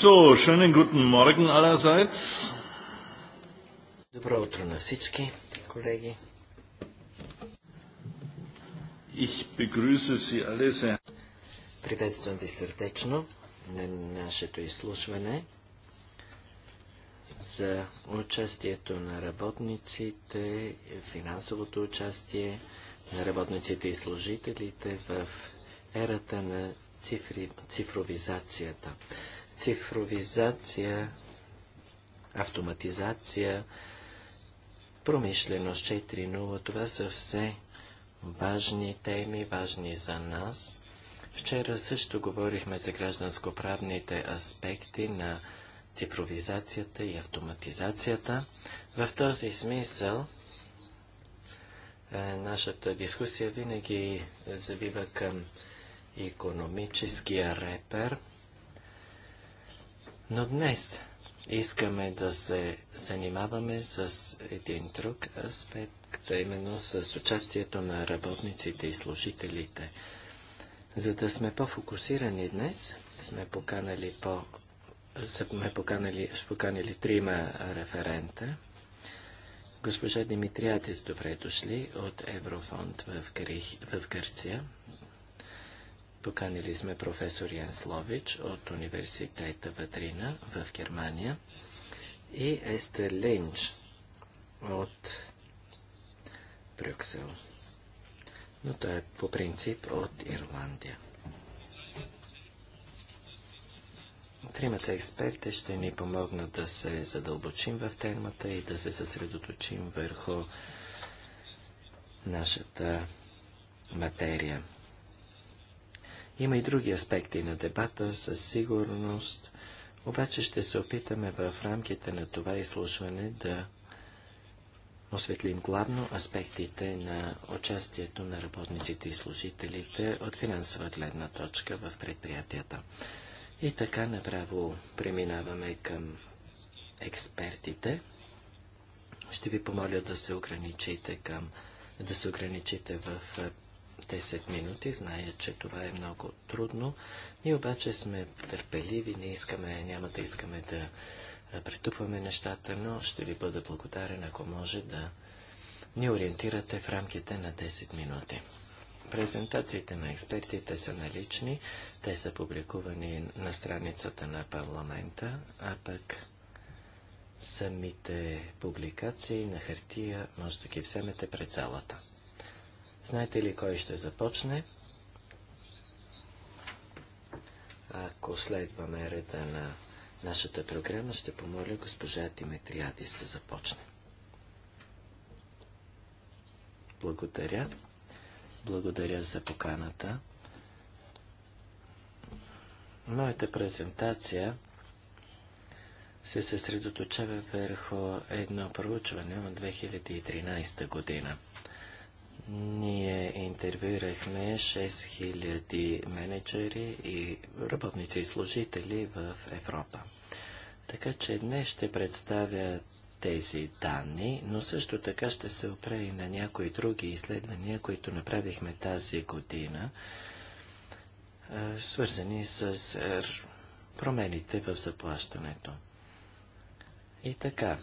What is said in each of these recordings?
So, schönen guten Morgen allerseits. утро на всички, колеги. Ich begrüße Sie alle sehr. Приветствам ви сърдечно на нашето изслушване за участието на работниците, финансовото участие на работниците и служителите в ерата на цифри, цифровизацията цифровизация, автоматизация, промишленост 4.0. Това са все важни теми, важни за нас. Вчера също говорихме за гражданско-правните аспекти на цифровизацията и автоматизацията. В този смисъл е, нашата дискусия винаги завива към економическия репер – но днес искаме да се занимаваме с един друг аспект, а именно с участието на работниците и служителите. За да сме по-фокусирани днес, сме поканали по сме поканали, поканали трима референта. Госпожа Димитриадис, добре дошли от Еврофонд в, Гри... в Гърция. Поканили сме професор Ян Слович от университета Ватрина в Германия и Естер Ленч от Брюксел. Но той е по принцип от Ирландия. Тримата експерти ще ни помогнат да се задълбочим в темата и да се съсредоточим върху нашата материя. Има и други аспекти на дебата, със сигурност, обаче ще се опитаме в рамките на това изслушване да осветлим главно аспектите на участието на работниците и служителите от финансова гледна точка в предприятията. И така направо преминаваме към експертите. Ще ви помоля да се ограничите към да се ограничите в 10 минути. Зная, че това е много трудно. Ние обаче сме търпеливи, не искаме, няма да искаме да претупваме нещата, но ще ви бъда благодарен, ако може да ни ориентирате в рамките на 10 минути. Презентациите на експертите са налични, те са публикувани на страницата на парламента, а пък самите публикации на хартия може да ги вземете пред залата. Знаете ли кой ще започне? Ако следваме реда на нашата програма, ще помоля госпожа Димитриадис да започне. Благодаря. Благодаря за поканата. Моята презентация се съсредоточава върху едно проучване от 2013 година – ние интервюирахме 6000 менеджери и работници и служители в Европа. Така че днес ще представя тези данни, но също така ще се опре и на някои други изследвания, които направихме тази година, свързани с промените в заплащането. И така,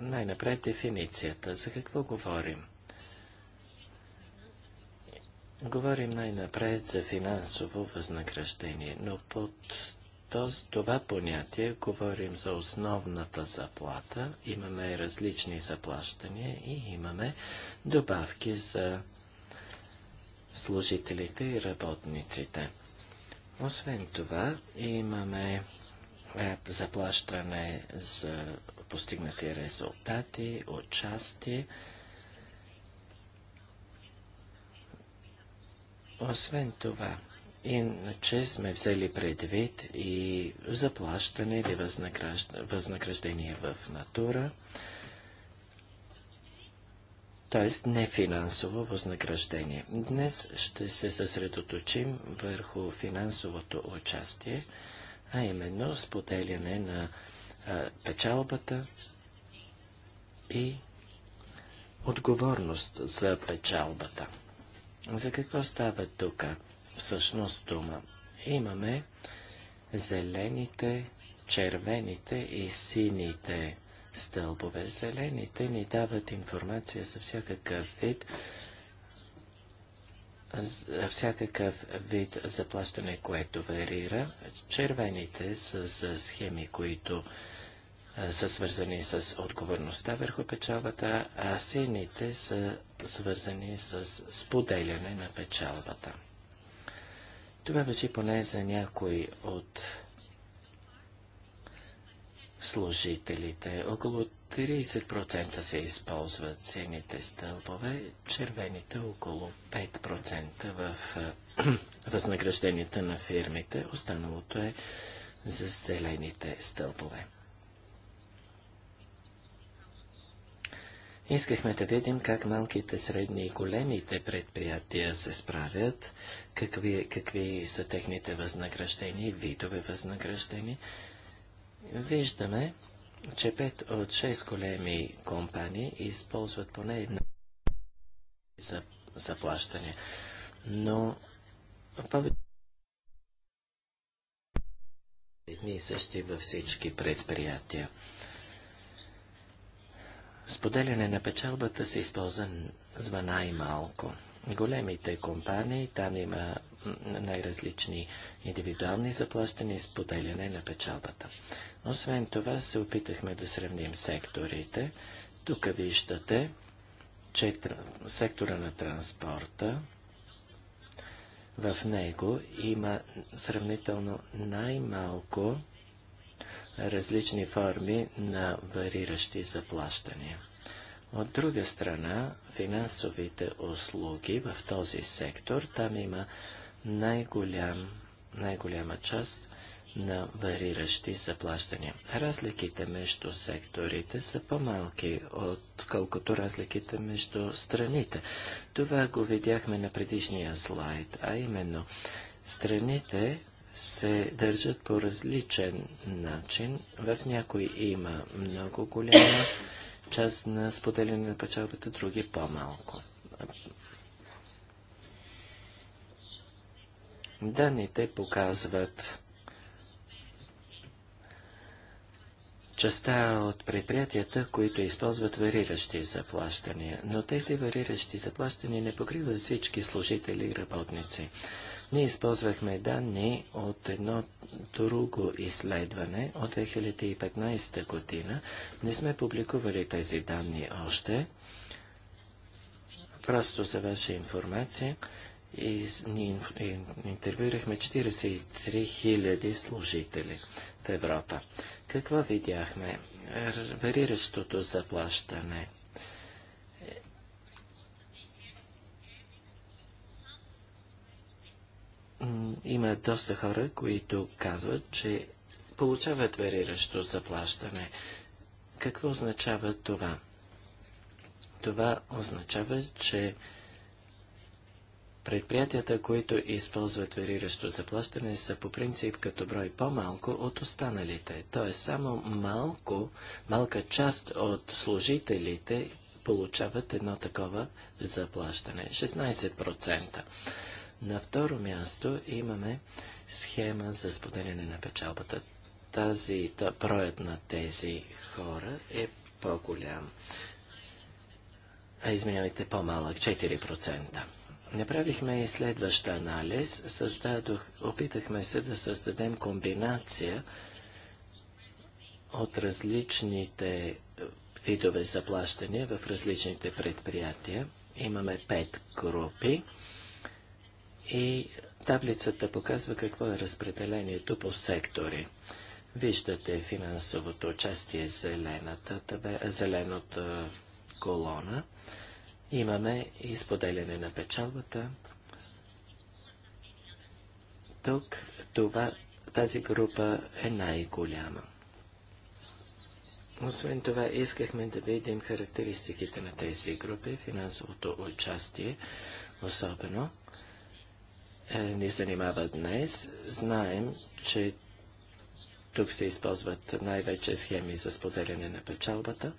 най-напред дефиницията. За какво говорим? Говорим най-напред за финансово възнаграждение, но под това понятие говорим за основната заплата, имаме различни заплащания и имаме добавки за служителите и работниците. Освен това, имаме е, заплащане за постигнати резултати, участие. Освен това, иначе сме взели предвид и заплащане или възнаграждение в натура, т.е. нефинансово възнаграждение. Днес ще се съсредоточим върху финансовото участие, а именно споделяне на а, печалбата и отговорност за печалбата. За какво става тук? Всъщност дума. Имаме зелените, червените и сините стълбове. Зелените ни дават информация за всякакъв вид за всякакъв вид заплащане, което варира. Червените са за схеми, които са свързани с отговорността върху печалбата, а сините са свързани с споделяне на печалбата. Това вече поне за някой от служителите. Около 30% се използват сините стълбове, червените около 5% в възнагражденията на фирмите, останалото е за зелените стълбове. Искахме да видим как малките, средни и големите предприятия се справят, какви, какви са техните възнаграждения, видове възнаграждения. Виждаме, че пет от шест големи компании използват поне една за заплащане. Но повече едни и същи във всички предприятия. Споделяне на печалбата се използва за най-малко. Големите компании, там има най-различни индивидуални заплащания и споделяне на печалбата. Освен това се опитахме да сравним секторите. Тук виждате, че сектора на транспорта в него има сравнително най-малко различни форми на вариращи заплащания. От друга страна, финансовите услуги в този сектор, там има най-голям, най-голяма част на вариращи заплащания. Разликите между секторите са по-малки, отколкото разликите между страните. Това го видяхме на предишния слайд, а именно страните, се държат по различен начин. В някои има много голяма част на споделяне на печалбата, други по-малко. Даните показват частта от предприятията, които използват вариращи заплащания, но тези вариращи заплащания не покриват всички служители и работници. Ние използвахме данни от едно друго изследване от 2015 година. Не сме публикували тези данни още. Просто за ваша информация, И ние интервюирахме 43 000 служители в Европа. Какво видяхме? Вариращото заплащане – има доста хора, които казват, че получават вариращо заплащане. Какво означава това? Това означава, че предприятията, които използват вариращо заплащане, са по принцип като брой по-малко от останалите. Тоест само малко, малка част от служителите получават едно такова заплащане. 16%. На второ място имаме схема за споделяне на печалбата. Тази, то, броят на тези хора е по-голям. А извинявайте, по-малък, 4%. Направихме и следващ анализ. Създадох, опитахме се да създадем комбинация от различните е, видове заплащания в различните предприятия. Имаме пет групи и таблицата показва какво е разпределението по сектори. Виждате финансовото участие зелената, табе, зелената колона. Имаме изподеляне на печалбата. Тук това, тази група е най-голяма. Освен това, искахме да видим характеристиките на тези групи, финансовото участие особено. Е, ни занимава днес. Знаем, че тук се използват най-вече схеми за споделяне на печалбата.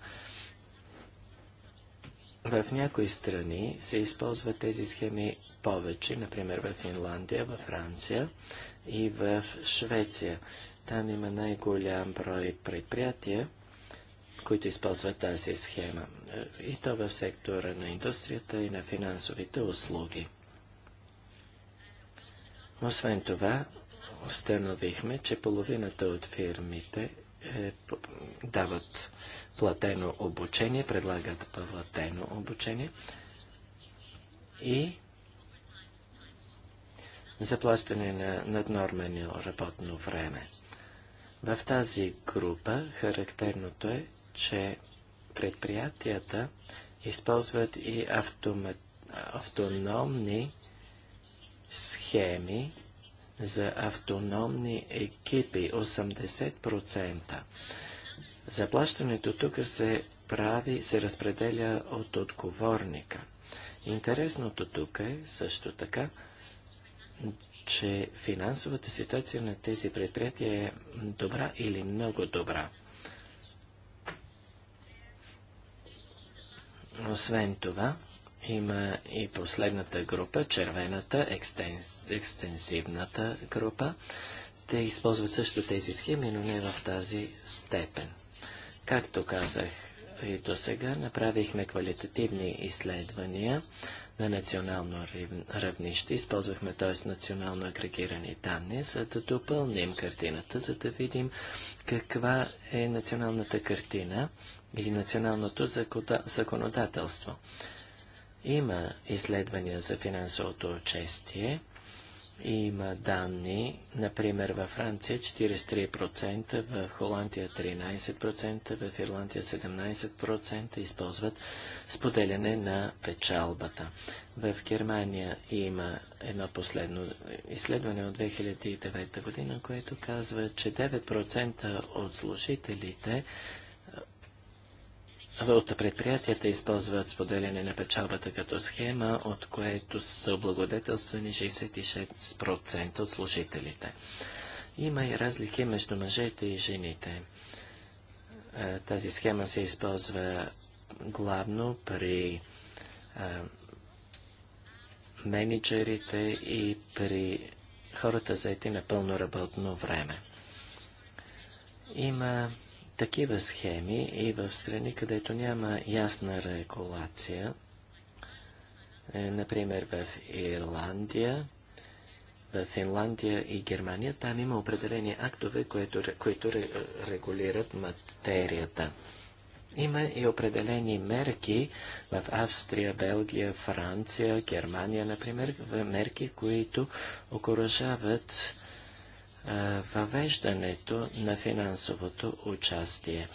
В някои страни се използват тези схеми повече, например в Финландия, във Франция и в Швеция. Там има най-голям брой предприятия, които използват тази схема. Е, и то в сектора на индустрията и на финансовите услуги. Освен това, установихме, че половината от фирмите е, дават платено обучение, предлагат платено обучение и заплащане на наднормено работно време. В тази група характерното е, че предприятията използват и автомат, автономни схеми за автономни екипи 80%. Заплащането тук се прави, се разпределя от отговорника. Интересното тук е също така, че финансовата ситуация на тези предприятия е добра или много добра. Освен това, има и последната група, червената, екстенс, екстенсивната група. Те използват също тези схеми, но не в тази степен. Както казах и до сега, направихме квалитативни изследвания на национално равнище. Използвахме, т.е. национално агрегирани данни, за да допълним картината, за да видим каква е националната картина и националното законодателство. Има изследвания за финансовото участие. Има данни, например във Франция 43%, в Холандия 13%, в Ирландия 17% използват споделяне на печалбата. В Германия има едно последно изследване от 2009 година, което казва, че 9% от служителите от предприятията използват споделяне на печалбата като схема, от което са облагодетелствани 66% от служителите. Има и разлики между мъжете и жените. Е, тази схема се използва главно при е, менеджерите и при хората заети на пълно работно време. Има такива схеми и в страни, където няма ясна регулация, е, например в Ирландия, в Финландия и Германия, там има определени актове, които, които регулират материята. Има и определени мерки в Австрия, Белгия, Франция, Германия, например, мерки, които окоръжават въвеждането на финансовото участие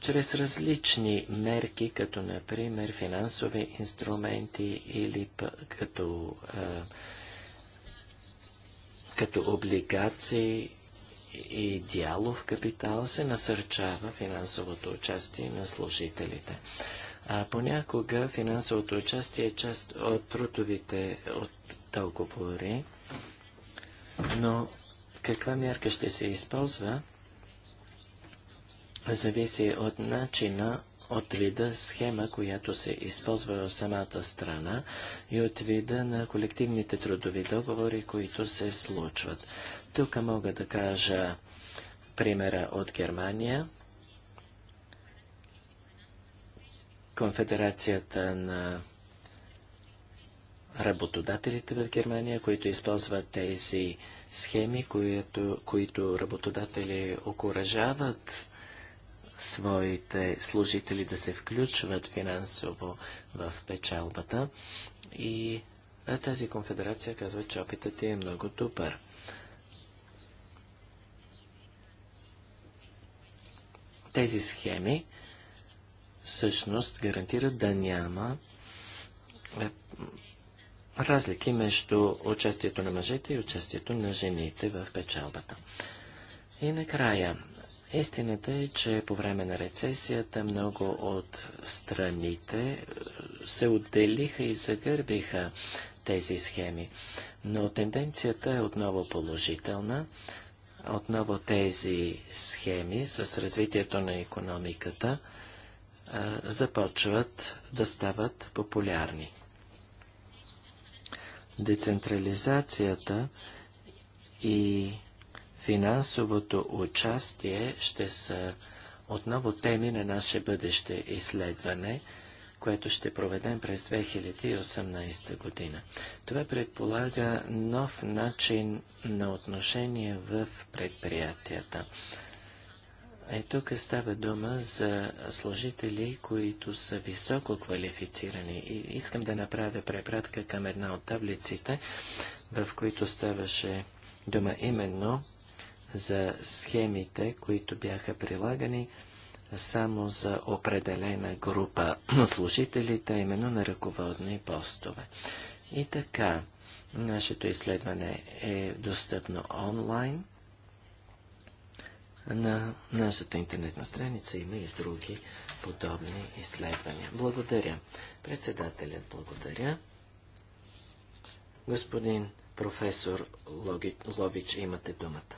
чрез различни мерки, като например финансови инструменти или като, като облигации и дялов капитал се насърчава финансовото участие на служителите. А понякога финансовото участие е част от трудовите от договори, но каква мярка ще се използва, зависи от начина, от вида схема, която се използва в самата страна и от вида на колективните трудови договори, които се случват. Тук мога да кажа примера от Германия. Конфедерацията на работодателите в Германия, които използват тези схеми, които, които работодатели окоръжават своите служители да се включват финансово в печалбата. И тази конфедерация казва, че опитът е много добър. Тези схеми всъщност гарантират да няма разлики между участието на мъжете и участието на жените в печалбата. И накрая, истината е, че по време на рецесията много от страните е, се отделиха и загърбиха тези схеми. Но тенденцията е отново положителна. Отново тези схеми с развитието на економиката е, започват да стават популярни. Децентрализацията и финансовото участие ще са отново теми на наше бъдеще изследване, което ще проведем през 2018 година. Това предполага нов начин на отношение в предприятията. Е, тук става дума за служители, които са високо квалифицирани. И искам да направя препратка към една от таблиците, в които ставаше дума именно за схемите, които бяха прилагани само за определена група от служителите, именно на ръководни постове. И така, нашето изследване е достъпно онлайн – на нашата интернетна страница има и други подобни изследвания. Благодаря. Председателят благодаря. Господин професор Лович, имате думата.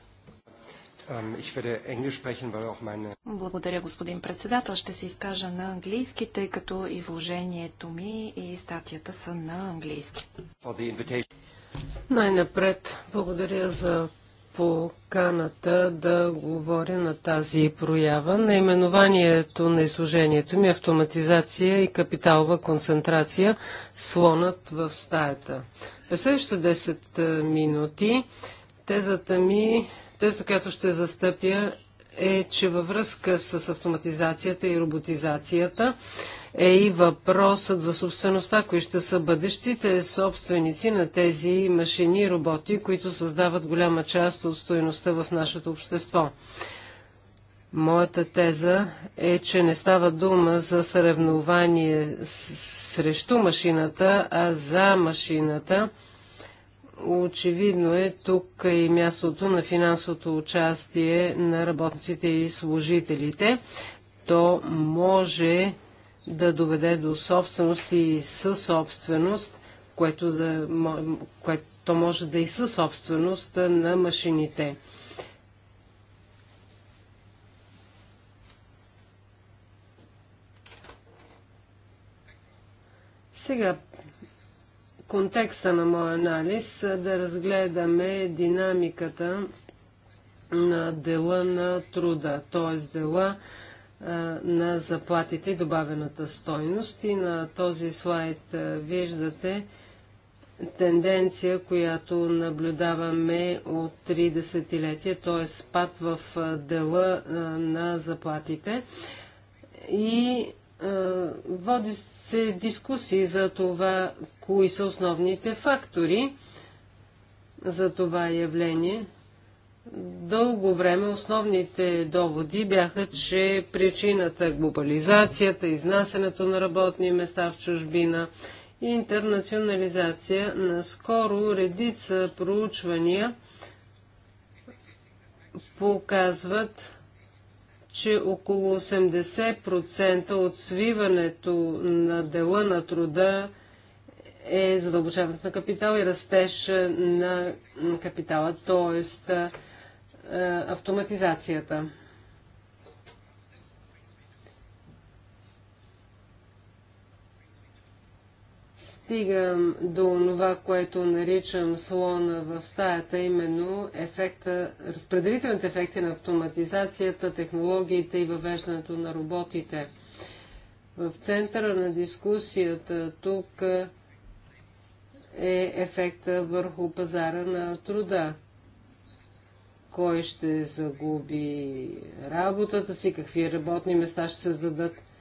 Благодаря, господин председател. Ще се изкажа на английски, тъй като изложението ми и статията са на английски. Най-напред, благодаря за поканата да говоря на тази проява. Наименованието на изложението ми е автоматизация и капиталова концентрация слонът в стаята. През следващите 10 е, минути тезата ми, тезата, която ще застъпя е, че във връзка с автоматизацията и роботизацията е и въпросът за собствеността, кои ще са бъдещите собственици на тези машини и роботи, които създават голяма част от стоеността в нашето общество. Моята теза е, че не става дума за съревнование срещу машината, а за машината. Очевидно е тук е и мястото на финансовото участие на работниците и служителите. То може да доведе до собственост и собственост, което, да, което може да е и със собственост на машините. Сега, контекста на моя анализ да разгледаме динамиката на дела на труда, т.е. дела на заплатите и добавената стойност. И на този слайд виждате тенденция, която наблюдаваме от 30-летие, т.е. спад в дела на заплатите. И води се дискусии за това, кои са основните фактори за това явление. Дълго време основните доводи бяха, че причината е глобализацията, изнасянето на работни места в чужбина и интернационализация. Наскоро редица проучвания показват, че около 80% от свиването на дела на труда е задълбочаването на капитал и растеж на капитала, т.е. Е, автоматизацията. стигам до това, което наричам слона в стаята, именно ефекта, разпределителните ефекти на автоматизацията, технологиите и въвеждането на роботите. В центъра на дискусията тук е ефекта върху пазара на труда кой ще загуби работата си, какви работни места ще се зададат.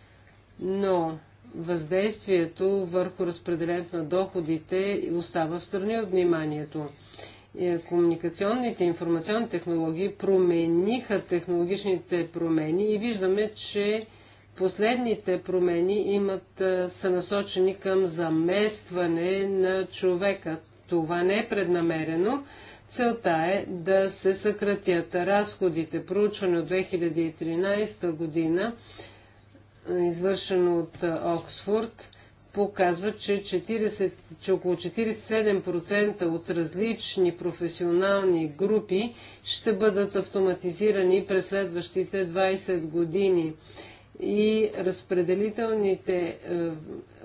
Но въздействието върху разпределението на доходите остава в страни от вниманието. Е, комуникационните и информационни технологии промениха технологичните промени и виждаме, че последните промени имат, е, са насочени към заместване на човека. Това не е преднамерено, Целта е да се съкратят разходите. Проучване от 2013 година, извършено от Оксфорд, показва, че, 40, че около 47% от различни професионални групи ще бъдат автоматизирани през следващите 20 години. И разпределителните е,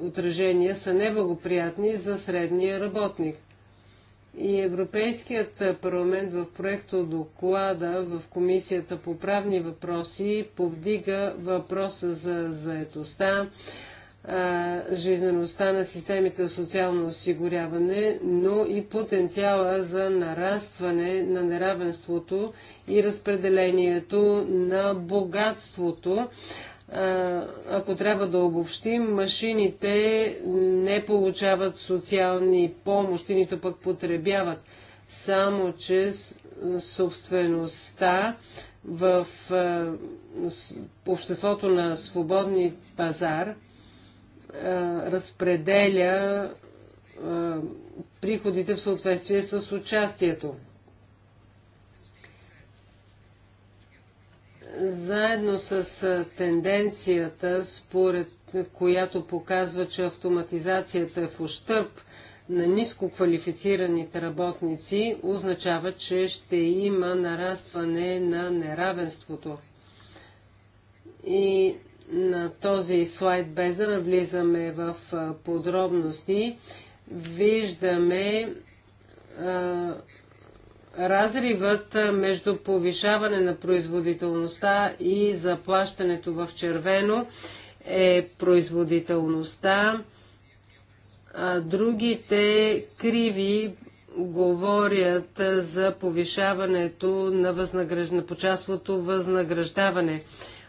отражения са неблагоприятни за средния работник и Европейският парламент в проекто доклада в Комисията по правни въпроси повдига въпроса за заетостта, жизнеността на системите за социално осигуряване, но и потенциала за нарастване на неравенството и разпределението на богатството ако трябва да обобщим, машините не получават социални помощи, нито пък потребяват. Само, че собствеността в обществото на свободни пазар разпределя приходите в съответствие с участието. заедно с тенденцията, според която показва, че автоматизацията е в ущърп на ниско квалифицираните работници, означава, че ще има нарастване на неравенството. И на този слайд, без да навлизаме в подробности, виждаме разривът между повишаване на производителността и заплащането в червено е производителността. А другите криви говорят за повишаването на, възнагръж... на почасвото възнаграждаване.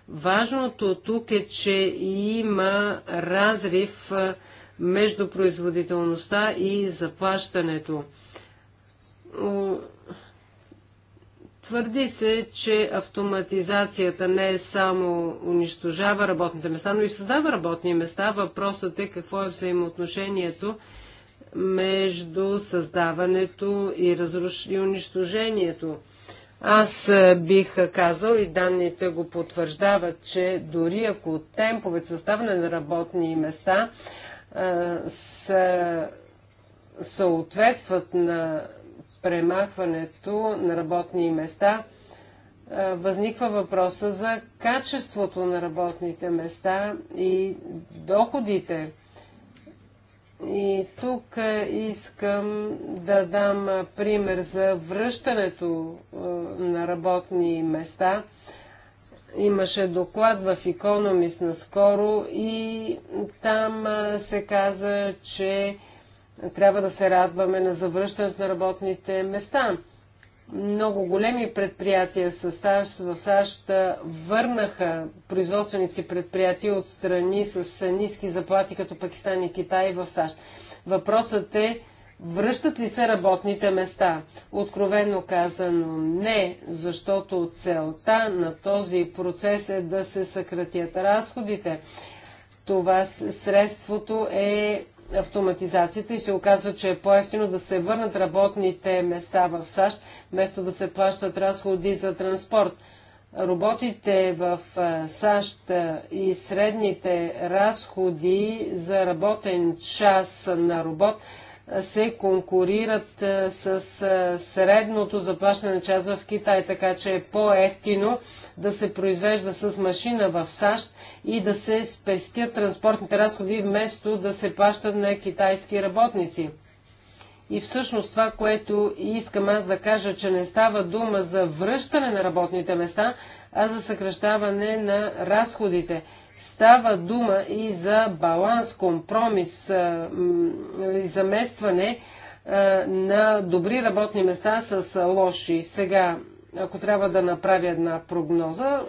Важното тук е, че има разрив между производителността и заплащането Твърди се, че автоматизацията не е само унищожава работните места, но и създава работни места. Въпросът е какво е взаимоотношението между създаването и, разруш... и унищожението. Аз е, бих казал и данните го потвърждават, че дори ако темпове съставане на работни места а, е, са, съответстват на премахването на работни места, възниква въпроса за качеството на работните места и доходите. И тук искам да дам пример за връщането на работни места. Имаше доклад в Economist наскоро и там се каза, че трябва да се радваме на завръщането на работните места. Много големи предприятия с САЩ, в САЩ върнаха производственици предприятия от страни с ниски заплати, като Пакистан и Китай в САЩ. Въпросът е, Връщат ли се работните места? Откровенно казано не, защото целта на този процес е да се съкратят разходите. Това средството е автоматизацията и се оказва, че е по-ефтино да се върнат работните места в САЩ, вместо да се плащат разходи за транспорт. Роботите в е, САЩ е, и средните разходи за работен час на робот – се конкурират с средното заплащане част в Китай, така че е по-ефтино да се произвежда с машина в САЩ и да се спестят транспортните разходи, вместо да се плащат на китайски работници. И всъщност това, което искам аз да кажа, че не става дума за връщане на работните места, а за съкръщаване на разходите – Става дума и за баланс, компромис, и заместване на добри работни места с лоши. Сега, ако трябва да направя една прогноза,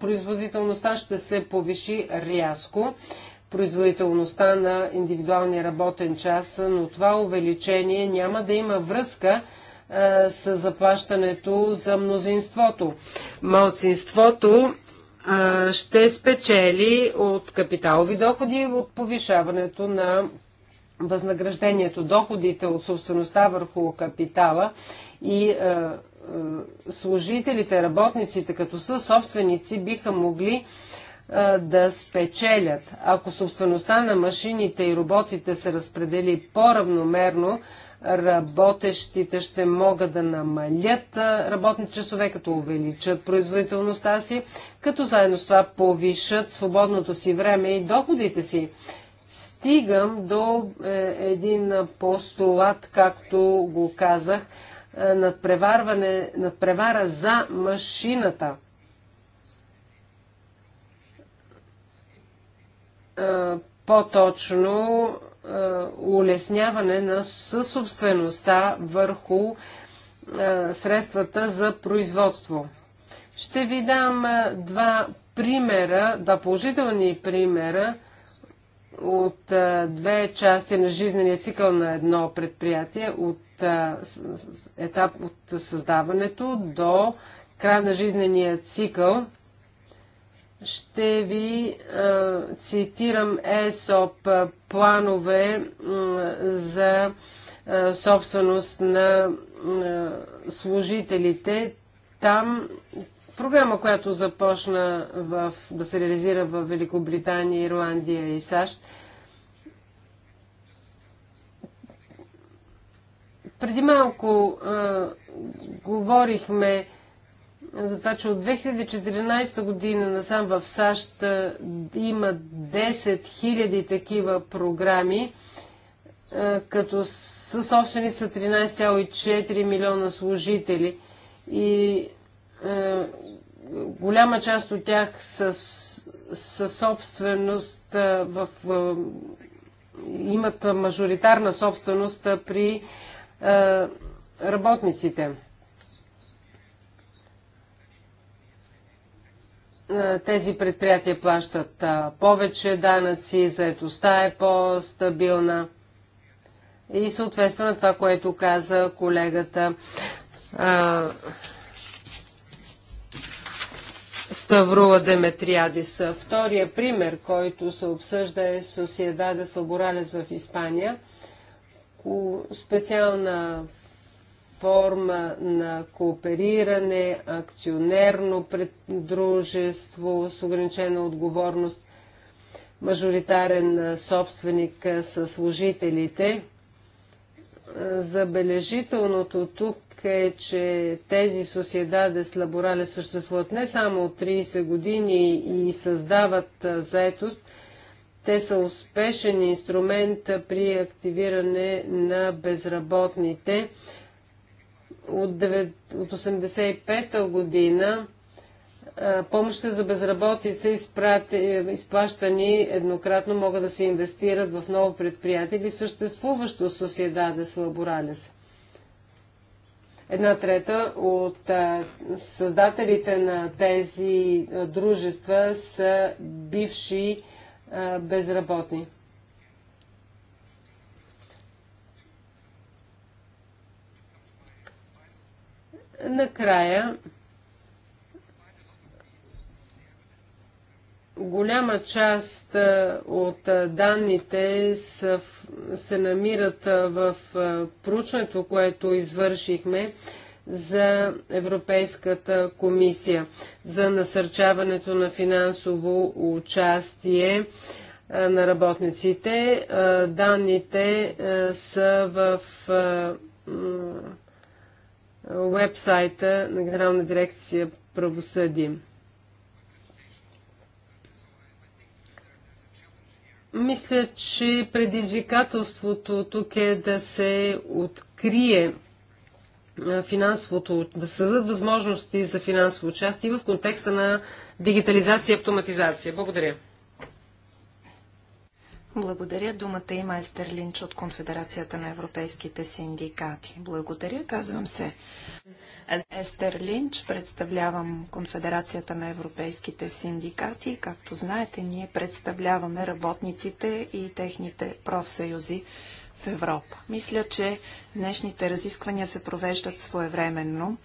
производителността ще се повиши рязко производителността на индивидуалния работен час, но това увеличение няма да има връзка с заплащането за мнозинството. Малцинството ще спечели от капиталови доходи, от повишаването на възнаграждението, доходите от собствеността върху капитала и служителите, работниците като са собственици биха могли а, да спечелят. Ако собствеността на машините и роботите се разпредели по-равномерно, работещите ще могат да намалят работни часове, като увеличат производителността си, като заедно с това повишат свободното си време и доходите си. Стигам до е, един постулат, както го казах, над е, надпреварване, надпревара за машината. Е, по-точно е, улесняване на съсобствеността върху е, средствата за производство. Ще ви дам е, два примера, два положителни примера от две части на жизнения цикъл на едно предприятие, от етап от създаването до края на жизнения цикъл – ще ви цитирам ЕСОП планове за собственост на служителите. Там програма, която започна в, да се реализира в Великобритания, Ирландия и САЩ. Преди малко а, говорихме за това, че от 2014 година насам в САЩ има 10 000 такива програми, като със собственица са 13,4 милиона служители и е, голяма част от тях са, собственост в, имат мажоритарна собственост при работниците. Е, тези предприятия плащат повече данъци, заетостта е по-стабилна и съответства на това, което каза колегата Ставрула Деметриадис. Втория пример, който се обсъжда е Sociedad Слаборалес в Испания. Специална форма на коопериране, акционерно предружество с ограничена отговорност, мажоритарен собственик със служителите. Забележителното тук е, че тези Sociedades Laborales съществуват не само от 30 години и създават заетост, те са успешен инструмент при активиране на безработните от 1985 година помощите за безработица, е, изплащани еднократно, могат да се инвестират в ново предприятие или съществуващо Sociedades Laborales. Една трета от създателите на тези дружества са бивши безработни. Накрая, голяма част от данните са, се намират в проучването, което извършихме за Европейската комисия за насърчаването на финансово участие на работниците. Данните са в вебсайта на Генерална дирекция правосъдие. Мисля, че предизвикателството тук е да се открие финансовото, да се дадат възможности за финансово участие в контекста на дигитализация и автоматизация. Благодаря. Благодаря. Думата има Естер Линч от Конфедерацията на европейските синдикати. Благодаря. Казвам се. Естер Линч, представлявам Конфедерацията на европейските синдикати. Както знаете, ние представляваме работниците и техните профсъюзи в Европа. Мисля, че днешните разисквания се провеждат своевременно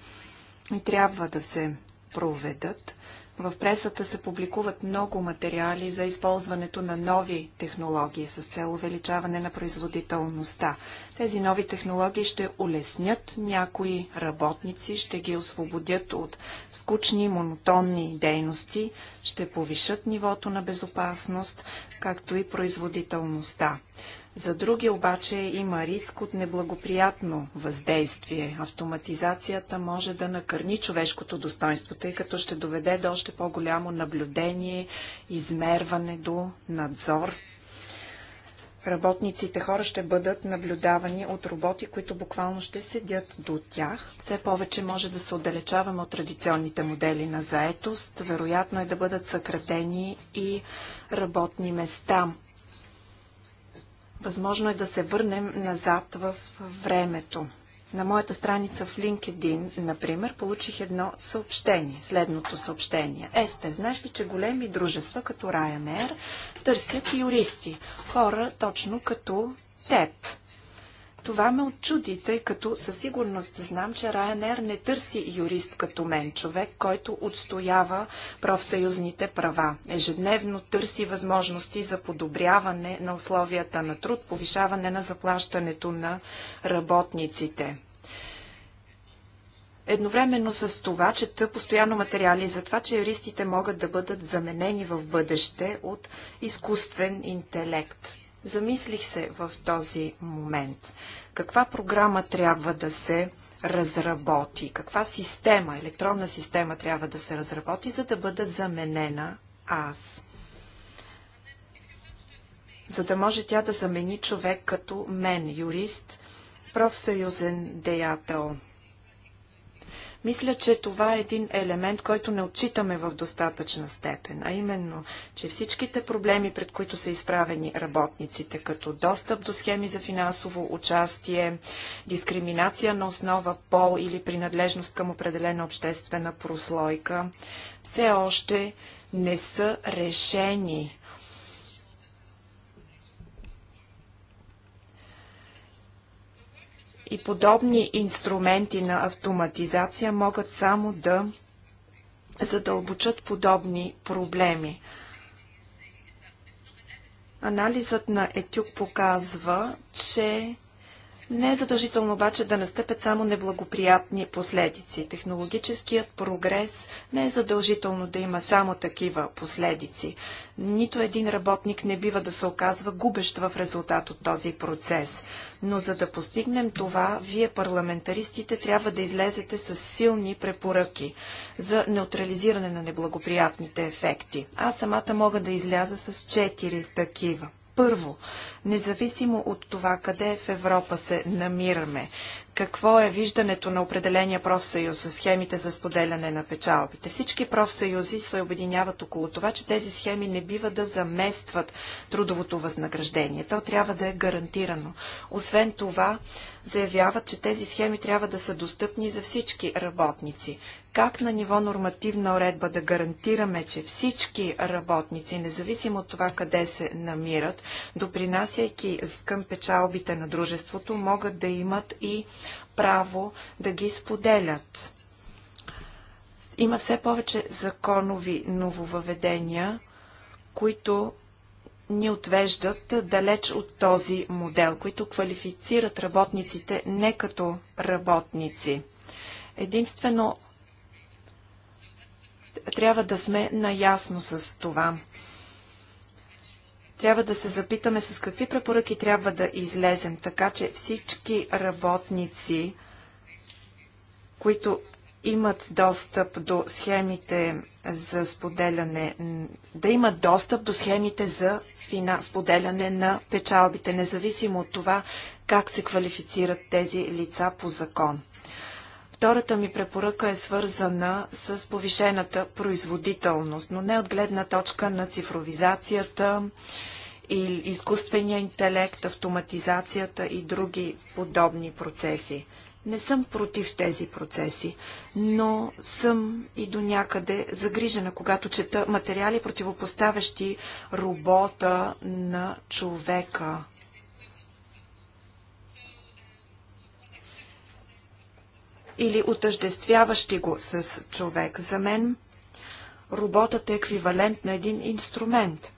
и трябва да се проведат. В пресата се публикуват много материали за използването на нови технологии с цел увеличаване на производителността. Тези нови технологии ще улеснят някои работници, ще ги освободят от скучни, монотонни дейности, ще повишат нивото на безопасност, както и производителността. За други обаче има риск от неблагоприятно въздействие. Автоматизацията може да накърни човешкото достоинство, тъй като ще доведе до още по-голямо наблюдение, измерване до надзор. Работниците хора ще бъдат наблюдавани от роботи, които буквално ще седят до тях. Все повече може да се отдалечаваме от традиционните модели на заетост. Вероятно е да бъдат съкратени и работни места Възможно е да се върнем назад в времето. На моята страница в LinkedIn, например, получих едно съобщение, следното съобщение. Естер, знаеш ли, че големи дружества, като Ryanair, търсят юристи, хора точно като теб. Това ме отчуди, тъй като със сигурност знам, че Ryanair не търси юрист като мен, човек, който отстоява профсъюзните права. Ежедневно търси възможности за подобряване на условията на труд, повишаване на заплащането на работниците. Едновременно с това чета постоянно материали за това, че юристите могат да бъдат заменени в бъдеще от изкуствен интелект. Замислих се в този момент. Каква програма трябва да се разработи? Каква система, електронна система трябва да се разработи, за да бъда заменена аз? За да може тя да замени човек като мен, юрист, профсъюзен деятел – мисля, че това е един елемент, който не отчитаме в достатъчна степен, а именно, че всичките проблеми, пред които са изправени работниците, като достъп до схеми за финансово участие, дискриминация на основа пол или принадлежност към определена обществена прослойка, все още не са решени и подобни инструменти на автоматизация могат само да задълбочат подобни проблеми. Анализът на Етюк показва, че не е задължително обаче да настъпят само неблагоприятни последици. Технологическият прогрес не е задължително да има само такива последици. Нито един работник не бива да се оказва губещ в резултат от този процес. Но за да постигнем това, вие парламентаристите трябва да излезете с силни препоръки за неутрализиране на неблагоприятните ефекти. Аз самата мога да изляза с четири такива. Първо, независимо от това къде в Европа се намираме, какво е виждането на определения профсъюз за схемите за споделяне на печалбите. Всички профсъюзи се объединяват около това, че тези схеми не бива да заместват трудовото възнаграждение. То трябва да е гарантирано. Освен това, заявяват, че тези схеми трябва да са достъпни за всички работници. Как на ниво нормативна уредба да гарантираме, че всички работници, независимо от това къде се намират, допринасяйки към печалбите на дружеството, могат да имат и право да ги споделят? Има все повече законови нововъведения, които ни отвеждат далеч от този модел, които квалифицират работниците не като работници. Единствено трябва да сме наясно с това. Трябва да се запитаме с какви препоръки трябва да излезем, така че всички работници, които имат достъп до схемите за споделяне, да имат достъп до схемите за фина... споделяне на печалбите, независимо от това как се квалифицират тези лица по закон. Втората ми препоръка е свързана с повишената производителност, но не от гледна точка на цифровизацията и изкуствения интелект, автоматизацията и други подобни процеси. Не съм против тези процеси, но съм и до някъде загрижена, когато чета материали, противопоставящи робота на човека. Или отъждествяващи го с човек. За мен роботът е еквивалент на един инструмент.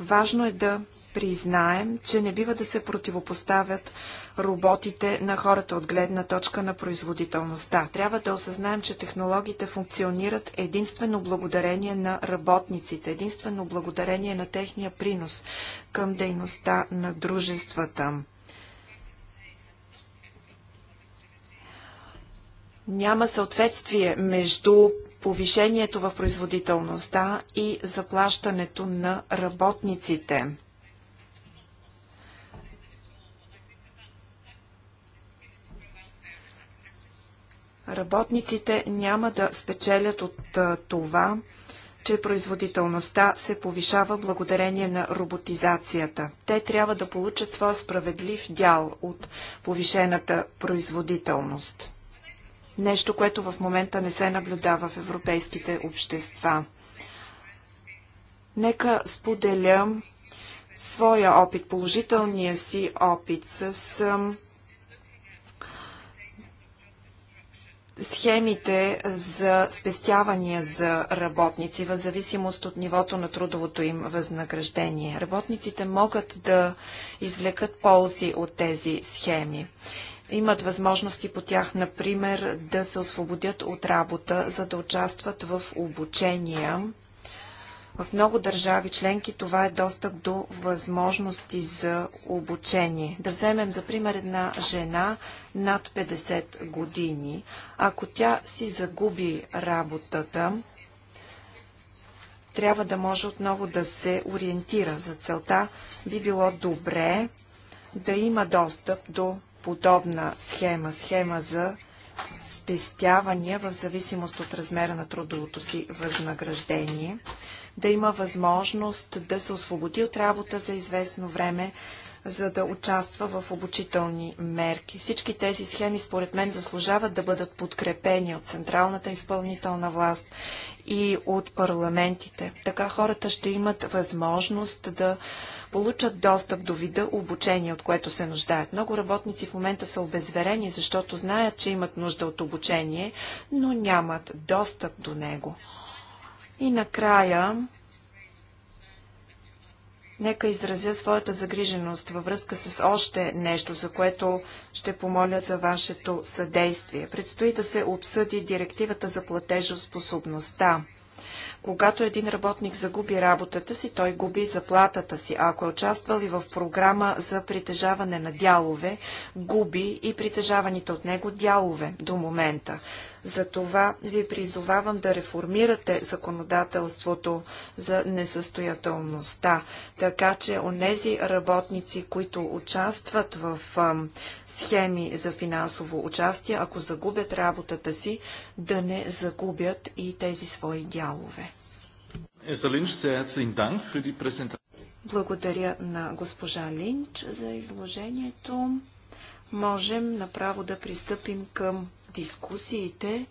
Важно е да признаем, че не бива да се противопоставят роботите на хората от гледна точка на производителността. Трябва да осъзнаем, че технологиите функционират единствено благодарение на работниците, единствено благодарение на техния принос към дейността на дружествата. Няма съответствие между повишението в производителността и заплащането на работниците. Работниците няма да спечелят от това, че производителността се повишава благодарение на роботизацията. Те трябва да получат своя справедлив дял от повишената производителност. Нещо, което в момента не се наблюдава в европейските общества. Нека споделя своя опит, положителния си опит с схемите за спестявания за работници в зависимост от нивото на трудовото им възнаграждение. Работниците могат да извлекат ползи от тези схеми. Имат възможности по тях, например, да се освободят от работа, за да участват в обучения в много държави членки това е достъп до възможности за обучение. Да вземем за пример една жена над 50 години. Ако тя си загуби работата, трябва да може отново да се ориентира. За целта би било добре да има достъп до подобна схема, схема за спестявания в зависимост от размера на трудовото си възнаграждение да има възможност да се освободи от работа за известно време, за да участва в обучителни мерки. Всички тези схеми, според мен, заслужават да бъдат подкрепени от Централната изпълнителна власт и от парламентите. Така хората ще имат възможност да получат достъп до вида обучение, от което се нуждаят. Много работници в момента са обезверени, защото знаят, че имат нужда от обучение, но нямат достъп до него. И накрая, нека изразя своята загриженост във връзка с още нещо, за което ще помоля за вашето съдействие. Предстои да се обсъди директивата за платежоспособността. Когато един работник загуби работата си, той губи заплатата си. А ако е участвал и в програма за притежаване на дялове, губи и притежаваните от него дялове до момента. Затова ви призовавам да реформирате законодателството за несъстоятелността, така че онези работници, които участват в схеми за финансово участие, ако загубят работата си, да не загубят и тези свои дялове. Благодаря на госпожа Линч за изложението. Можем направо да пристъпим към дискусиите,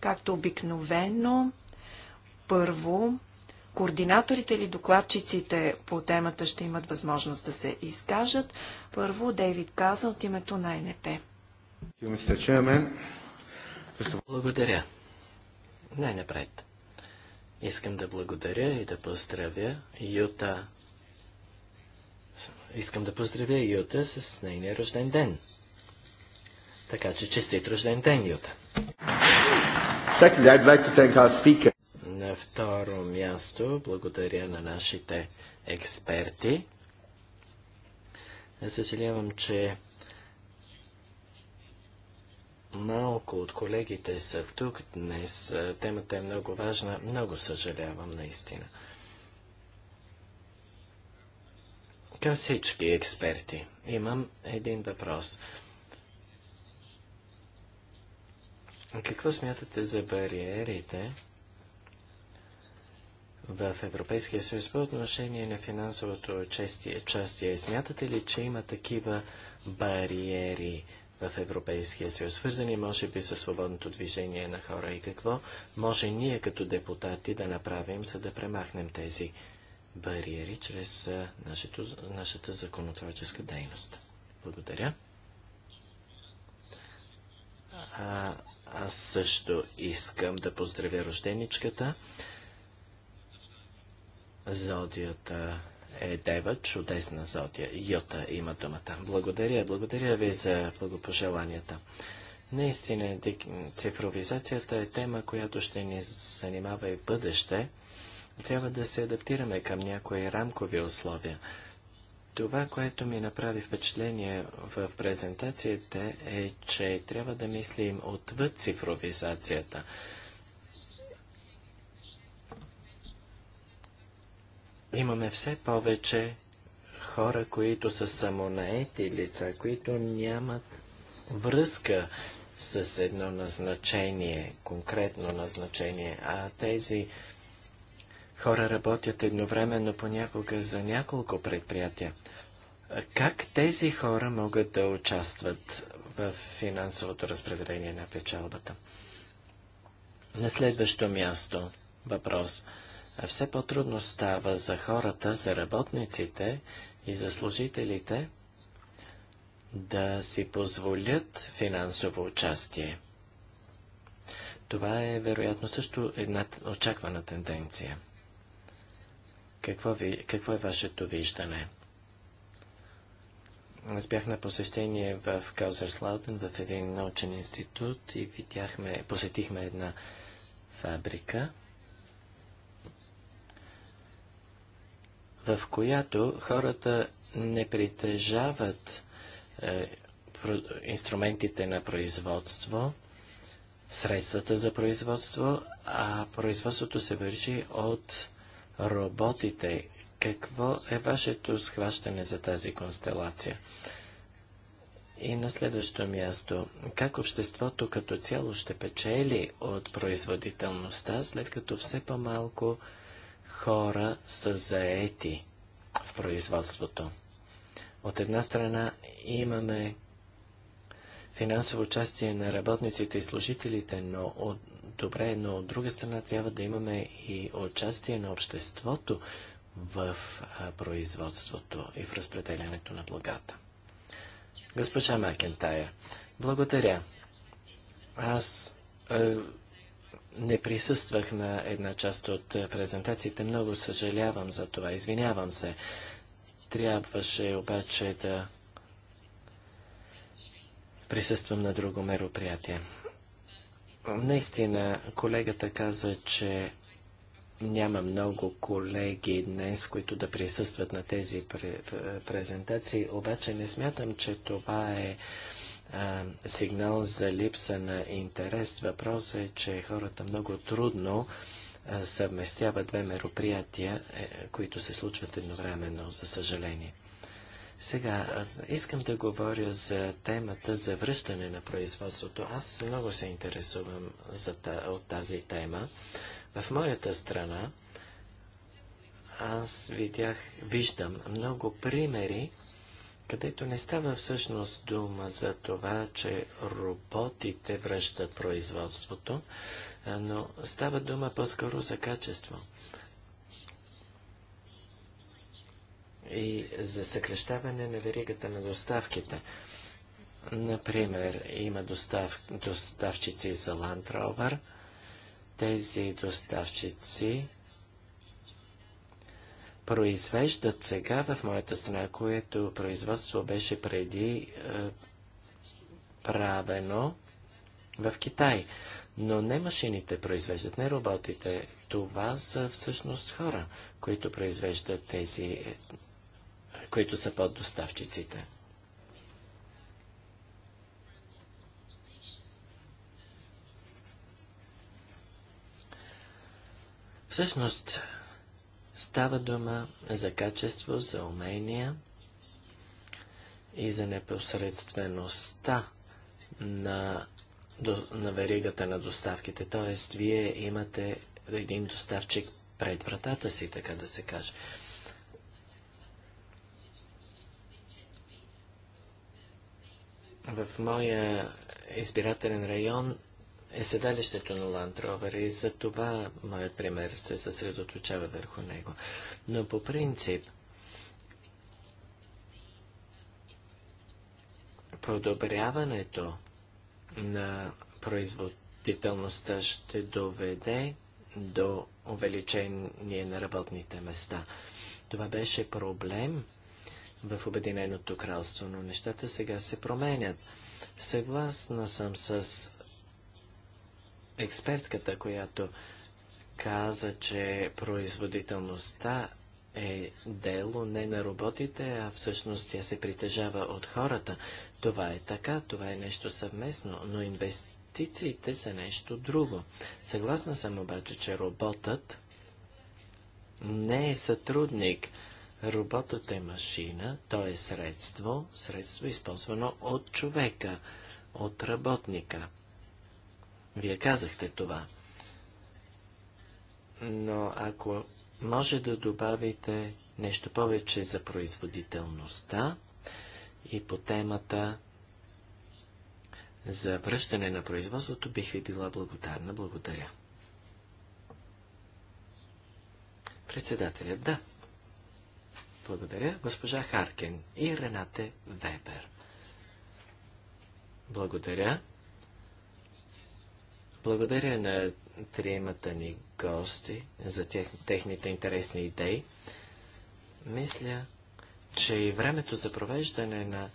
както обикновено. Първо, координаторите или докладчиците по темата ще имат възможност да се изкажат. Първо, Дейвид Каза от името на НП. Благодаря. Най-напред. Искам да благодаря и да поздравя Юта. Искам да поздравя Юта с нейния рожден ден. Така че честит рожден ден, Юта. Like на второ място благодаря на нашите експерти. Съжалявам, че малко от колегите са тук днес. Е, темата е много важна. Много съжалявам, наистина. Към всички експерти имам един въпрос. Какво смятате за бариерите в Европейския съюз по отношение на финансовото участие? Частие? Смятате ли, че има такива бариери? в Европейския съюз, свързани може би със свободното движение на хора и какво може ние като депутати да направим, за да премахнем тези бариери чрез нашето, нашата законотворческа дейност. Благодаря. А, аз също искам да поздравя рожденичката, зодията е Дева, чудесна Зодия. Йота има думата. Благодаря, благодаря ви за благопожеланията. Наистина, цифровизацията е тема, която ще ни занимава и в бъдеще. Трябва да се адаптираме към някои рамкови условия. Това, което ми направи впечатление в презентацията е, че трябва да мислим отвъд цифровизацията. имаме все повече хора, които са самонаети лица, които нямат връзка с едно назначение, конкретно назначение, а тези хора работят едновременно понякога за няколко предприятия. Как тези хора могат да участват в финансовото разпределение на печалбата? На следващо място въпрос – а все по-трудно става за хората, за работниците и за служителите да си позволят финансово участие. Това е, вероятно, също една очаквана тенденция. Какво, ви, какво е вашето виждане? Аз бях на посещение в Каузерслауден, в един научен институт и видяхме, посетихме една фабрика – в която хората не притежават е, инструментите на производство, средствата за производство, а производството се върши от роботите. Какво е вашето схващане за тази констелация? И на следващо място, как обществото като цяло ще печели от производителността, след като все по-малко хора са заети в производството. От една страна имаме финансово участие на работниците и служителите, но от, добре, но от друга страна трябва да имаме и участие на обществото в а, производството и в разпределянето на благата. Госпожа Макентайр, благодаря. Аз е, не присъствах на една част от е, презентациите. Много съжалявам за това. Извинявам се. Трябваше обаче да присъствам на друго мероприятие. Наистина, колегата каза, че няма много колеги днес, които да присъстват на тези презентации, обаче не смятам, че това е сигнал за липса на интерес. Въпросът е, че хората много трудно съвместяват две мероприятия, е, които се случват едновременно, за съжаление. Сега, искам да говоря за темата за връщане на производството. Аз много се интересувам за, от тази тема. В моята страна аз видях, виждам много примери където не става всъщност дума за това, че роботите връщат производството, но става дума по-скоро за качество. И за съкрещаване на веригата на доставките. Например, има достав... доставчици за Land Rover. Тези доставчици произвеждат сега в моята страна, което производство беше преди е, правено в Китай. Но не машините произвеждат, не роботите. Това са всъщност хора, които произвеждат тези, е, които са под доставчиците. Всъщност, Става дума за качество, за умения и за непосредствеността на, до, на веригата на доставките. Тоест, вие имате един доставчик пред вратата си, така да се каже. В моя избирателен район е седалището на Land и за това моят пример се съсредоточава върху него. Но по принцип, подобряването на производителността ще доведе до увеличение на работните места. Това беше проблем в Обединеното кралство, но нещата сега се променят. Съгласна съм с експертката, която каза, че производителността е дело не на роботите, а всъщност тя се притежава от хората. Това е така, това е нещо съвместно, но инвестициите са нещо друго. Съгласна съм обаче, че роботът не е сътрудник. Роботът е машина, то е средство, средство използвано от човека, от работника. Вие казахте това. Но ако може да добавите нещо повече за производителността и по темата за връщане на производството, бих ви била благодарна. Благодаря. Председателят, да. Благодаря, госпожа Харкен и Ренате Вебер. Благодаря. Благодаря на тримата ни гости за тех, техните интересни идеи. Мисля, че и времето за провеждане на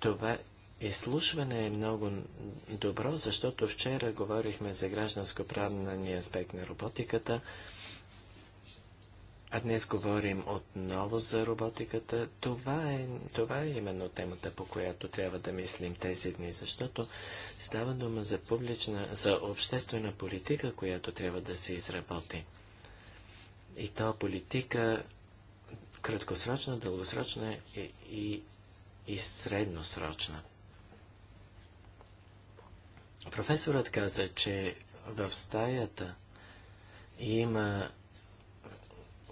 това изслушване е много добро, защото вчера говорихме за гражданско-правния аспект на роботиката. А днес говорим отново за роботиката. Това е, това е именно темата, по която трябва да мислим тези дни, защото става дума за публична, за обществена политика, която трябва да се изработи. И то политика краткосрочна, дългосрочна и, и, и средносрочна. Професорът каза, че в стаята има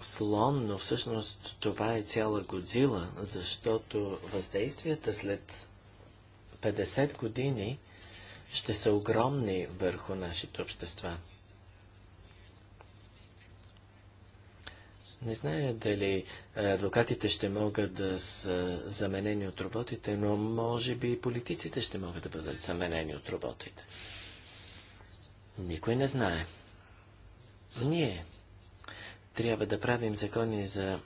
слон, но всъщност това е цяла Годзила, защото въздействията след 50 години ще са огромни върху нашите общества. Не зная дали е, адвокатите ще могат да са заменени от роботите, но може би и политиците ще могат да бъдат заменени от роботите. Никой не знае. Ние трябва да правим закони за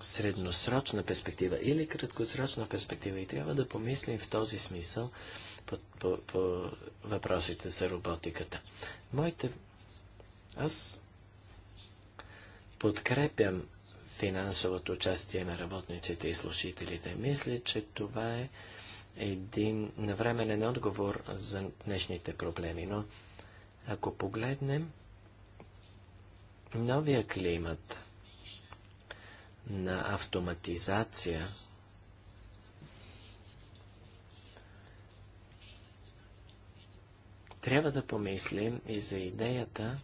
средносрочна перспектива или краткосрочна перспектива и трябва да помислим в този смисъл по, по, по въпросите за роботиката. Моите... Аз подкрепям финансовото участие на работниците и слушателите. Мисля, че това е един навременен отговор за днешните проблеми, но ако погледнем Новия климат на автоматизация трябва да помислим и за идеята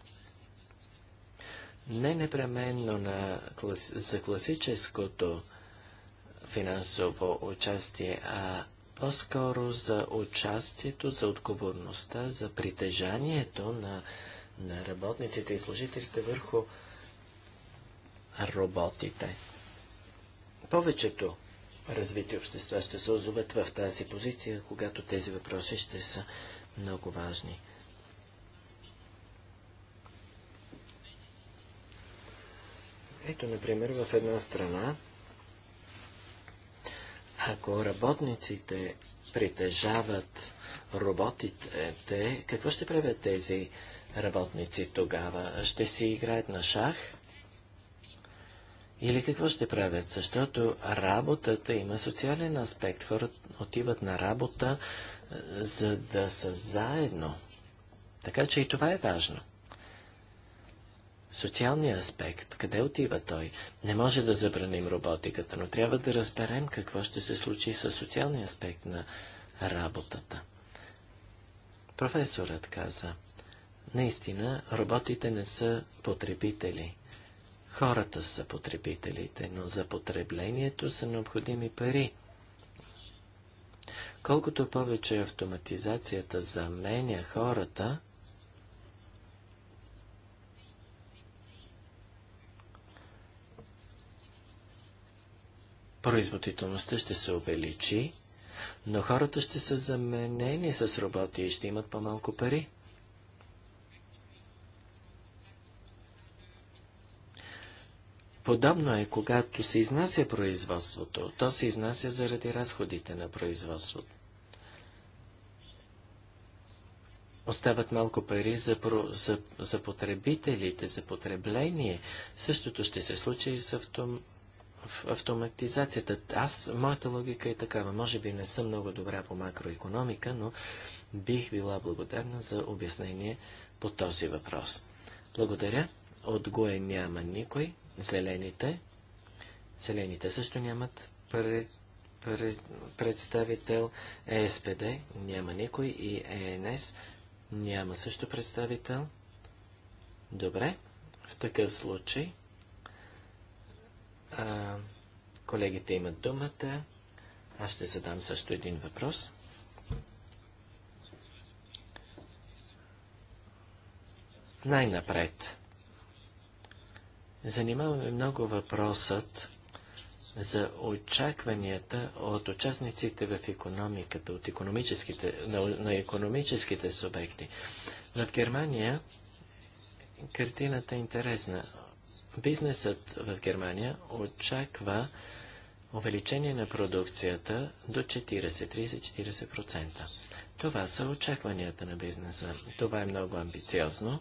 не непременно на, клас... за класическото финансово участие, а по-скоро за участието, за отговорността, за притежанието на на работниците и служителите върху роботите. Повечето развити общества ще се озоват в тази позиция, когато тези въпроси ще са много важни. Ето, например, в една страна, ако работниците притежават роботите, те, какво ще правят тези работници тогава? Ще си играят на шах? Или какво ще правят? Защото работата има социален аспект. Хората отиват на работа, е, за да са заедно. Така че и това е важно. Социалният аспект, къде отива той? Не може да забраним роботиката, но трябва да разберем какво ще се случи с социалния аспект на работата. Професорът каза – Наистина, роботите не са потребители. Хората са потребителите, но за потреблението са необходими пари. Колкото повече автоматизацията заменя хората, производителността ще се увеличи, но хората ще са заменени с роботи и ще имат по-малко пари. Подобно е, когато се изнася производството, то се изнася заради разходите на производството. Остават малко пари за, про, за, за потребителите, за потребление. Същото ще се случи и с автом, в автоматизацията. Аз, моята логика е такава. Може би не съм много добра по макроекономика, но бих била благодарна за обяснение по този въпрос. Благодаря. От няма никой зелените. Зелените също нямат пред, пред, представител. ЕСПД няма никой и ЕНС няма също представител. Добре, в такъв случай а, колегите имат думата. Аз ще задам също един въпрос. Най-напред занимаваме много въпросът за очакванията от участниците в економиката, от економическите, на, на економическите субекти. В Германия картината е интересна. Бизнесът в Германия очаква увеличение на продукцията до 40-30-40%. Това са очакванията на бизнеса. Това е много амбициозно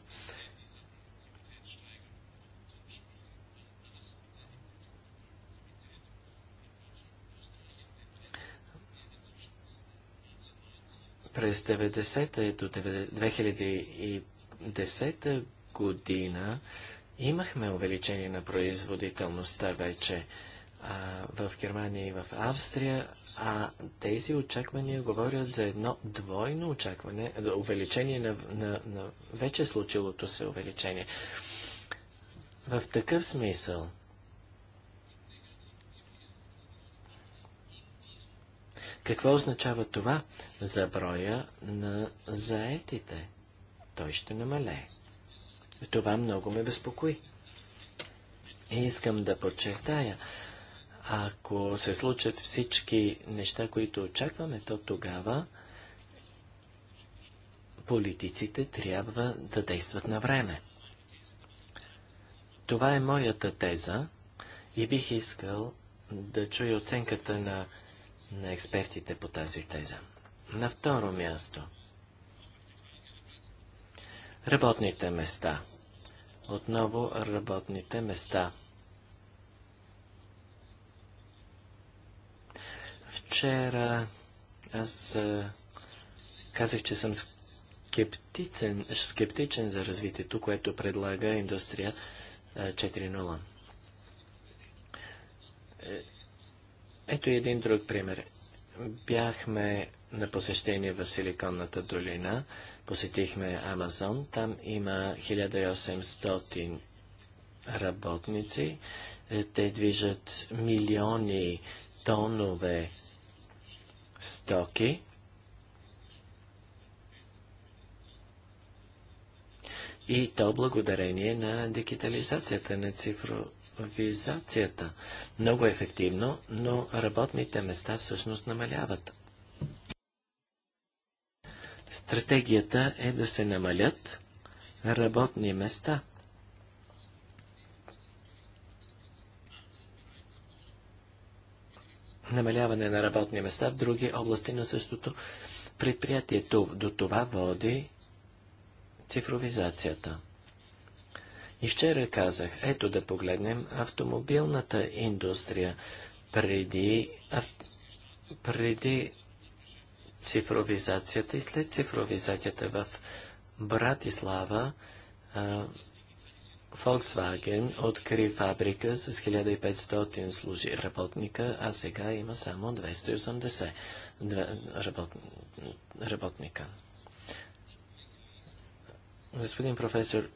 През 90-та до 2010 година имахме увеличение на производителността вече в Германия и в Австрия, а тези очаквания говорят за едно двойно очакване, увеличение на, на, на вече случилото се увеличение. В такъв смисъл, Какво означава това за броя на заетите? Той ще намалее. Това много ме безпокои. И искам да подчертая, ако се случат всички неща, които очакваме, то тогава политиците трябва да действат на време. Това е моята теза и бих искал да чуя оценката на на експертите по тази теза. На второ място. Работните места. Отново работните места. Вчера аз казах, че съм скептичен, скептичен за развитието, което предлага индустрия 4.0. Ето един друг пример. Бяхме на посещение в Силиконната долина, посетихме Амазон, там има 1800 работници, е, те движат милиони тонове стоки. И то благодарение на дигитализацията, на цифро, цифровизацията. Много е ефективно, но работните места всъщност намаляват. Стратегията е да се намалят работни места. Намаляване на работни места в други области на същото предприятието До това води цифровизацията. И вчера казах, ето да погледнем автомобилната индустрия преди, ав, преди цифровизацията и след цифровизацията в Братислава. А, Volkswagen откри фабрика с 1500 служи работника, а сега има само 280 работ... работника. Господин професор,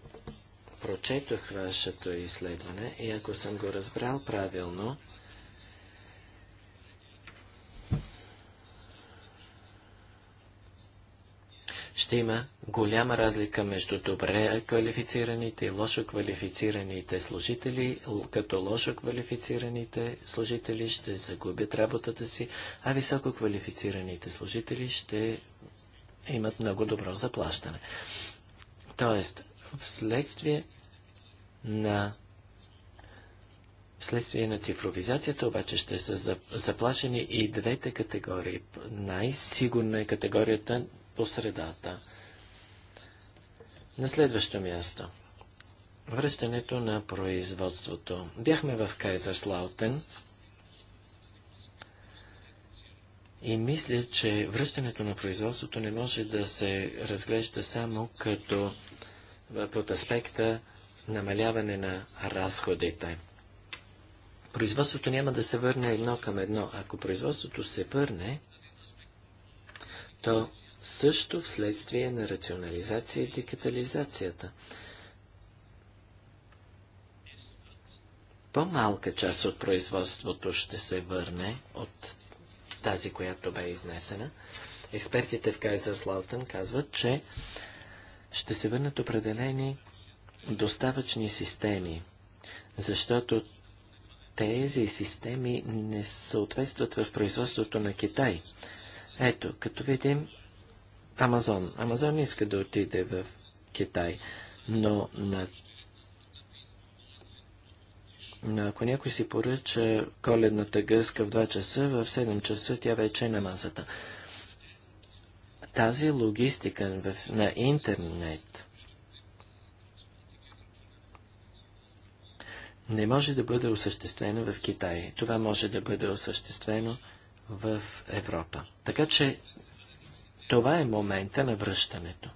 прочетох вашето изследване и ако съм го разбрал правилно, ще има голяма разлика между добре квалифицираните и лошо квалифицираните служители, като лошо квалифицираните служители ще загубят работата си, а високо квалифицираните служители ще имат много добро заплащане. Тоест, Вследствие на Вследствие на цифровизацията обаче ще са заплашени и двете категории. Най-сигурна е категорията по средата. На следващо място. Връщането на производството. Бяхме в Кайзерслаутен и мисля, че връщането на производството не може да се разглежда само като под аспекта намаляване на разходите. Производството няма да се върне едно към едно. Ако производството се върне, то също вследствие на рационализация и дигитализацията. По-малка част от производството ще се върне от тази, която бе изнесена. Експертите в Кайзерслаутен казват, че ще се върнат определени доставачни системи, защото тези системи не съответстват в производството на Китай. Ето, като видим Амазон. Амазон иска да отиде в Китай, но на но ако някой си поръча коледната гъска в 2 часа, в 7 часа тя вече е на масата тази логистика на интернет не може да бъде осъществено в Китай. Това може да бъде осъществено в Европа. Така че това е момента на връщането.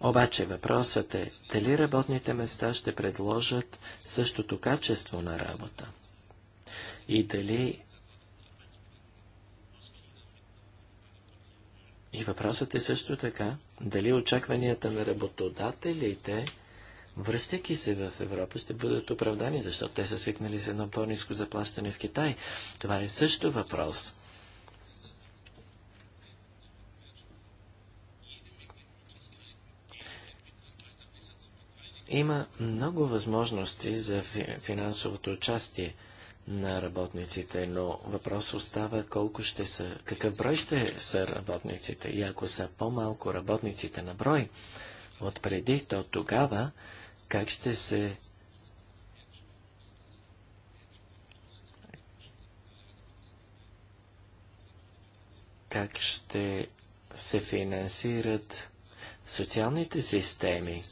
Обаче въпросът е, дали работните места ще предложат същото качество на работа? И дали И въпросът е също така, дали очакванията на работодателите, връщайки се в Европа, ще бъдат оправдани, защото те са свикнали с едно по-низко заплащане в Китай. Това е също въпрос. Има много възможности за финансовото участие – на работниците, но въпрос остава колко ще са, какъв брой ще са работниците. И ако са по-малко работниците на брой от преди, то тогава как ще се как ще се финансират социалните системи,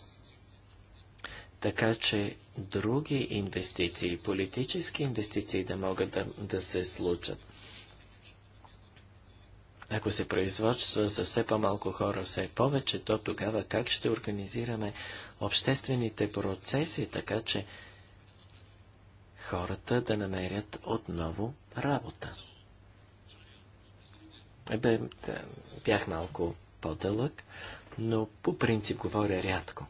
така че други инвестиции, политически инвестиции да могат да, да се случат. Ако се производства за все по-малко хора, все повече, то тогава как ще организираме обществените процеси, така че хората да намерят отново работа? Бе, бях малко по-дълъг, но по принцип говоря рядко.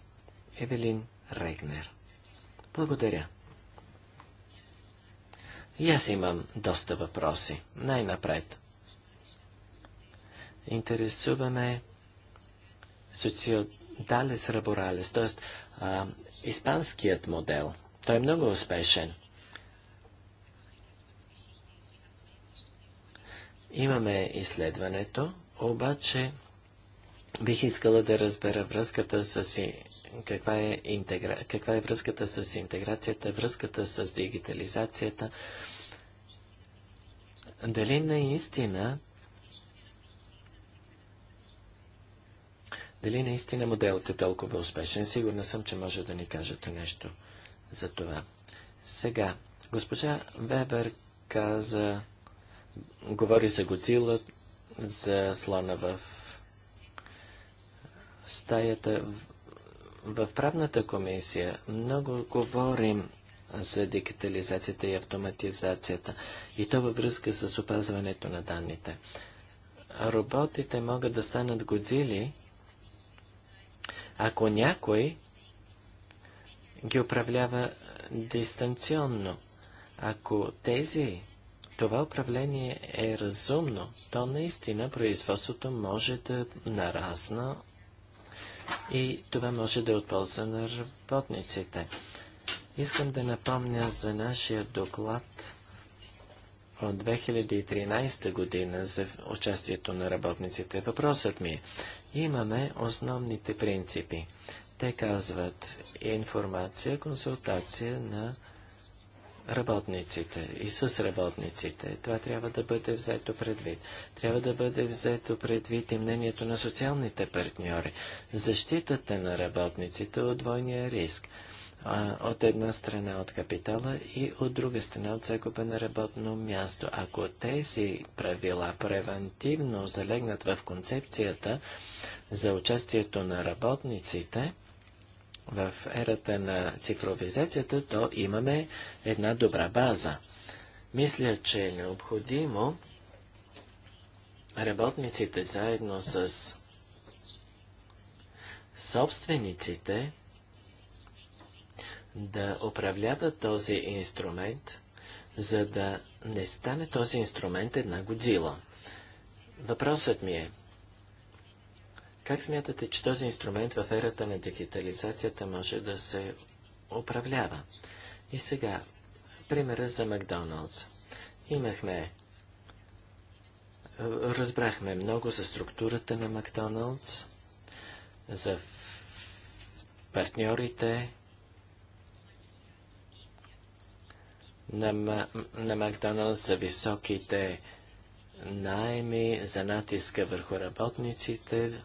Евелин Регнер. Благодаря. И аз имам доста въпроси. Най-напред. Интересуваме социодалес раборалес, т.е. испанският модел. Той е много успешен. Имаме изследването, обаче бих искала да разбера връзката с каква е, интегра... каква е връзката с интеграцията, връзката с дигитализацията. Дали наистина дали наистина моделът е толкова успешен? Сигурна съм, че може да ни кажете нещо за това. Сега, госпожа Вебер каза, говори за Годзила, за слона в стаята. В правната комисия много говорим за дигитализацията и автоматизацията и то във връзка с опазването на данните. Роботите могат да станат годзили, ако някой ги управлява дистанционно. Ако тези, това управление е разумно, то наистина производството може да нарасна и това може да е от полза на работниците. Искам да напомня за нашия доклад от 2013 година за участието на работниците. Въпросът ми е, имаме основните принципи. Те казват информация, консултация на работниците и с работниците. Това трябва да бъде взето предвид. Трябва да бъде взето предвид и мнението на социалните партньори. Защитата на работниците е от двойния риск. от една страна от капитала и от друга страна от закупа на работно място. Ако тези правила превентивно залегнат в концепцията за участието на работниците, в ерата на цифровизацията, то имаме една добра база. Мисля, че е необходимо работниците заедно с собствениците да управляват този инструмент, за да не стане този инструмент една годзила. Въпросът ми е, как смятате, че този инструмент в ерата на дигитализацията може да се управлява? И сега, примера за Макдоналдс. Имахме, е, разбрахме много за структурата на Макдоналдс, за партньорите на, на Макдоналдс, за високите найми, за натиска върху работниците,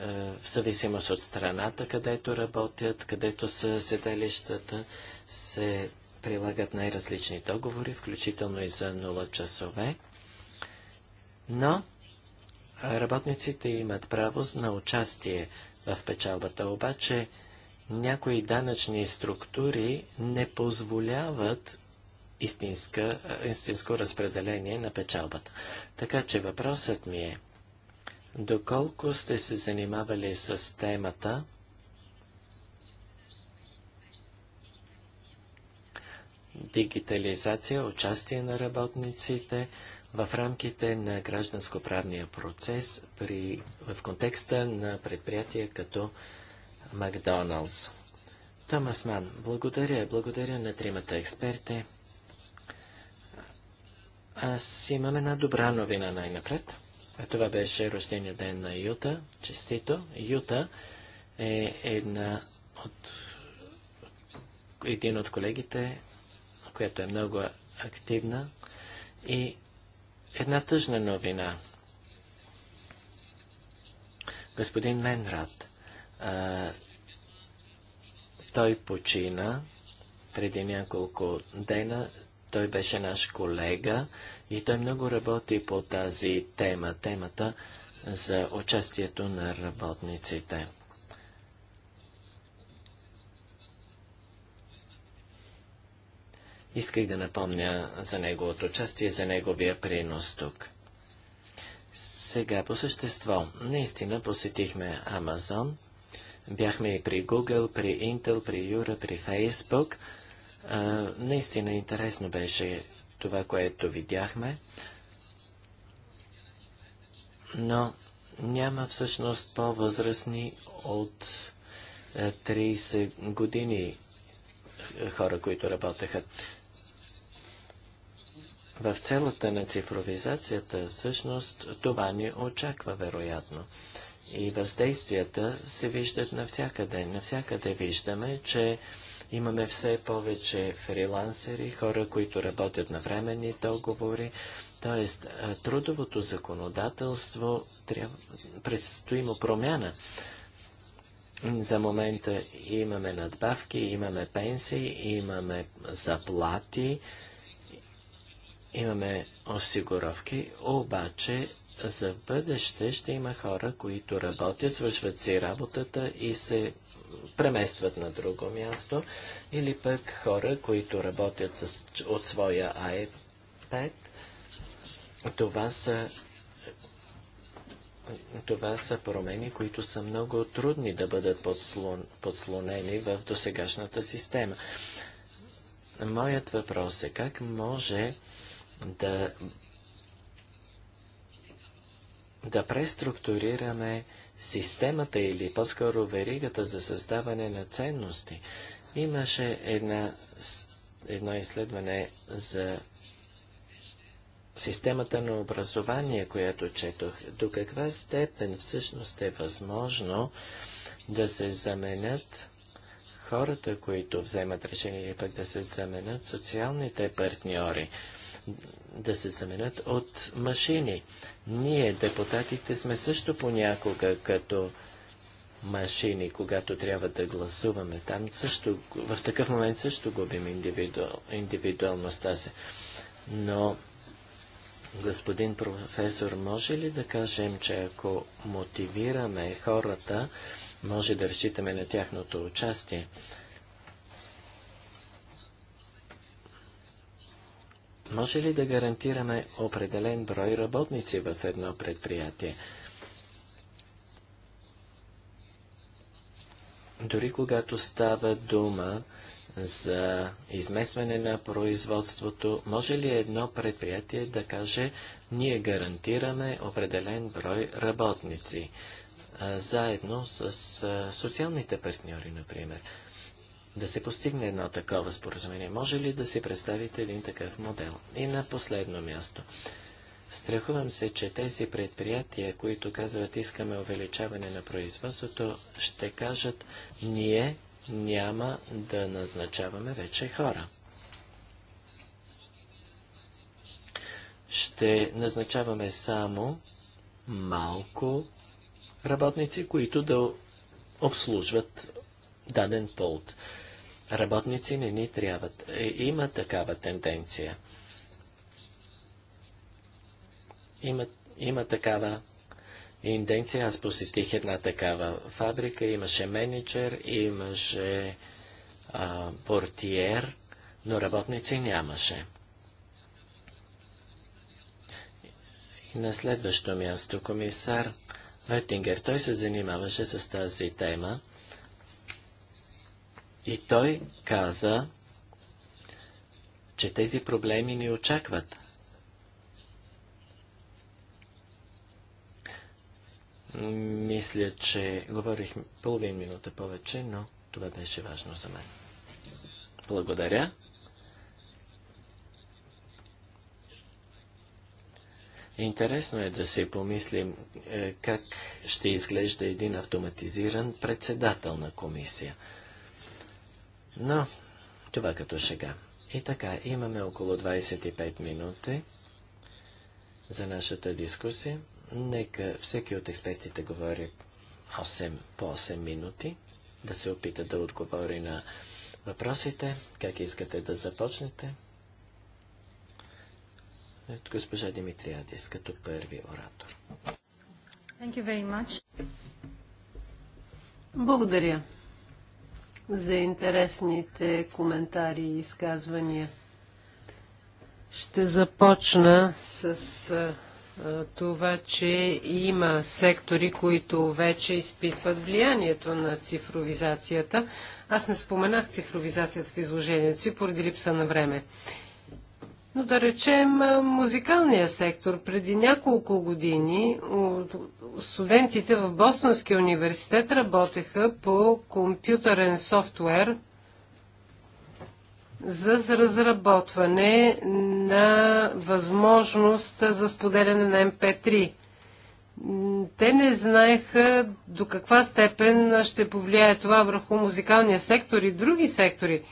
е, в зависимост от страната, където работят, където са седалищата, се прилагат най-различни договори, включително и за 0 часове. Но работниците имат право на участие в печалбата, обаче някои данъчни структури не позволяват истинска, истинско разпределение на печалбата. Така че въпросът ми е, Доколко сте се занимавали с темата дигитализация, участие на работниците в рамките на гражданско-правния процес при, в контекста на предприятия като Макдоналдс? Томас Ман, благодаря. Благодаря на тримата експерти. Аз имам една добра новина най-напред. Това беше рождения ден на Юта. Честито. Юта е една от, един от колегите, която е много активна. И една тъжна новина. Господин Менрад, а, той почина преди няколко дена той беше наш колега и той много работи по тази тема, темата за участието на работниците. Исках да напомня за неговото участие, за неговия принос тук. Сега по същество. Наистина посетихме Амазон. Бяхме и при Google, при Intel, при Юра, при Facebook – наистина интересно беше това, което видяхме, но няма всъщност по-възрастни от 30 е, години хора, които работеха. В целата на цифровизацията всъщност това ни очаква вероятно. И въздействията се виждат навсякъде. Навсякъде виждаме, че Имаме все повече фрилансери, хора, които работят на временни договори. Тоест, трудовото законодателство трябва, предстои му промяна. За момента имаме надбавки, имаме пенсии, имаме заплати, имаме осигуровки, обаче за бъдеще ще има хора, които работят, свършват си работата и се преместват на друго място, или пък хора, които работят с, от своя iPad. Това са това са промени, които са много трудни да бъдат подслон, подслонени в досегашната система. Моят въпрос е как може да да преструктурираме системата или по-скоро веригата за създаване на ценности. Имаше една, едно изследване за системата на образование, която четох. До каква степен всъщност е възможно да се заменят хората, които вземат решение, или пък да се заменят социалните партньори, да се заменят от машини. Ние, депутатите, сме също понякога като машини, когато трябва да гласуваме. Там също, в такъв момент също губим индивиду, индивидуалността си. Но, господин професор, може ли да кажем, че ако мотивираме хората, може да разчитаме на тяхното участие? Може ли да гарантираме определен брой работници в едно предприятие? Дори когато става дума за изместване на производството, може ли едно предприятие да каже, ние гарантираме определен брой работници, заедно с социалните партньори, например? да се постигне едно такова споразумение. Може ли да си представите един такъв модел? И на последно място. Страхувам се, че тези предприятия, които казват искаме увеличаване на производството, ще кажат ние няма да назначаваме вече хора. Ще назначаваме само малко работници, които да обслужват даден полт работници не ни трябват. Е, има такава тенденция. Има, има такава тенденция. Аз посетих една такава фабрика. Имаше менеджер, имаше а, портиер, но работници нямаше. И на следващо място комисар Веттингер, той се занимаваше с тази тема и той каза, че тези проблеми ни очакват. Мисля, че говорих половин минута повече, но това беше важно за мен. Благодаря. Интересно е да се помислим е, как ще изглежда един автоматизиран председател на комисия. Но това като шега. И така, имаме около 25 минути за нашата дискусия. Нека всеки от експертите говори 8, по 8 минути, да се опита да отговори на въпросите, как искате да започнете. Ето госпожа Димитриадис като първи оратор. Благодаря за интересните коментари и изказвания. Ще започна с това, че има сектори, които вече изпитват влиянието на цифровизацията. Аз не споменах цифровизацията в изложението си поради липса на време. Но да речем музикалния сектор. Преди няколко години студентите в Бостонския университет работеха по компютърен софтуер за разработване на възможност за споделяне на MP3 те не знаеха до каква степен ще повлияе това върху музикалния сектор и други сектори.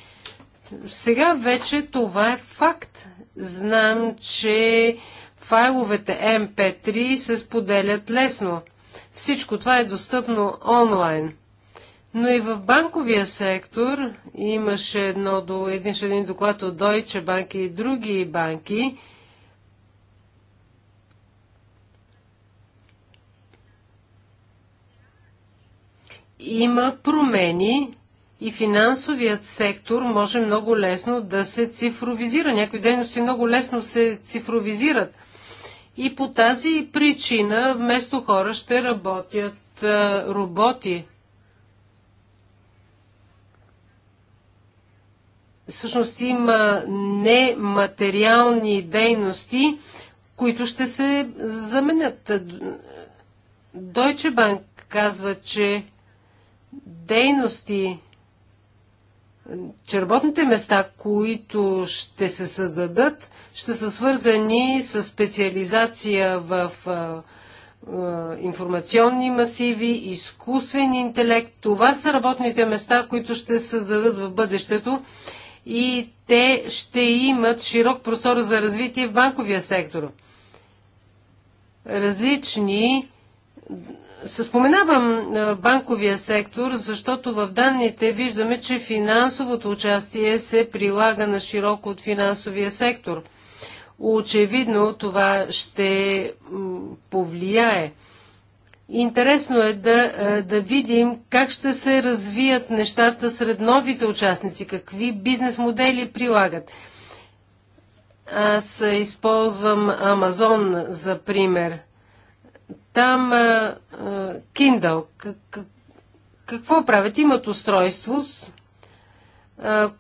Сега вече това е факт. Знам, че файловете MP3 се споделят лесно. Всичко това е достъпно онлайн. Но и в банковия сектор имаше едно, до, един, един доклад от Deutsche Bank и други банки, има промени и финансовият сектор може много лесно да се цифровизира. Някои дейности много лесно се цифровизират. И по тази причина вместо хора ще работят а, роботи. Всъщност има нематериални дейности, които ще се заменят. Deutsche Bank казва, че дейности, че работните места, които ще се създадат, ще са свързани с специализация в а, а, информационни масиви, изкуствен интелект. Това са работните места, които ще се създадат в бъдещето и те ще имат широк простор за развитие в банковия сектор. Различни Споменавам е, банковия сектор, защото в данните виждаме, че финансовото участие се прилага на широко от финансовия сектор. Очевидно това ще повлияе. Интересно е да, е, да видим как ще се развият нещата сред новите участници, какви бизнес модели прилагат. Аз използвам Амазон за пример там а, а, Kindle. Как, как, какво правят? Имат устройство. А,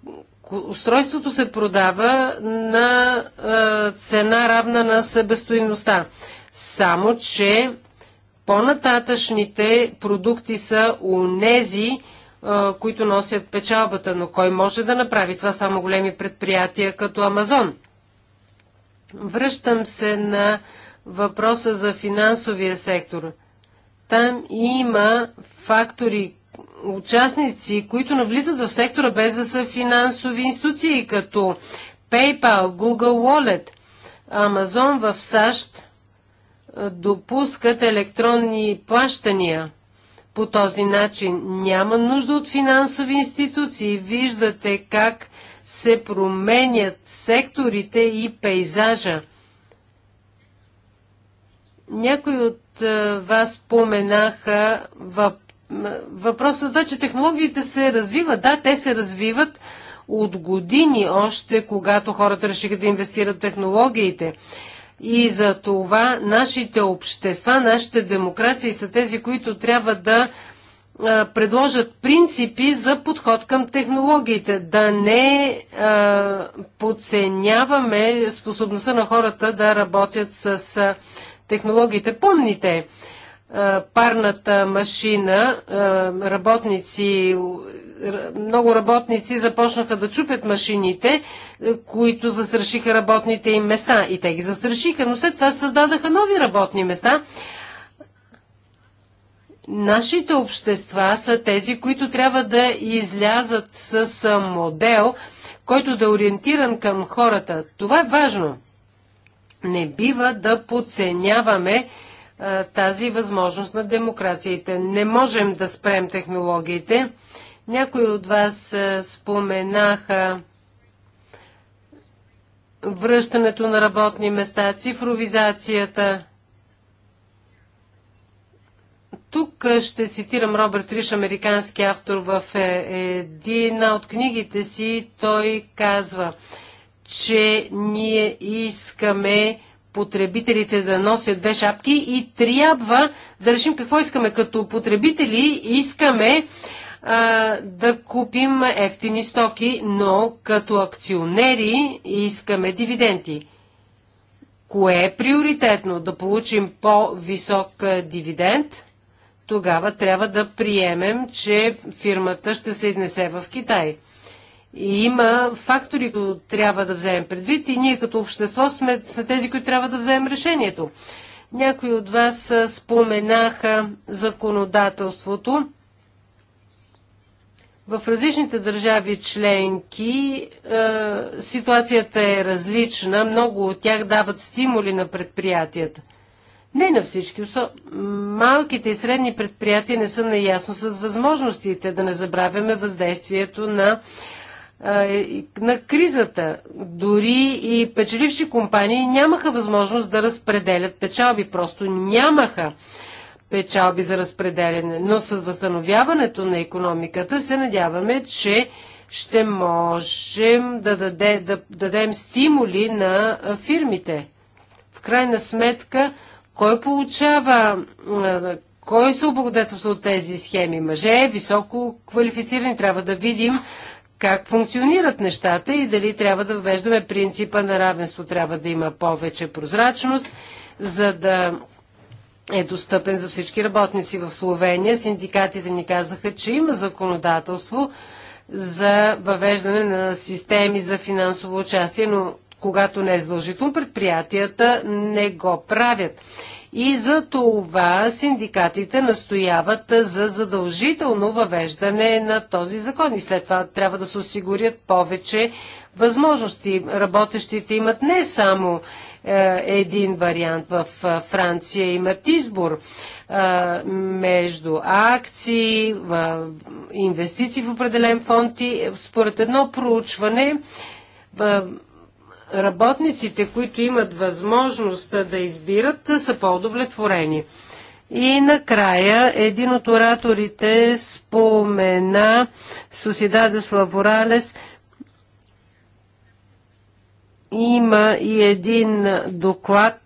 устройството се продава на а, цена равна на себестоиността. Само, че по-нататъчните продукти са унези, които носят печалбата. Но кой може да направи това? Само големи предприятия като Амазон. Връщам се на а, въпроса за финансовия сектор. Там има фактори, участници, които навлизат в сектора без да са финансови институции, като PayPal, Google Wallet, Amazon в САЩ допускат електронни плащания. По този начин няма нужда от финансови институции. Виждате как се променят секторите и пейзажа. Някои от вас споменаха въпроса за това, че технологиите се развиват. Да, те се развиват от години още, когато хората решиха да инвестират в технологиите. И за това нашите общества, нашите демокрации са тези, които трябва да предложат принципи за подход към технологиите. Да не подценяваме способността на хората да работят с технологиите. Помните, е, парната машина, е, работници, е, много работници започнаха да чупят машините, които застрашиха работните им места. И те ги застрашиха, но след това създадаха нови работни места. Нашите общества са тези, които трябва да излязат с модел, който да е ориентиран към хората. Това е важно. Не бива да подценяваме а, е, тази възможност на демокрациите. Не можем да спрем технологиите. Някои от вас а, е, споменаха връщането на работни места, цифровизацията. Тук е, ще цитирам Робърт Риш, американски автор в една от книгите си. Той казва – че ние искаме потребителите да носят две шапки и трябва да решим какво искаме. Като потребители искаме а, да купим ефтини стоки, но като акционери искаме дивиденти. Кое е приоритетно? Да получим по-висок дивиденд? Тогава трябва да приемем, че фирмата ще се изнесе в Китай – и има фактори, които трябва да вземем предвид и ние като общество сме са тези, които трябва да вземем решението. Някои от вас споменаха законодателството. В различните държави членки е, ситуацията е различна. Много от тях дават стимули на предприятията. Не на всички. Малките и средни предприятия не са наясно с възможностите. Да не забравяме въздействието на на кризата. Дори и печеливши компании нямаха възможност да разпределят печалби. Просто нямаха печалби за разпределяне. Но с възстановяването на економиката се надяваме, че ще можем да, даде, да дадем стимули на фирмите. В крайна сметка, кой получава, кой се облагодетелства от тези схеми? Мъже, високо квалифицирани, трябва да видим как функционират нещата и дали трябва да въвеждаме принципа на равенство. Трябва да има повече прозрачност, за да е достъпен за всички работници в Словения. Синдикатите ни казаха, че има законодателство за въвеждане на системи за финансово участие, но когато не е задължително, предприятията не го правят. И за това синдикатите настояват за задължително въвеждане на този закон. И след това трябва да се осигурят повече възможности. Работещите имат не само е, един вариант. В е, Франция имат избор е, между акции, инвестиции в определен фонд и според едно проучване работниците, които имат възможност да избират, са по-удовлетворени. И накрая един от ораторите спомена Сусидада Славоралес има и един доклад,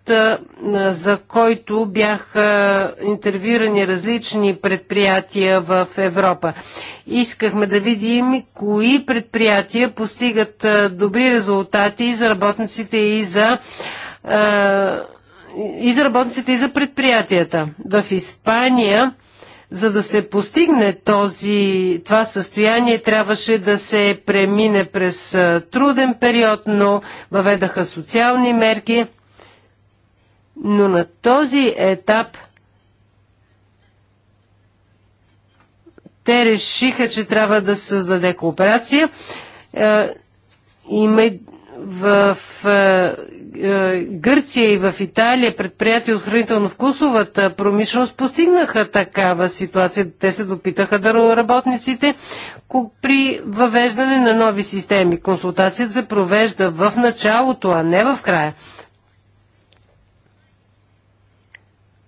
за който бяха интервюирани различни предприятия в Европа. Искахме да видим кои предприятия постигат добри резултати и за работниците, и за, и за работниците, и за предприятията. В Испания за да се постигне този, това състояние, трябваше да се премине през труден период, но въведаха социални мерки. Но на този етап те решиха, че трябва да създаде кооперация. Има в е, Гърция и в Италия предприятия от хранително-вкусовата промишленост постигнаха такава ситуация. Те се допитаха да работниците при въвеждане на нови системи. Консултацията се провежда в началото, а не в края.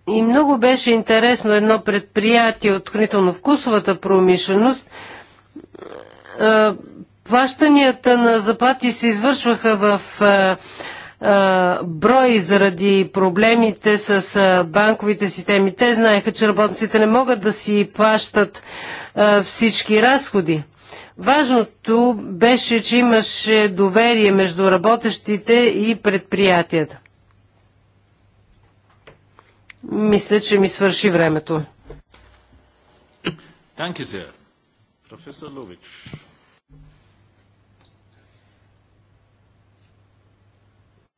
И много беше интересно едно предприятие от хранително-вкусовата промишленост е, плащанията на заплати се извършваха в а, е, брой заради проблемите с банковите системи. Те знаеха, че работниците не могат да си плащат всички разходи. Важното беше, че имаше доверие между работещите и предприятията. Мисля, че ми свърши времето. Danke Професор Лович.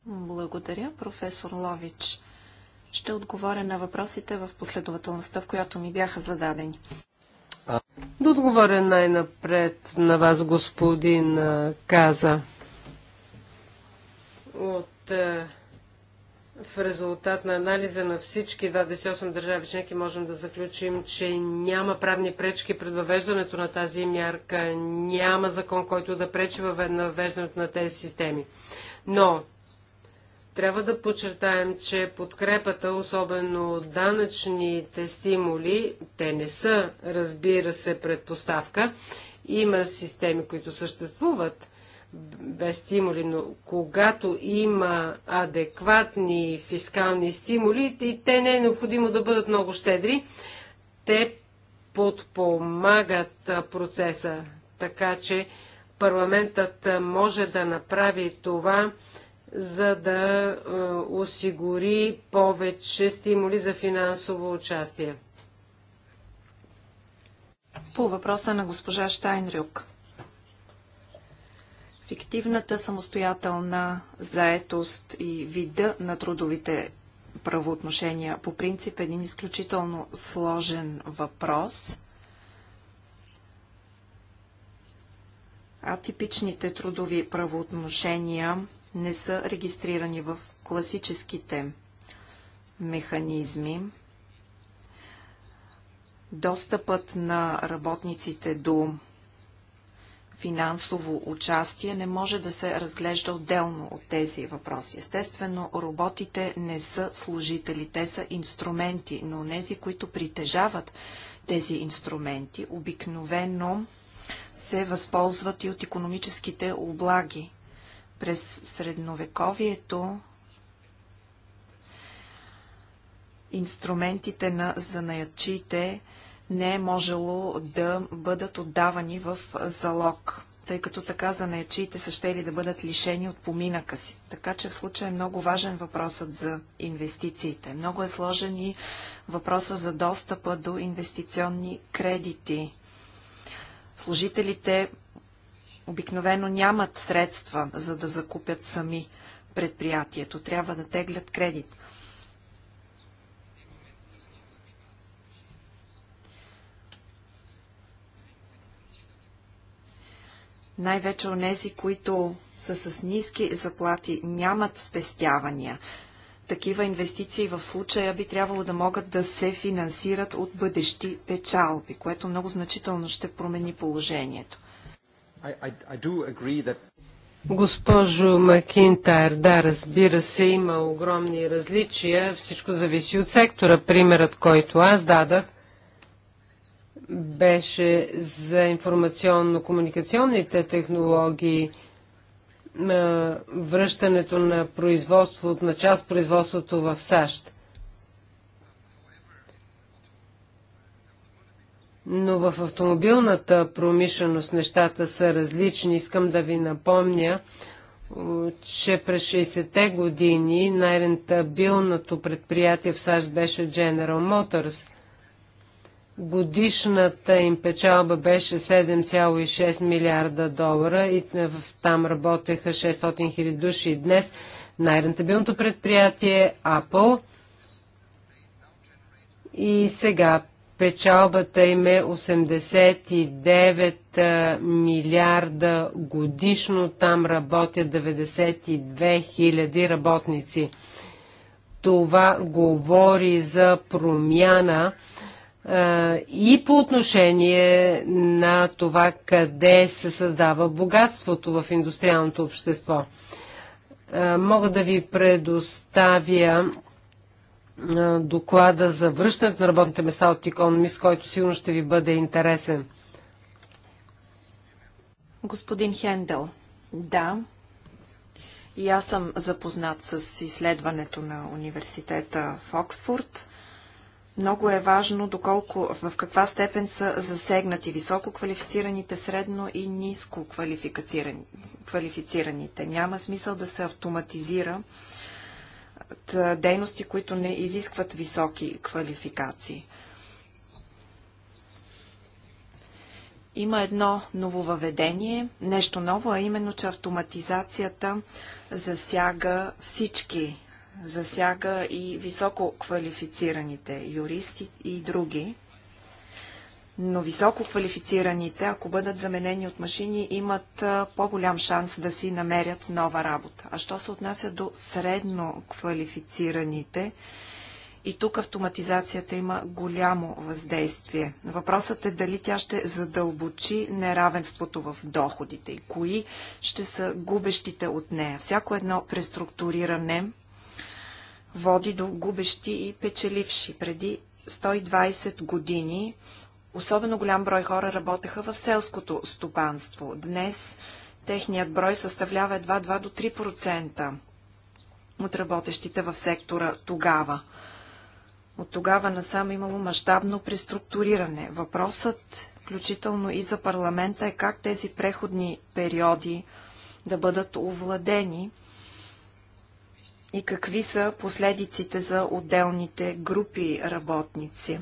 Благодаря, професор Лович. Ще отговоря на въпросите в последователността, в която ми бяха зададени. Да отговоря най-напред на вас, господин Каза. От, в резултат на анализа на всички 28 държави членки можем да заключим, че няма правни пречки пред въвеждането на тази мярка, няма закон, който да пречи въвеждането на тези системи. Но трябва да подчертаем, че подкрепата, особено данъчните стимули, те не са, разбира се, предпоставка. Има системи, които съществуват без стимули, но когато има адекватни фискални стимули, и те не е необходимо да бъдат много щедри, те подпомагат процеса. Така че парламентът може да направи това за да е, осигури повече стимули за финансово участие. По въпроса на госпожа Штайнрюк. Фиктивната самостоятелна заетост и вида на трудовите правоотношения по принцип е един изключително сложен въпрос – Атипичните трудови правоотношения не са регистрирани в класическите механизми. Достъпът на работниците до финансово участие не може да се разглежда отделно от тези въпроси. Естествено, роботите не са служители, те са инструменти, но тези, които притежават тези инструменти, обикновено се възползват и от економическите облаги. През средновековието инструментите на занаячите не е можело да бъдат отдавани в залог, тъй като така занаячите са щели да бъдат лишени от поминъка си. Така че в случая е много важен въпросът за инвестициите. Много е сложен и въпроса за достъпа до инвестиционни кредити. Служителите обикновено нямат средства, за да закупят сами предприятието. Трябва да теглят кредит. Най-вече нези, които са с ниски заплати, нямат спестявания такива инвестиции в случая би трябвало да могат да се финансират от бъдещи печалби, което много значително ще промени положението. Госпожо Макинтайр, да, разбира се, има огромни различия. Всичко зависи от сектора. Примерът, който аз дадах, беше за информационно-комуникационните технологии – връщането на производство, на част производството в САЩ. Но в автомобилната промишленост нещата са различни. Искам да ви напомня, че през 60-те години най-рентабилното предприятие в САЩ беше General Motors – Годишната им печалба беше 7,6 милиарда долара и там работеха 600 хиляди души. Днес най-рентабилното предприятие е Apple и сега печалбата им е 89 милиарда годишно. Там работят 92 хиляди работници. Това говори за промяна и по отношение на това къде се създава богатството в индустриалното общество. Мога да ви предоставя доклада за връщането на работните места от икономис, който сигурно ще ви бъде интересен. Господин Хендел, да, и аз съм запознат с изследването на университета в Оксфорд. Много е важно доколко, в каква степен са засегнати високо квалифицираните, средно и ниско квалифицираните. Няма смисъл да се автоматизира дейности, които не изискват високи квалификации. Има едно ново въведение, нещо ново, а именно, че автоматизацията засяга всички засяга и високо квалифицираните юристи и други. Но високо квалифицираните, ако бъдат заменени от машини, имат по-голям шанс да си намерят нова работа. А що се отнася до средно квалифицираните, и тук автоматизацията има голямо въздействие. Въпросът е дали тя ще задълбочи неравенството в доходите и кои ще са губещите от нея. Всяко едно преструктуриране води до губещи и печеливши. Преди 120 години особено голям брой хора работеха в селското стопанство. Днес техният брой съставлява едва 2 до 3% от работещите в сектора тогава. От тогава насам имало мащабно преструктуриране. Въпросът, включително и за парламента, е как тези преходни периоди да бъдат овладени – и какви са последиците за отделните групи работници.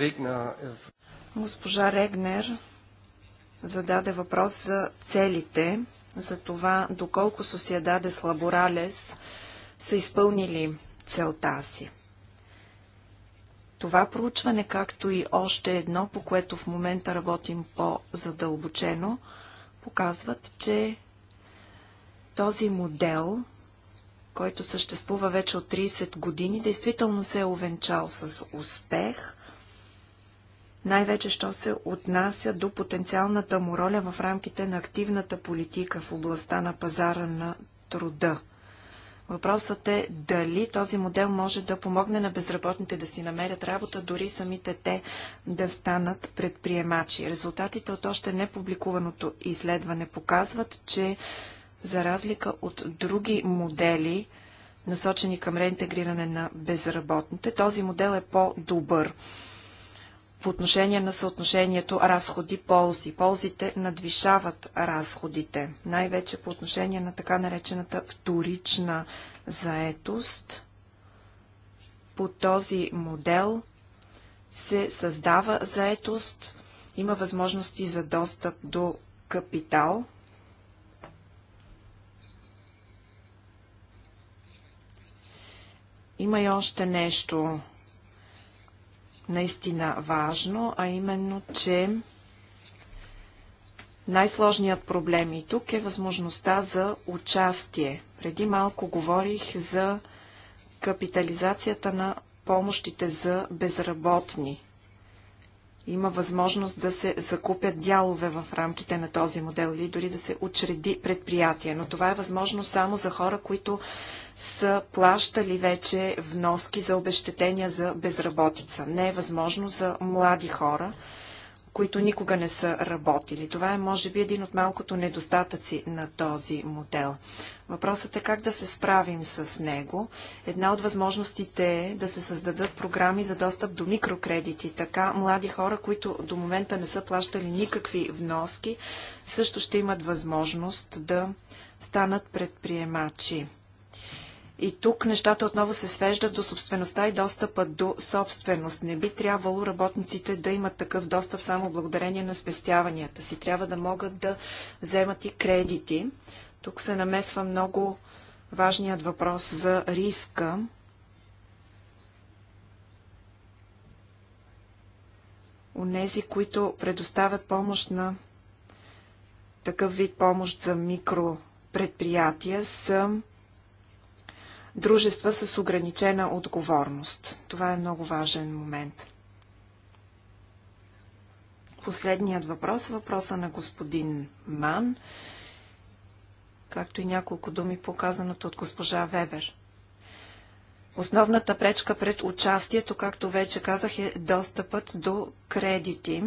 Е, Госпожа Регнер зададе въпрос за целите, за това доколко Сосиедаде с Лаборалес са изпълнили целта си. Това проучване, както и още едно, по което в момента работим по-задълбочено, показват, че този модел, който съществува вече от 30 години, действително се е овенчал с успех, най-вече, що се отнася до потенциалната му роля в рамките на активната политика в областта на пазара на труда. Въпросът е дали този модел може да помогне на безработните да си намерят работа, дори самите те да станат предприемачи. Резултатите от още непубликуваното изследване показват, че за разлика от други модели, насочени към реинтегриране на безработните, този модел е по-добър по отношение на съотношението разходи-ползи. Ползите надвишават разходите, най-вече по отношение на така наречената вторична заетост. По този модел се създава заетост, има възможности за достъп до капитал. Има и още нещо наистина важно, а именно, че най-сложният проблем и тук е възможността за участие. Преди малко говорих за капитализацията на помощите за безработни има възможност да се закупят дялове в рамките на този модел или дори да се учреди предприятие. Но това е възможно само за хора, които са плащали вече вноски за обещетения за безработица. Не е възможно за млади хора, които никога не са работили. Това е, може би, един от малкото недостатъци на този модел. Въпросът е как да се справим с него. Една от възможностите е да се създадат програми за достъп до микрокредити. Така млади хора, които до момента не са плащали никакви вноски, също ще имат възможност да станат предприемачи. И тук нещата отново се свеждат до собствеността и достъпа до собственост. Не би трябвало работниците да имат такъв достъп само благодарение на спестяванията си. Трябва да могат да вземат и кредити. Тук се намесва много важният въпрос за риска. Унези, които предоставят помощ на такъв вид помощ за микропредприятия, са дружества с ограничена отговорност. Това е много важен момент. Последният въпрос, е въпроса на господин Ман, както и няколко думи показаното от госпожа Вебер. Основната пречка пред участието, както вече казах, е достъпът до кредити.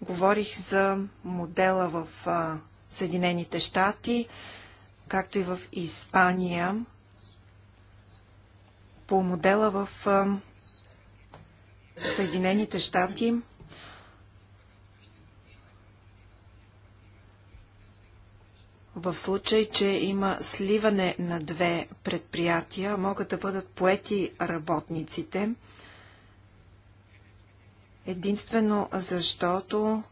Говорих за модела в Съединените щати, както и в Испания по модела в Съединените щати. В случай, че има сливане на две предприятия, могат да бъдат поети работниците, единствено защото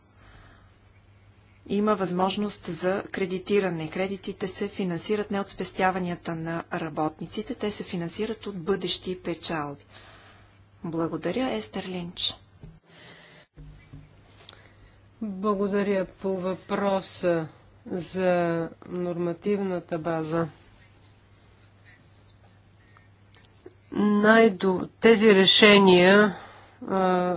има възможност за кредитиране. Кредитите се финансират не от спестяванията на работниците, те се финансират от бъдещи печалби. Благодаря, Естер Линч. Благодаря по въпроса за нормативната база. Най-до... Тези решения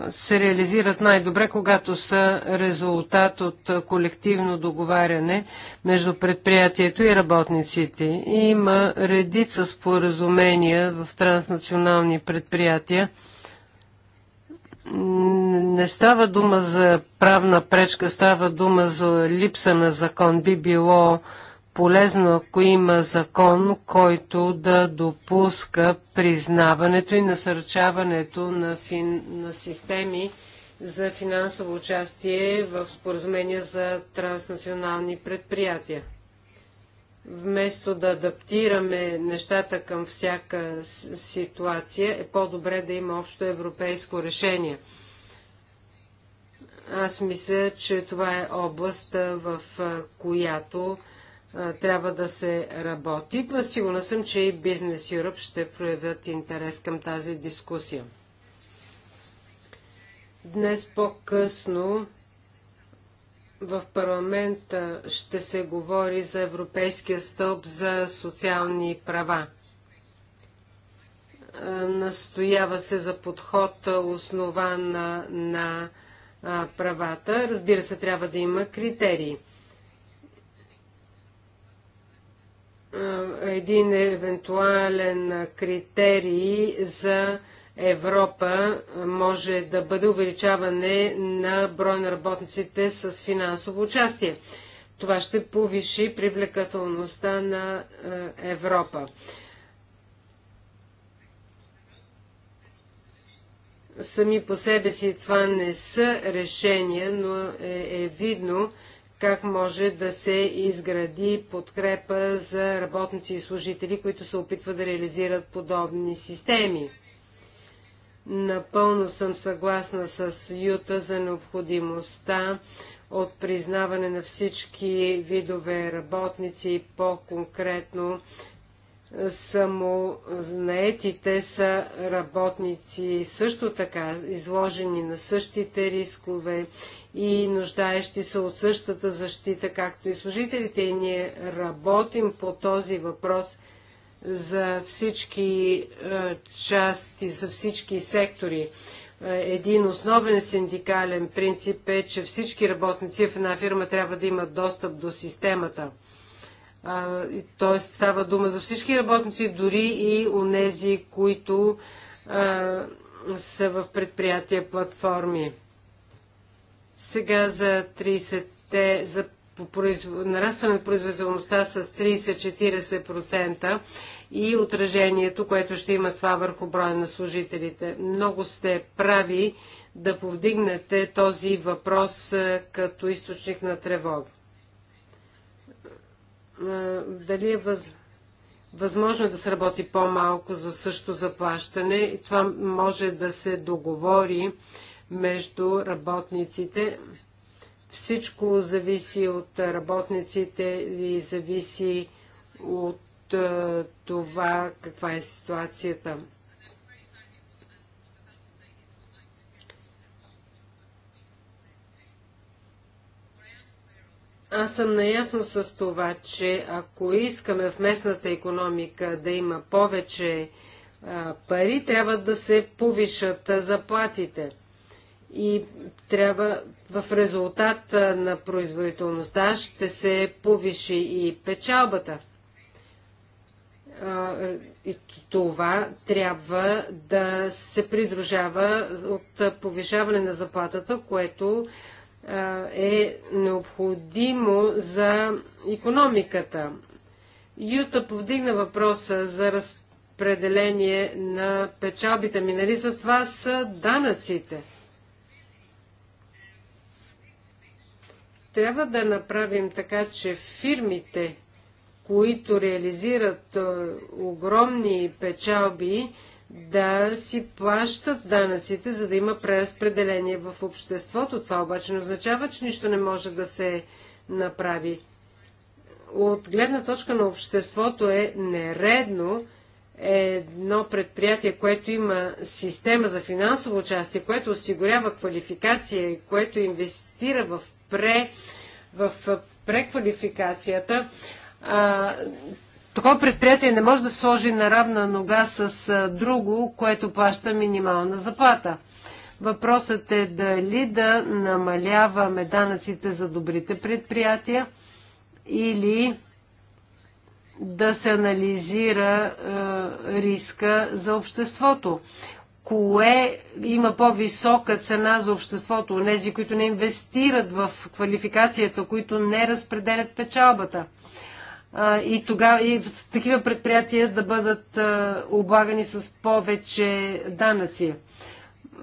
се реализират най-добре, когато са резултат от колективно договаряне между предприятието и работниците. и Има редица споразумения в транснационални предприятия. Не става дума за правна пречка, става дума за липса на закон. Би било полезно, ако има закон, който да допуска признаването и насърчаването на, фин... на системи за финансово участие в споразумения за транснационални предприятия. Вместо да адаптираме нещата към всяка ситуация, е по-добре да има общо европейско решение. Аз мисля, че това е област, в която трябва да се работи. Сигурна съм, че и Бизнес Юръп ще проявят интерес към тази дискусия. Днес по-късно в парламента ще се говори за Европейския стълб за социални права. Настоява се за подход основан на, на правата. Разбира се, трябва да има критерии. Е, един евентуален критерий за Европа може да бъде увеличаване на брой на работниците с финансово участие. Това ще повиши привлекателността на е, Европа. Сами по себе си това не са решения, но е, е видно, как може да се изгради подкрепа за работници и служители, които се опитват да реализират подобни системи. Напълно съм съгласна с Юта за необходимостта от признаване на всички видове работници, по-конкретно самонаетите са работници също така изложени на същите рискове и нуждаещи се от същата защита, както и служителите. И ние работим по този въпрос за всички е, части, за всички сектори. Е, един основен синдикален принцип е, че всички работници в една фирма трябва да имат достъп до системата – Тоест става дума за всички работници, дори и у нези, които а, са в предприятия платформи. Сега за 30-те, за нарастване на производителността с 30-40% и отражението, което ще има това върху броя на служителите. Много сте прави да повдигнете този въпрос като източник на тревога дали е въз... възможно е да се работи по-малко за също заплащане. И това може да се договори между работниците. Всичко зависи от работниците и зависи от това каква е ситуацията. Аз съм наясно с това, че ако искаме в местната економика да има повече пари, трябва да се повишат заплатите. И трябва в резултат на производителността ще се повиши и печалбата. И това трябва да се придружава от повишаване на заплатата, което е необходимо за економиката. Юта повдигна въпроса за разпределение на печалбите. ми, нали за това са данъците. Трябва да направим така, че фирмите, които реализират е, огромни печалби, да си плащат данъците, за да има преразпределение в обществото. Това обаче не означава, че нищо не може да се направи. От гледна точка на обществото е нередно едно предприятие, което има система за финансово участие, което осигурява квалификация и което инвестира в, пре, в преквалификацията, а, Такова предприятие не може да се сложи на равна нога с друго, което плаща минимална заплата. Въпросът е дали да намаляваме данъците за добрите предприятия или да се анализира е, риска за обществото. Кое има по-висока цена за обществото? Нези, които не инвестират в квалификацията, които не разпределят печалбата и, тогава, и такива предприятия да бъдат облагани с повече данъци.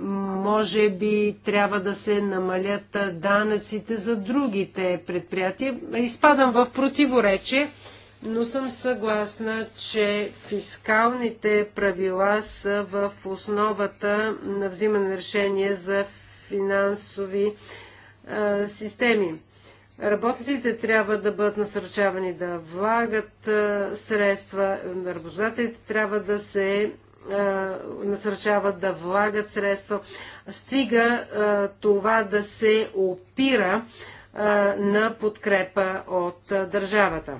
Може би трябва да се намалят данъците за другите предприятия. Изпадам в противоречие, но съм съгласна, че фискалните правила са в основата на взимане решение за финансови системи Работниците трябва да бъдат насърчавани да влагат средства, работодателите трябва да се насърчават да влагат средства, стига това да се опира на подкрепа от държавата.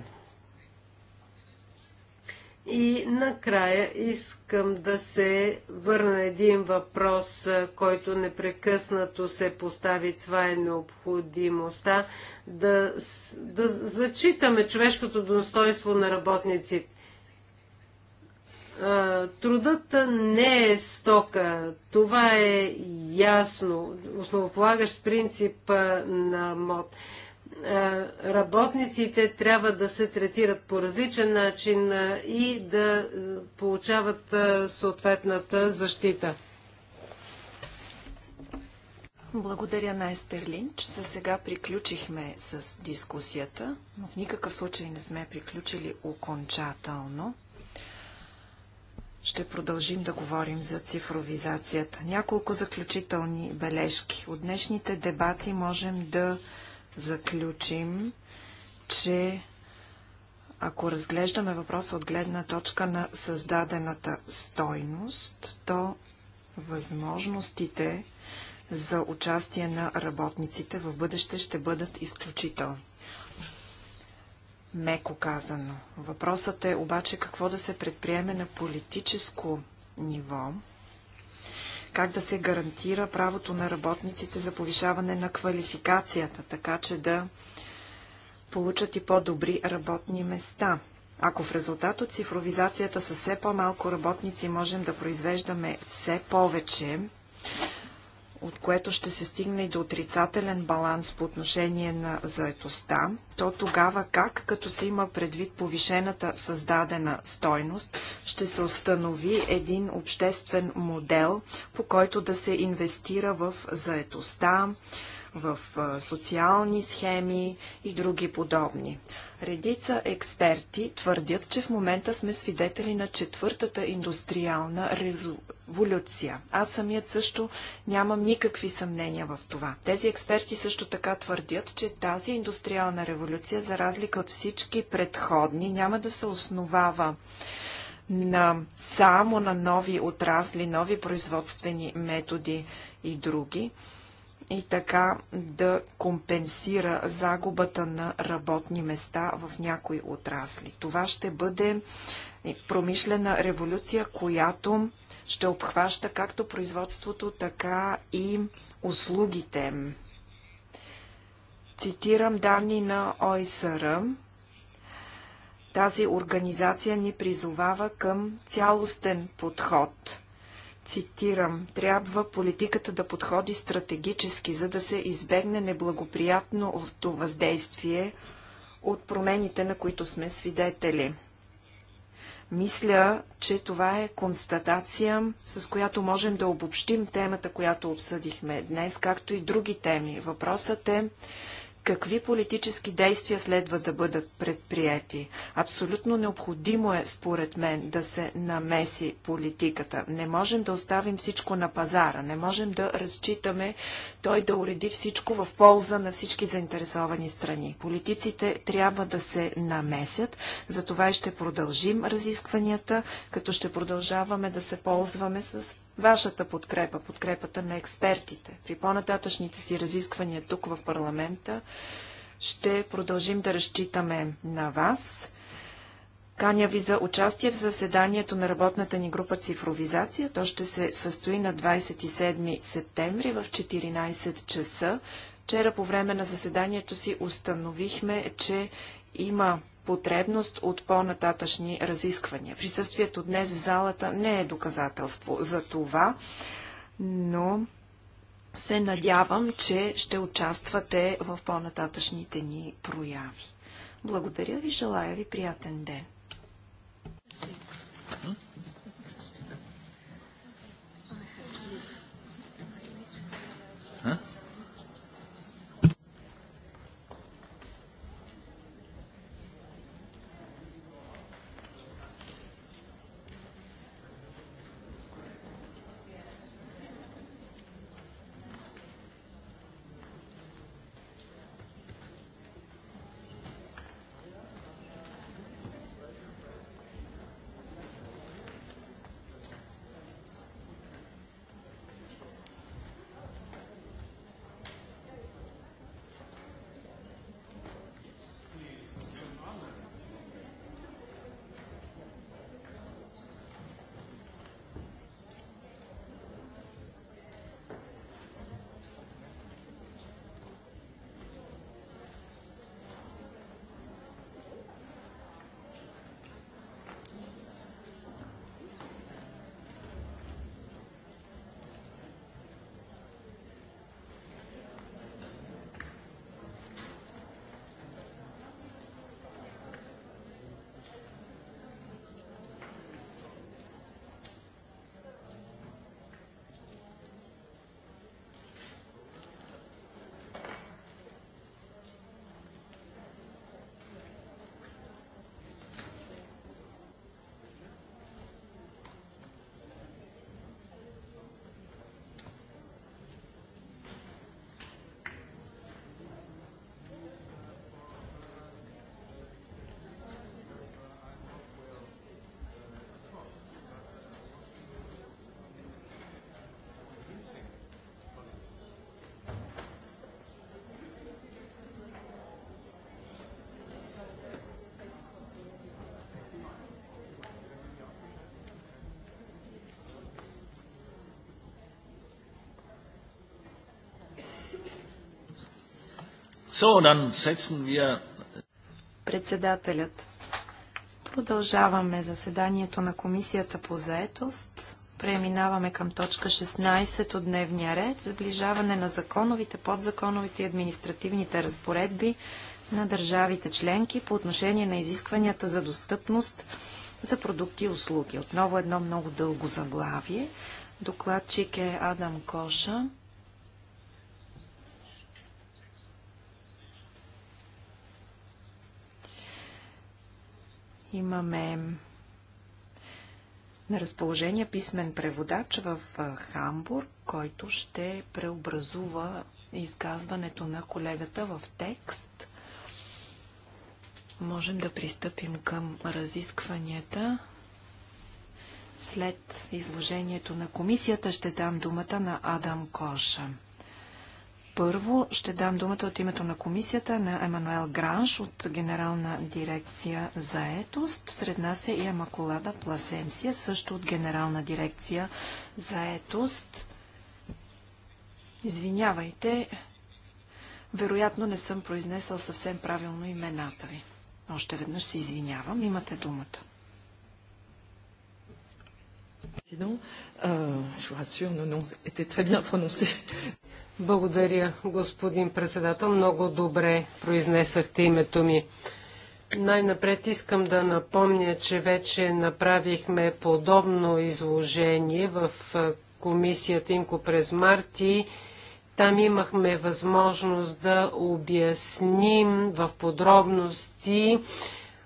И накрая искам да се върна един въпрос, който непрекъснато се постави. Това е необходимостта да, да зачитаме човешкото достоинство на работниците. Трудът не е стока. Това е ясно. Основополагащ принцип на МОД. Е, работниците трябва да се третират по различен начин е, и да е, получават съответната защита. Благодаря на Естер Линч. За сега приключихме с дискусията, но в никакъв случай не сме приключили окончателно. Ще продължим да говорим за цифровизацията. Няколко заключителни бележки. От днешните дебати можем да заключим, че ако разглеждаме въпроса от гледна точка на създадената стойност, то възможностите за участие на работниците в бъдеще ще бъдат изключителни. Меко казано. Въпросът е обаче какво да се предприеме на политическо ниво, как да се гарантира правото на работниците за повишаване на квалификацията, така че да получат и по-добри работни места. Ако в резултат от цифровизацията са все по-малко работници можем да произвеждаме все повече, от което ще се стигне и до отрицателен баланс по отношение на заетостта, то тогава как, като се има предвид повишената създадена стойност, ще се установи един обществен модел, по който да се инвестира в заетостта, в социални схеми и други подобни. Редица експерти твърдят, че в момента сме свидетели на четвъртата индустриална революция. Аз самият също нямам никакви съмнения в това. Тези експерти също така твърдят, че тази индустриална революция, за разлика от всички предходни, няма да се основава на само на нови отрасли, нови производствени методи и други, и така да компенсира загубата на работни места в някои отрасли. Това ще бъде промишлена революция, която ще обхваща както производството, така и услугите. Цитирам данни на ОИСР. Тази организация ни призовава към цялостен подход – цитирам, трябва политиката да подходи стратегически, за да се избегне неблагоприятното въздействие от промените, на които сме свидетели. Мисля, че това е констатация, с която можем да обобщим темата, която обсъдихме днес, както и други теми. Въпросът е какви политически действия следва да бъдат предприяти. Абсолютно необходимо е, според мен, да се намеси политиката. Не можем да оставим всичко на пазара, не можем да разчитаме той да уреди всичко в полза на всички заинтересовани страни. Политиците трябва да се намесят, за това и ще продължим разискванията, като ще продължаваме да се ползваме с вашата подкрепа, подкрепата на експертите. При по-нататъчните си разисквания тук в парламента ще продължим да разчитаме на вас. Каня ви за участие в заседанието на работната ни група Цифровизация. То ще се състои на 27 септември в 14 часа. Вчера по време на заседанието си установихме, че има потребност от по-нататъчни разисквания. Присъствието днес в залата не е доказателство за това, но се надявам, че ще участвате в по-нататъчните ни прояви. Благодаря ви, желая ви приятен ден. So, Председателят. Продължаваме заседанието на Комисията по заетост. Преминаваме към точка 16 от дневния ред. Сближаване на законовите, подзаконовите и административните разпоредби на държавите членки по отношение на изискванията за достъпност за продукти и услуги. Отново едно много дълго заглавие. Докладчик е Адам Коша. Имаме на разположение писмен преводач в Хамбург, който ще преобразува изказването на колегата в текст. Можем да пристъпим към разискванията. След изложението на комисията ще дам думата на Адам Коша. Първо ще дам думата от името на комисията на Емануел Гранш от Генерална дирекция за етост. Сред нас е и Амакулада Пласенсия, също от Генерална дирекция за етост. Извинявайте, вероятно не съм произнесъл съвсем правилно имената ви. Още веднъж се извинявам, имате думата. Sinon, euh, je vous rassure, nos noms étaient très bien prononcés. Благодаря, господин председател. Много добре произнесахте името ми. Най-напред искам да напомня, че вече направихме подобно изложение в комисията Инко през марти. Там имахме възможност да обясним в подробности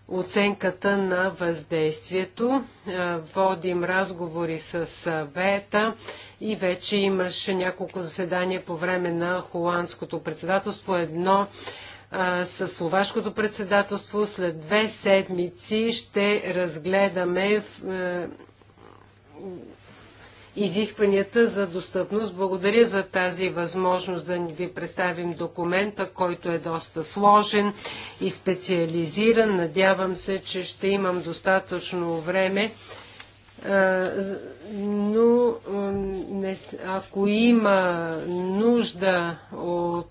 оценката на въздействието. Е, водим разговори с съвета и вече имаше няколко заседания по време на холандското председателство. Едно е, с словашкото председателство. След две седмици ще разгледаме е, изискванията за достъпност. Благодаря за тази възможност да ни ви представим документа, който е доста сложен и специализиран. Надявам се, че ще имам достатъчно време. Но ако има нужда от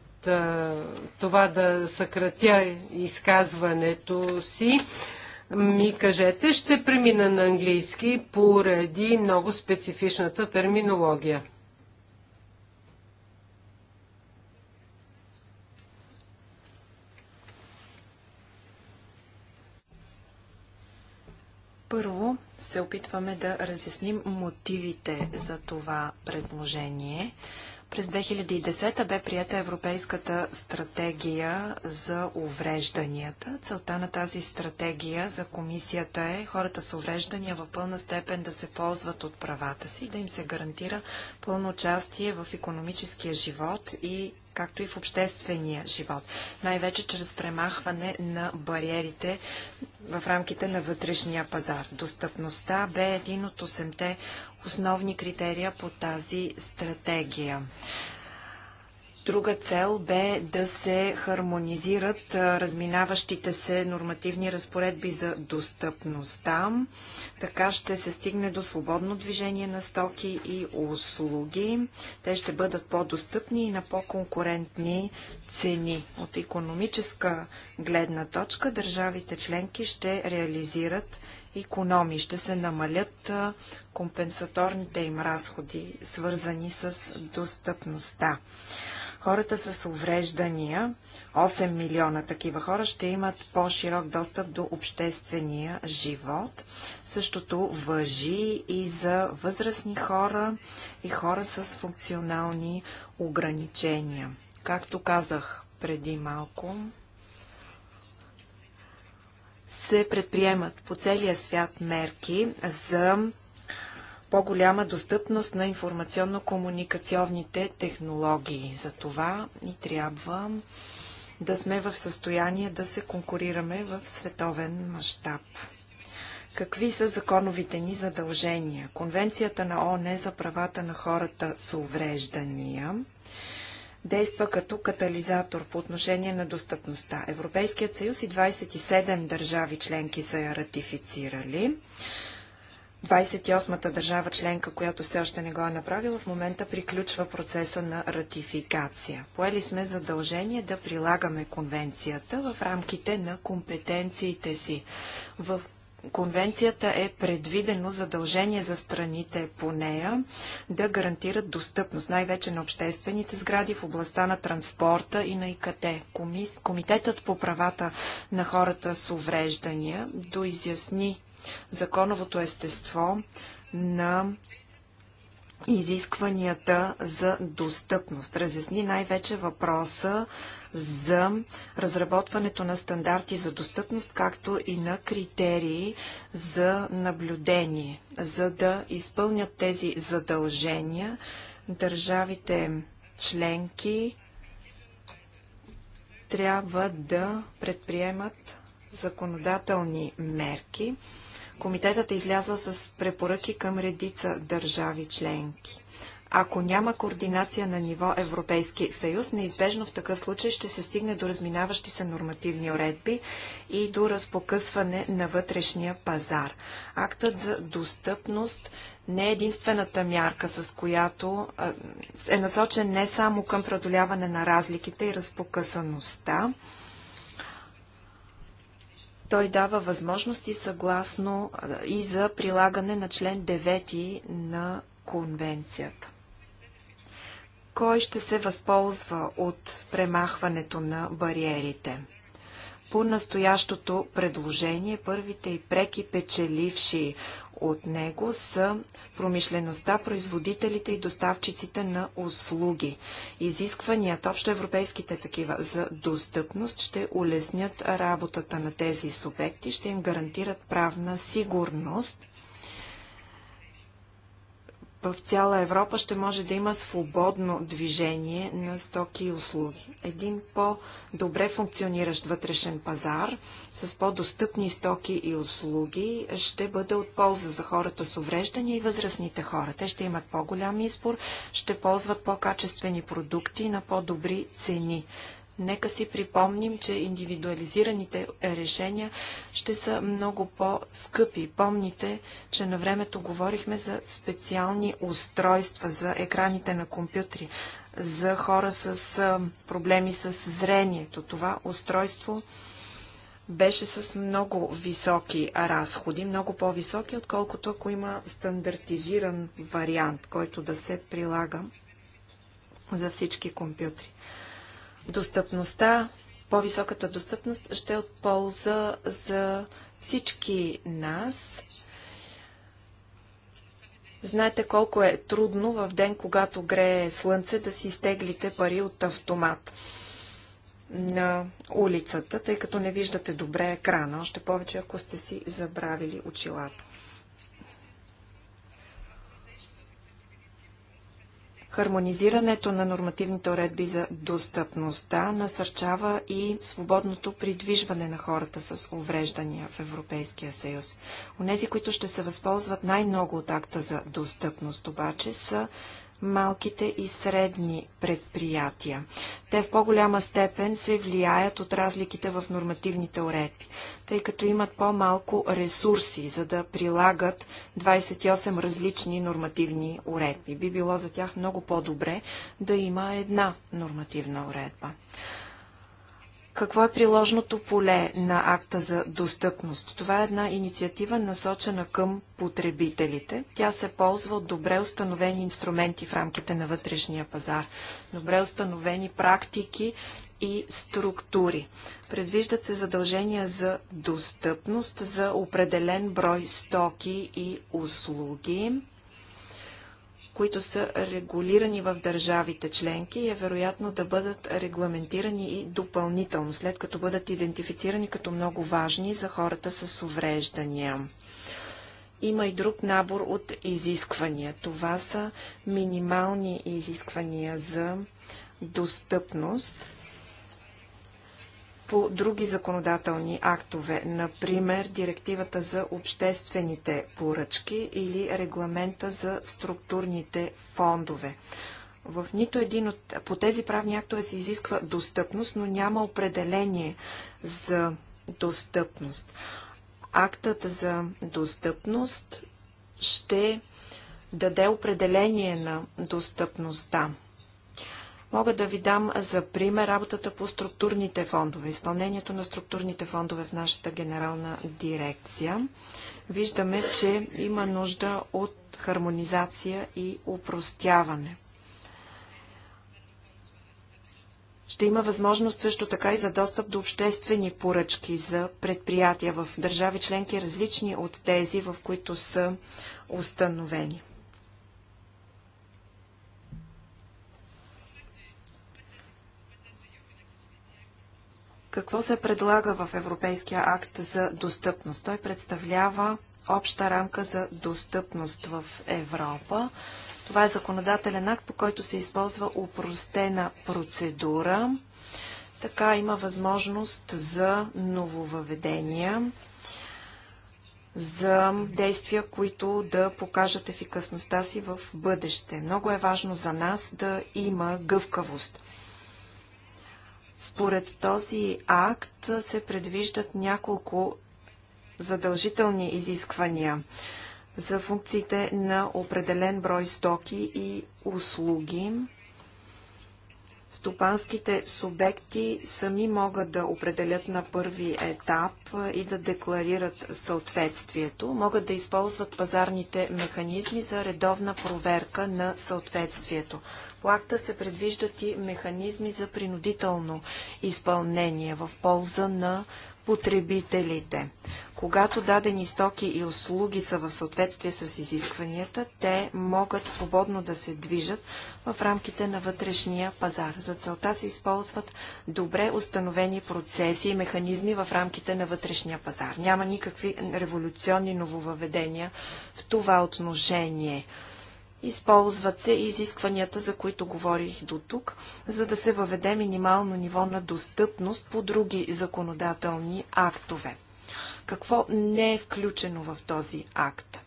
това да съкратя изказването си, ми кажете, ще премина на английски поради много специфичната терминология. Първо се опитваме да разясним мотивите за това предложение. През 2010 бе прията Европейската стратегия за уврежданията. Целта на тази стратегия за комисията е хората с увреждания в пълна степен да се ползват от правата си, да им се гарантира пълно участие в економическия живот и както и в обществения живот, най-вече чрез премахване на бариерите в рамките на вътрешния пазар. Достъпността бе един от 8-те основни критерия по тази стратегия. Друга цел бе да се хармонизират разминаващите се нормативни разпоредби за достъпността. Така ще се стигне до свободно движение на стоки и услуги. Те ще бъдат по-достъпни и на по-конкурентни цени. От економическа гледна точка държавите членки ще реализират економии, ще се намалят компенсаторните им разходи, свързани с достъпността хората с увреждания, 8 милиона такива хора, ще имат по-широк достъп до обществения живот. Същото въжи и за възрастни хора и хора с функционални ограничения. Както казах преди малко, се предприемат по целия свят мерки за по-голяма достъпност на информационно-комуникационните технологии. За това ни трябва да сме в състояние да се конкурираме в световен мащаб. Какви са законовите ни задължения? Конвенцията на ООН за правата на хората с увреждания действа като катализатор по отношение на достъпността. Европейският съюз и 27 държави членки са я ратифицирали. 28-та държава членка, която все още не го е направила, в момента приключва процеса на ратификация. Поели сме задължение да прилагаме конвенцията в рамките на компетенциите си. В конвенцията е предвидено задължение за страните по нея да гарантират достъпност, най-вече на обществените сгради в областта на транспорта и на ИКТ. Комитетът по правата на хората с увреждания доизясни законовото естество на изискванията за достъпност. Разясни най-вече въпроса за разработването на стандарти за достъпност, както и на критерии за наблюдение. За да изпълнят тези задължения, държавите членки трябва да предприемат законодателни мерки, Комитетът изляза с препоръки към редица държави членки. Ако няма координация на ниво Европейски съюз, неизбежно в такъв случай ще се стигне до разминаващи се нормативни уредби и до разпокъсване на вътрешния пазар. Актът за достъпност не е единствената мярка, с която е насочен не само към преодоляване на разликите и разпокъсаността, той дава възможности съгласно и за прилагане на член 9 на конвенцията. Кой ще се възползва от премахването на бариерите? По настоящото предложение първите и преки печеливши от него са промишлеността, производителите и доставчиците на услуги. Изискванията, общо европейските такива за достъпност, ще улеснят работата на тези субекти, ще им гарантират правна сигурност в цяла Европа ще може да има свободно движение на стоки и услуги. Един по-добре функциониращ вътрешен пазар с по-достъпни стоки и услуги ще бъде от полза за хората с увреждания и възрастните хора. Те ще имат по-голям избор, ще ползват по-качествени продукти на по-добри цени. Нека си припомним, че индивидуализираните решения ще са много по-скъпи. Помните, че на времето говорихме за специални устройства за екраните на компютри, за хора с проблеми с зрението. Това устройство беше с много високи разходи, много по-високи, отколкото ако има стандартизиран вариант, който да се прилага за всички компютри. Достъпността, по-високата достъпност ще е от полза за всички нас. Знаете колко е трудно в ден, когато грее слънце, да си изтеглите пари от автомат на улицата, тъй като не виждате добре екрана, още повече ако сте си забравили очилата. Хармонизирането на нормативните уредби за достъпността насърчава и свободното придвижване на хората с увреждания в Европейския съюз. Онези, които ще се възползват най-много от акта за достъпност, обаче са малките и средни предприятия. Те в по-голяма степен се влияят от разликите в нормативните уредби, тъй като имат по-малко ресурси, за да прилагат 28 различни нормативни уредби. Би било за тях много по-добре да има една нормативна уредба. Какво е приложното поле на акта за достъпност? Това е една инициатива насочена към потребителите. Тя се ползва от добре установени инструменти в рамките на вътрешния пазар, добре установени практики и структури. Предвиждат се задължения за достъпност за определен брой стоки и услуги които са регулирани в държавите членки, е вероятно да бъдат регламентирани и допълнително, след като бъдат идентифицирани като много важни за хората с увреждания. Има и друг набор от изисквания. Това са минимални изисквания за достъпност – по други законодателни актове, например директивата за обществените поръчки или регламента за структурните фондове. В нито един от по тези правни актове се изисква достъпност, но няма определение за достъпност. Актът за достъпност ще даде определение на достъпността. Да. Мога да ви дам за пример работата по структурните фондове, изпълнението на структурните фондове в нашата генерална дирекция. Виждаме, че има нужда от хармонизация и упростяване. Ще има възможност също така и за достъп до обществени поръчки за предприятия в държави членки, различни от тези, в които са установени. Какво се предлага в Европейския акт за достъпност? Той представлява обща рамка за достъпност в Европа. Това е законодателен акт, по който се използва упростена процедура. Така има възможност за нововъведения, за действия, които да покажат ефикасността си в бъдеще. Много е важно за нас да има гъвкавост според този акт се предвиждат няколко задължителни изисквания за функциите на определен брой стоки и услуги, Стопанските субекти сами могат да определят на първи етап и да декларират съответствието. Могат да използват пазарните механизми за редовна проверка на съответствието. По акта се предвиждат и механизми за принудително изпълнение в полза на потребителите. Когато дадени стоки и услуги са в съответствие с изискванията, те могат свободно да се движат в рамките на вътрешния пазар. За целта се използват добре установени процеси и механизми в рамките на вътрешния пазар. Няма никакви революционни нововъведения в това отношение. Използват се изискванията, за които говорих до тук, за да се въведе минимално ниво на достъпност по други законодателни актове. Какво не е включено в този акт?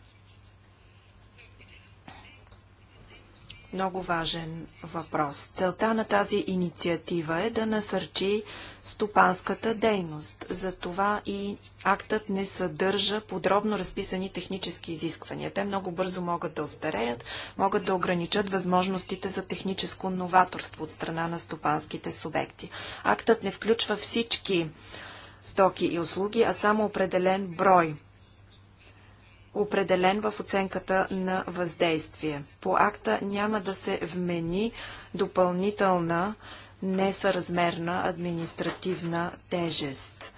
много важен въпрос. Целта на тази инициатива е да насърчи стопанската дейност. Затова и актът не съдържа подробно разписани технически изисквания. Те много бързо могат да остареят, могат да ограничат възможностите за техническо новаторство от страна на стопанските субекти. Актът не включва всички стоки и услуги, а само определен брой определен в оценката на въздействие. По акта няма да се вмени допълнителна несъразмерна административна тежест.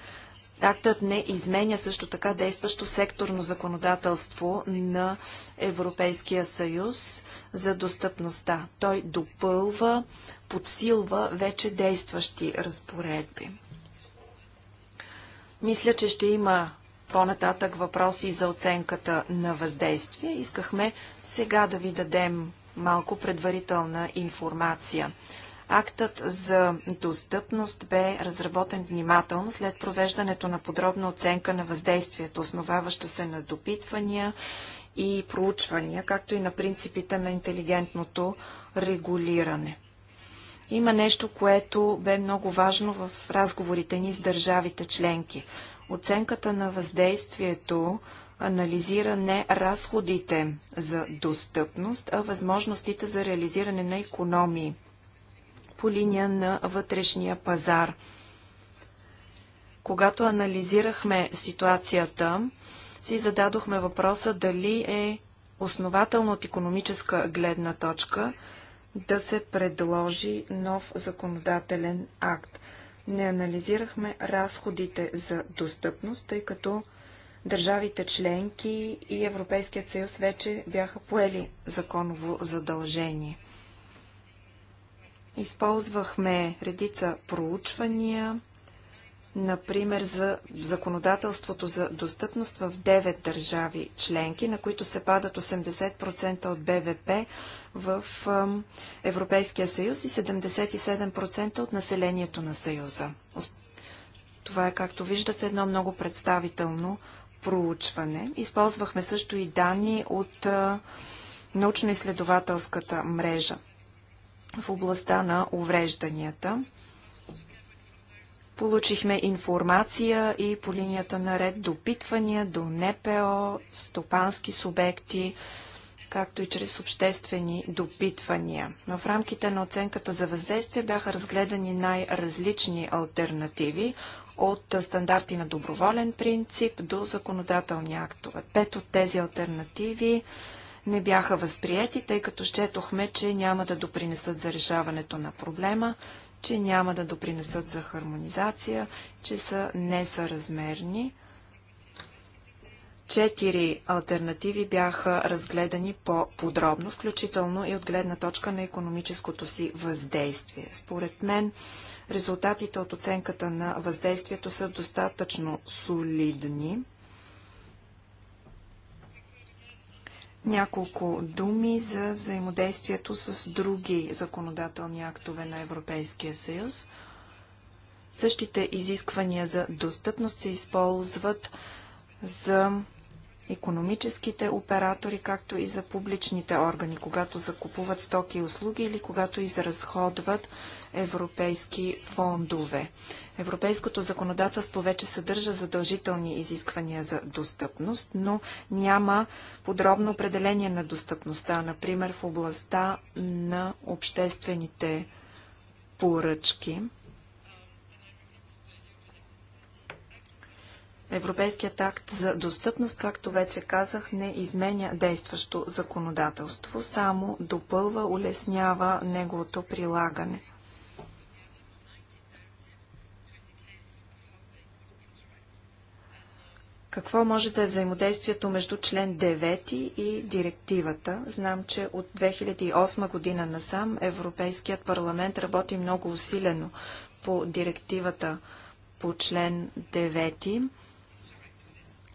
Актът не изменя също така действащо секторно законодателство на Европейския съюз за достъпността. Той допълва, подсилва вече действащи разпоредби. Мисля, че ще има по-нататък въпроси за оценката на въздействие. Искахме сега да ви дадем малко предварителна информация. Актът за достъпност бе разработен внимателно след провеждането на подробна оценка на въздействието, основаваща се на допитвания и проучвания, както и на принципите на интелигентното регулиране. Има нещо, което бе много важно в разговорите ни с държавите членки. Оценката на въздействието анализира не разходите за достъпност, а възможностите за реализиране на економии по линия на вътрешния пазар. Когато анализирахме ситуацията, си зададохме въпроса дали е основателно от економическа гледна точка да се предложи нов законодателен акт не анализирахме разходите за достъпност, тъй като държавите членки и Европейският съюз вече бяха поели законово задължение. Използвахме редица проучвания, например за законодателството за достъпност в 9 държави членки, на които се падат 80% от БВП, в Европейския съюз и 77% от населението на съюза. Това е, както виждате, едно много представително проучване. Използвахме също и данни от научно-изследователската мрежа в областта на уврежданията. Получихме информация и по линията на ред допитвания до НПО, стопански субекти, както и чрез обществени допитвания. Но в рамките на оценката за въздействие бяха разгледани най-различни альтернативи от стандарти на доброволен принцип до законодателни актове. Пет от тези альтернативи не бяха възприяти, тъй като счетохме, че няма да допринесат за решаването на проблема, че няма да допринесат за хармонизация, че са несъразмерни. Четири альтернативи бяха разгледани по-подробно, включително и от гледна точка на економическото си въздействие. Според мен резултатите от оценката на въздействието са достатъчно солидни. Няколко думи за взаимодействието с други законодателни актове на Европейския съюз. Същите изисквания за достъпност се използват за економическите оператори, както и за публичните органи, когато закупуват стоки и услуги или когато изразходват европейски фондове. Европейското законодателство вече съдържа задължителни изисквания за достъпност, но няма подробно определение на достъпността, например в областта на обществените поръчки. Европейският акт за достъпност, както вече казах, не изменя действащо законодателство, само допълва, улеснява неговото прилагане. Какво може да е взаимодействието между член 9 и директивата? Знам, че от 2008 година насам Европейският парламент работи много усилено по директивата по член 9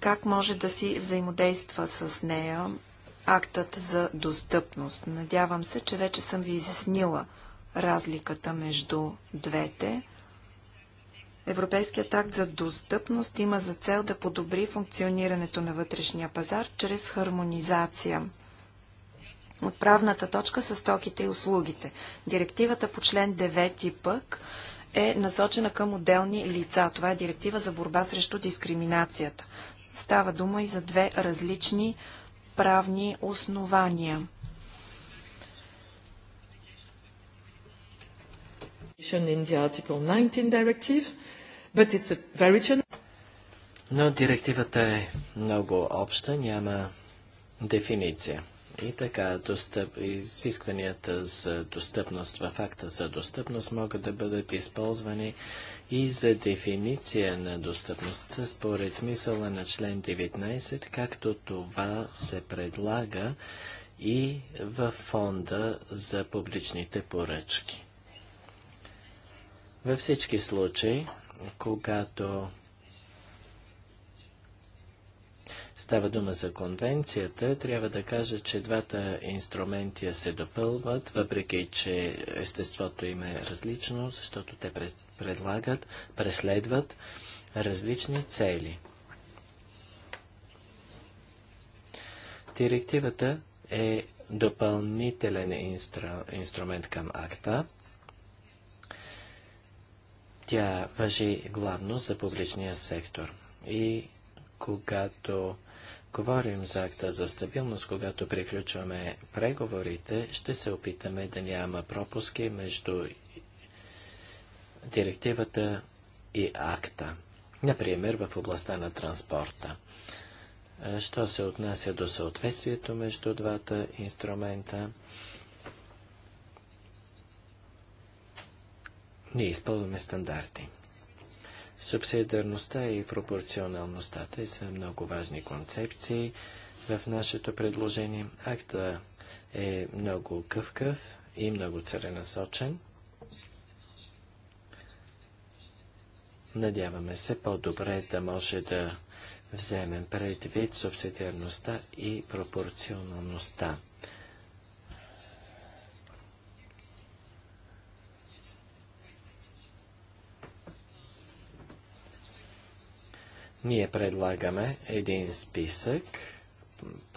как може да си взаимодейства с нея актът за достъпност. Надявам се, че вече съм ви изяснила разликата между двете. Европейският акт за достъпност има за цел да подобри функционирането на вътрешния пазар чрез хармонизация. Отправната точка са стоките и услугите. Директивата по член 9 пък е насочена към отделни лица. Това е директива за борба срещу дискриминацията. Става дума и за две различни правни основания. Но директивата е много обща, няма дефиниция. И така, достъп, изискванията за достъпност в акта за достъпност могат да бъдат използвани и за дефиниция на достъпността според смисъла на член 19, както това се предлага и в фонда за публичните поръчки. Във всички случаи, когато става дума за конвенцията, трябва да кажа, че двата инструментия се допълват, въпреки че естеството им е различно, защото те предлагат, преследват различни цели. Директивата е допълнителен инстру, инструмент към акта. Тя въжи главно за публичния сектор. И когато говорим за акта за стабилност, когато приключваме преговорите, ще се опитаме да няма пропуски между директивата и акта, например в областта на транспорта. Що се отнася до съответствието между двата инструмента, ние изпълваме стандарти. Субсидиарността и пропорционалността те са много важни концепции в нашето предложение. Акта е много къвкъв и много целенасочен. Надяваме се по-добре да може да вземем предвид субсидиарността и пропорционалността. Ние предлагаме един списък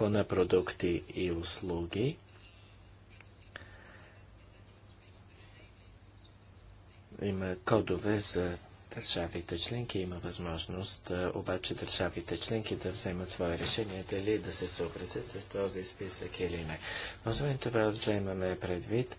на продукти и услуги. Има кодове за държавите членки. Има възможност обаче държавите членки да вземат свое решение дали да се съобразят с този списък или не. Освен това вземаме предвид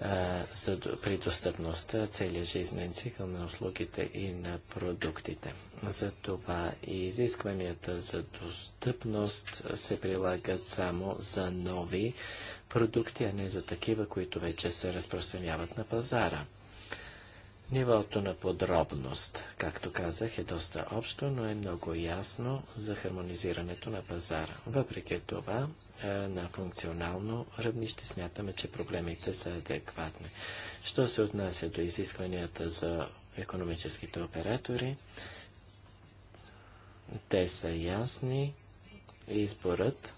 а, за, при достъпността целия жизнен цикъл на услугите и на продуктите. За това и изискванията за достъпност се прилагат само за нови продукти, а не за такива, които вече се разпространяват на пазара. Нивото на подробност, както казах, е доста общо, но е много ясно за хармонизирането на пазара. Въпреки това, е, на функционално равнище смятаме, че проблемите са адекватни. Що се отнася до изискванията за економическите оператори, те са ясни. Изборът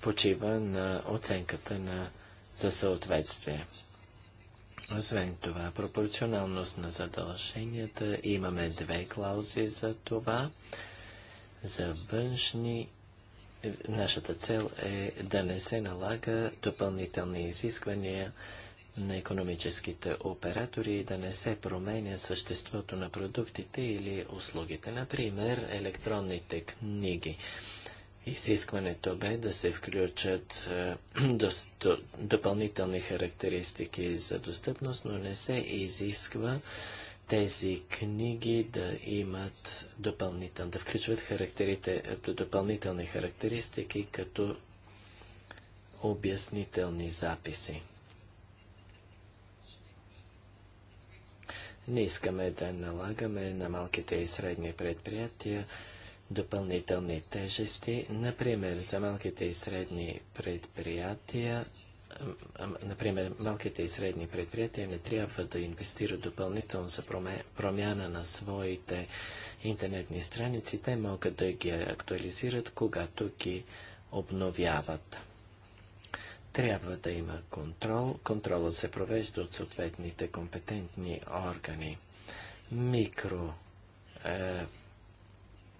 почива на оценката на за съответствие. Освен това, пропорционалност на задълженията, имаме две клаузи за това. За външни нашата цел е да не се налага допълнителни изисквания на економическите оператори и да не се променя съществото на продуктите или услугите, например електронните книги. Изискването бе да се включат е, допълнителни характеристики за достъпност, но не се изисква тези книги да имат допълнител, да включват характерите, е, допълнителни характеристики като обяснителни записи. Не искаме да налагаме на малките и средни предприятия допълнителни тежести, например за малките и средни предприятия. Например, малките и средни предприятия не трябва да инвестират допълнително за промяна на своите интернетни страници. Те могат да ги актуализират, когато ги обновяват. Трябва да има контрол. Контролът се провежда от съответните компетентни органи. Микро е,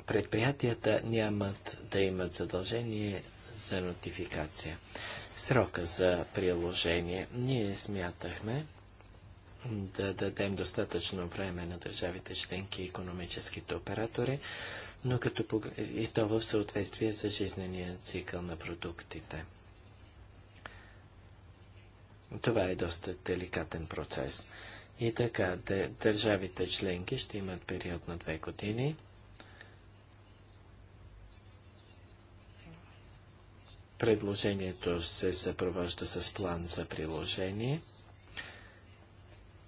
предприятията нямат да имат задължение за нотификация. Срока за приложение ние смятахме да дадем достатъчно време на държавите членки и економическите оператори, но като и то в съответствие с жизнения цикъл на продуктите. Това е доста деликатен процес. И така, държавите членки ще имат период на две години – Предложението се съпровожда с план за приложение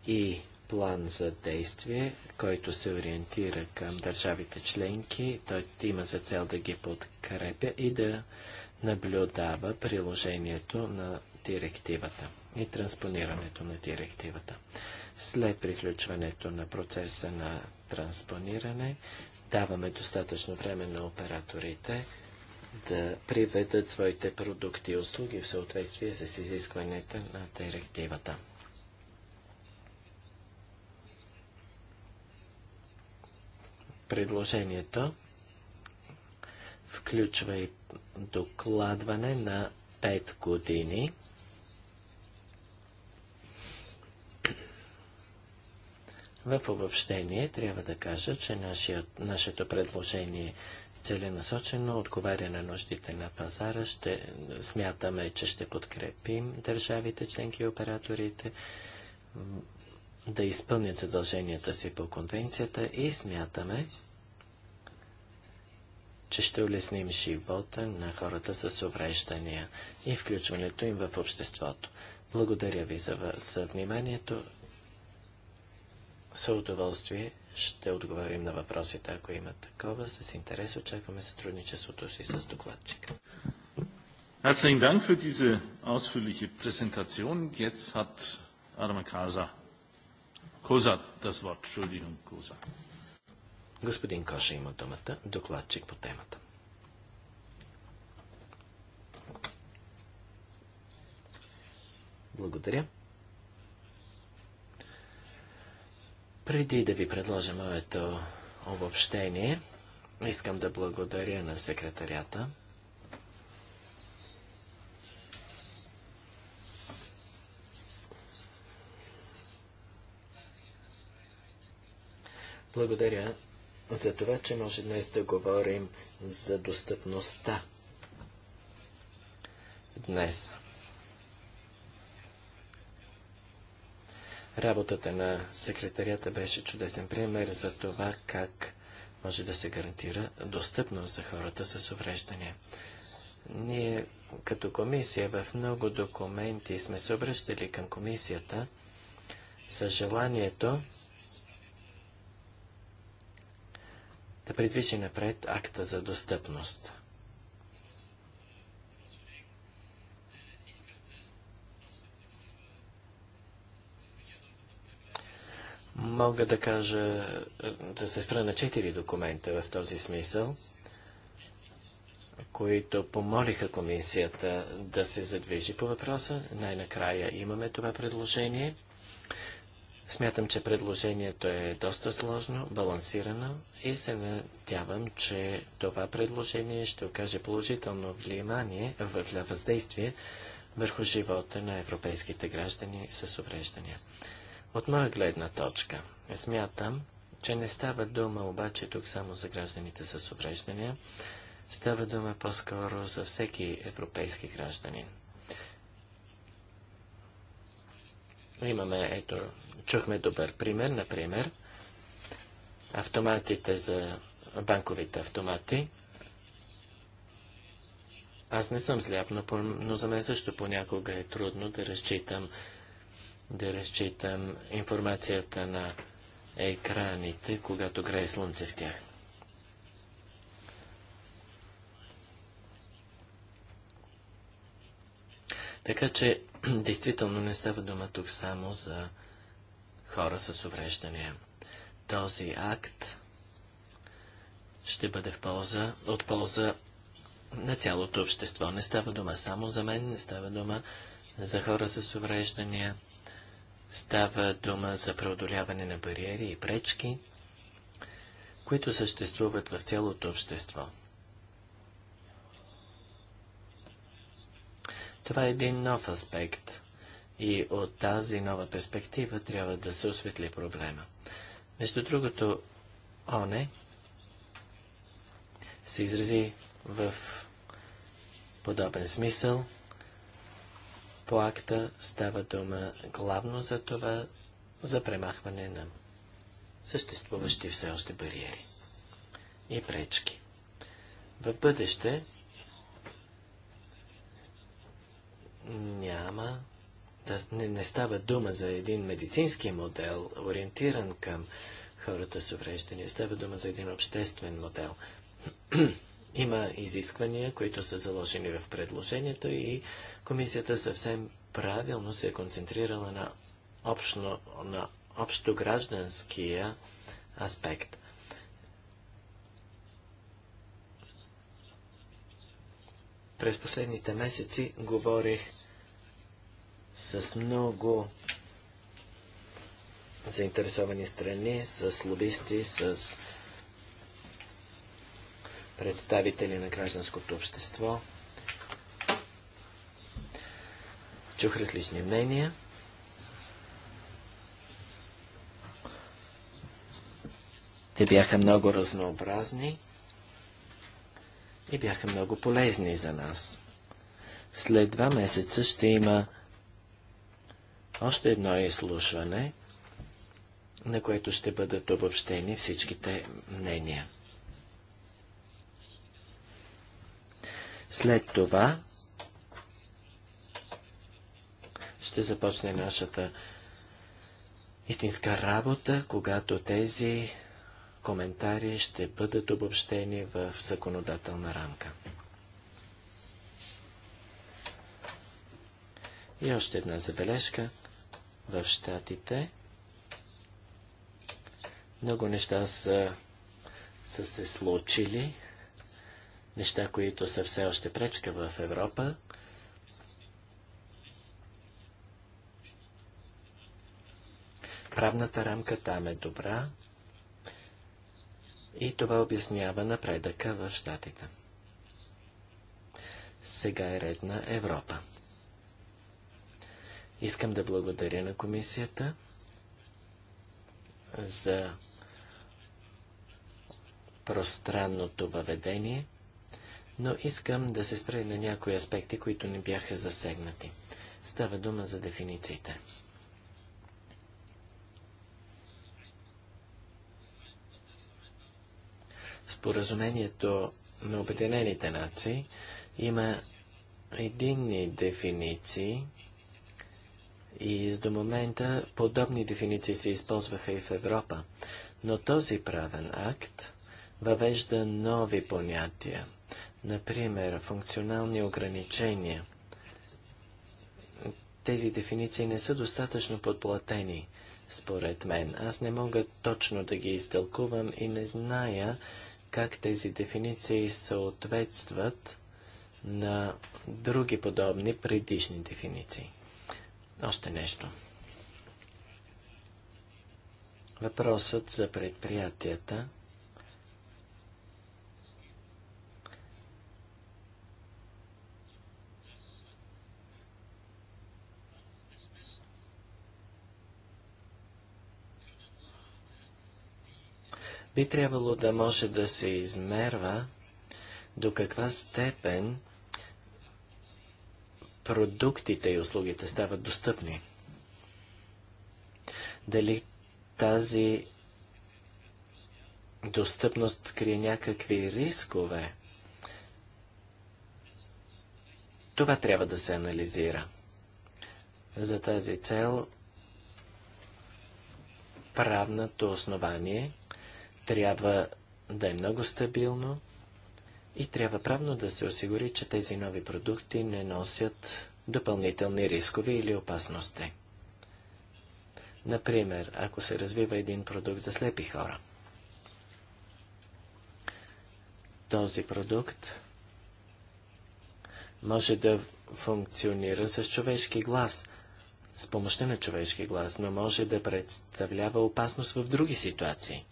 и план за действие, който се ориентира към държавите членки. Той има за цел да ги подкрепя и да наблюдава приложението на директивата и транспонирането на директивата. След приключването на процеса на транспониране, даваме достатъчно време на операторите да приведат своите продукти и услуги в съответствие с изискванията на директивата. Предложението включва и докладване на 5 години. В обобщение трябва да кажа, че нашето предложение е целенасочено отговаря на нуждите на пазара. Ще смятаме, че ще подкрепим държавите, членки и операторите да изпълнят задълженията си по конвенцията и смятаме, че ще улесним живота на хората с увреждания и включването им в обществото. Благодаря ви за, за вниманието. С удоволствие ще отговорим на въпросите, ако има такова. С интерес очакваме сътрудничеството си с докладчика. Herzlichen Dank für diese ausführliche Präsentation. Jetzt hat Arma Casa Kosa das Wort. Entschuldigung, Kosa. Господин Коша има думата, докладчик по темата. Благодаря. Преди да ви предложа моето обобщение, искам да благодаря на секретарята. Благодаря за това, че може днес да говорим за достъпността. Днес. Работата на секретарията беше чудесен пример за това как може да се гарантира достъпност за хората с увреждания. Ние като комисия в много документи сме се обръщали към комисията с желанието да предвижи напред акта за достъпност. Мога да кажа, да се спра на четири документа в този смисъл, които помолиха комисията да се задвижи по въпроса. Най-накрая имаме това предложение. Смятам, че предложението е доста сложно, балансирано и се надявам, че това предложение ще окаже положително влияние, въздействие върху живота на европейските граждани с увреждания. От моя гледна точка, смятам, че не става дума обаче тук само за гражданите с увреждания, става дума по-скоро за всеки европейски гражданин. Имаме, ето, чухме добър пример, например, автоматите за банковите автомати. Аз не съм сляп, но, но за мен също понякога е трудно да разчитам да разчитам информацията на екраните, когато грее слънце в тях. Така че, действително не става дума тук само за хора с увреждания. Този акт ще бъде в полза, от полза на цялото общество. Не става дума само за мен, не става дума за хора с увреждания, Става дума за преодоляване на бариери и пречки, които съществуват в цялото общество. Това е един нов аспект и от тази нова перспектива трябва да се осветли проблема. Между другото, ОНЕ се изрази в подобен смисъл – по акта става дума главно за това, за премахване на съществуващи все още бариери и пречки. В бъдеще няма да не, не става дума за един медицински модел, ориентиран към хората с увреждания. Става дума за един обществен модел. Има изисквания, които са заложени в предложението и комисията съвсем правилно се е концентрирала на, общо, на общогражданския аспект. През последните месеци говорих с много заинтересовани страни, с лобисти, с представители на гражданското общество. Чух различни мнения. Те бяха много разнообразни и бяха много полезни за нас. След два месеца ще има още едно изслушване, на което ще бъдат обобщени всичките мнения. След това ще започне нашата истинска работа, когато тези коментари ще бъдат обобщени в законодателна рамка. И още една забележка в щатите. Много неща са, са се случили неща, които са все още пречка в Европа. Правната рамка там е добра и това обяснява напредъка в Штатите. Сега е ред на Европа. Искам да благодаря на комисията за пространното въведение – но искам да се спре на някои аспекти, които не бяха засегнати. Става дума за дефинициите. Споразумението на Обединените нации има единни дефиниции и до момента подобни дефиниции се използваха и в Европа. Но този правен акт въвежда нови понятия. Например, функционални ограничения. Тези дефиниции не са достатъчно подплатени, според мен. Аз не мога точно да ги изтълкувам и не зная как тези дефиниции съответстват на други подобни предишни дефиниции. Още нещо. Въпросът за предприятията – би трябвало да може да се измерва до каква степен продуктите и услугите стават достъпни. Дали тази достъпност крие някакви рискове? Това трябва да се анализира. За тази цел правното основание – трябва да е много стабилно и трябва правно да се осигури, че тези нови продукти не носят допълнителни рискове или опасности. Например, ако се развива един продукт за слепи хора. Този продукт може да функционира с човешки глас, с помощта на човешки глас, но може да представлява опасност в други ситуации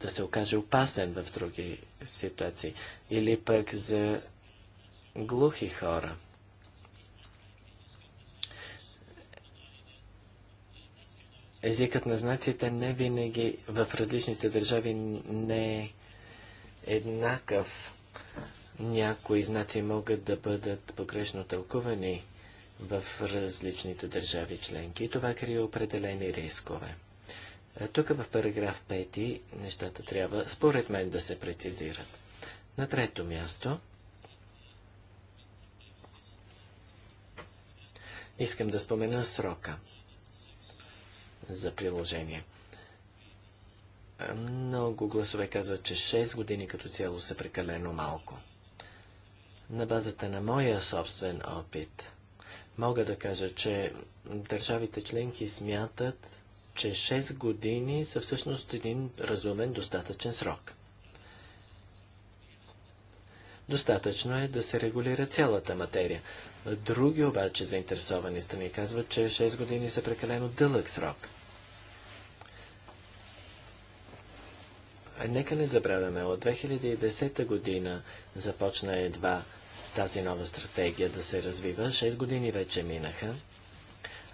да се окаже опасен в други ситуации. Или пък за глухи хора. Езикът на знаците не винаги в различните държави не е еднакъв. Някои знаци могат да бъдат погрешно тълкувани в различните държави членки това крие определени рискове. Е, тук в параграф 5 нещата трябва, според мен, да се прецизират. На трето място искам да спомена срока за приложение. Много гласове казват, че 6 години като цяло са прекалено малко. На базата на моя собствен опит мога да кажа, че държавите членки смятат, че 6 години са всъщност един разумен достатъчен срок. Достатъчно е да се регулира цялата материя. Други обаче заинтересовани страни казват, че 6 години са прекалено дълъг срок. Нека не забравяме, от 2010 година започна едва тази нова стратегия да се развива. 6 години вече минаха.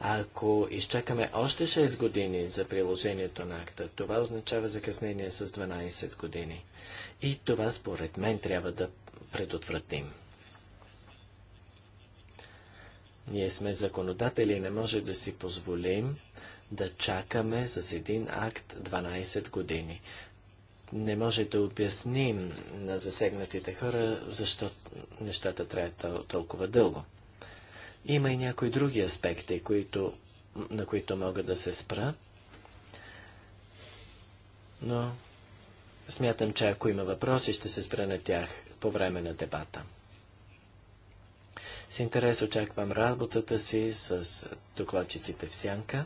Ако изчакаме още 6 години за приложението на акта, това означава закъснение с 12 години. И това според мен трябва да предотвратим. Ние сме законодатели и не може да си позволим да чакаме с един акт 12 години. Не може да обясним на засегнатите хора, защо нещата траят толкова дълго. Има и някои други аспекти, които, на които мога да се спра, но смятам, че ако има въпроси, ще се спра на тях по време на дебата. С интерес очаквам работата си с докладчиците в Сянка.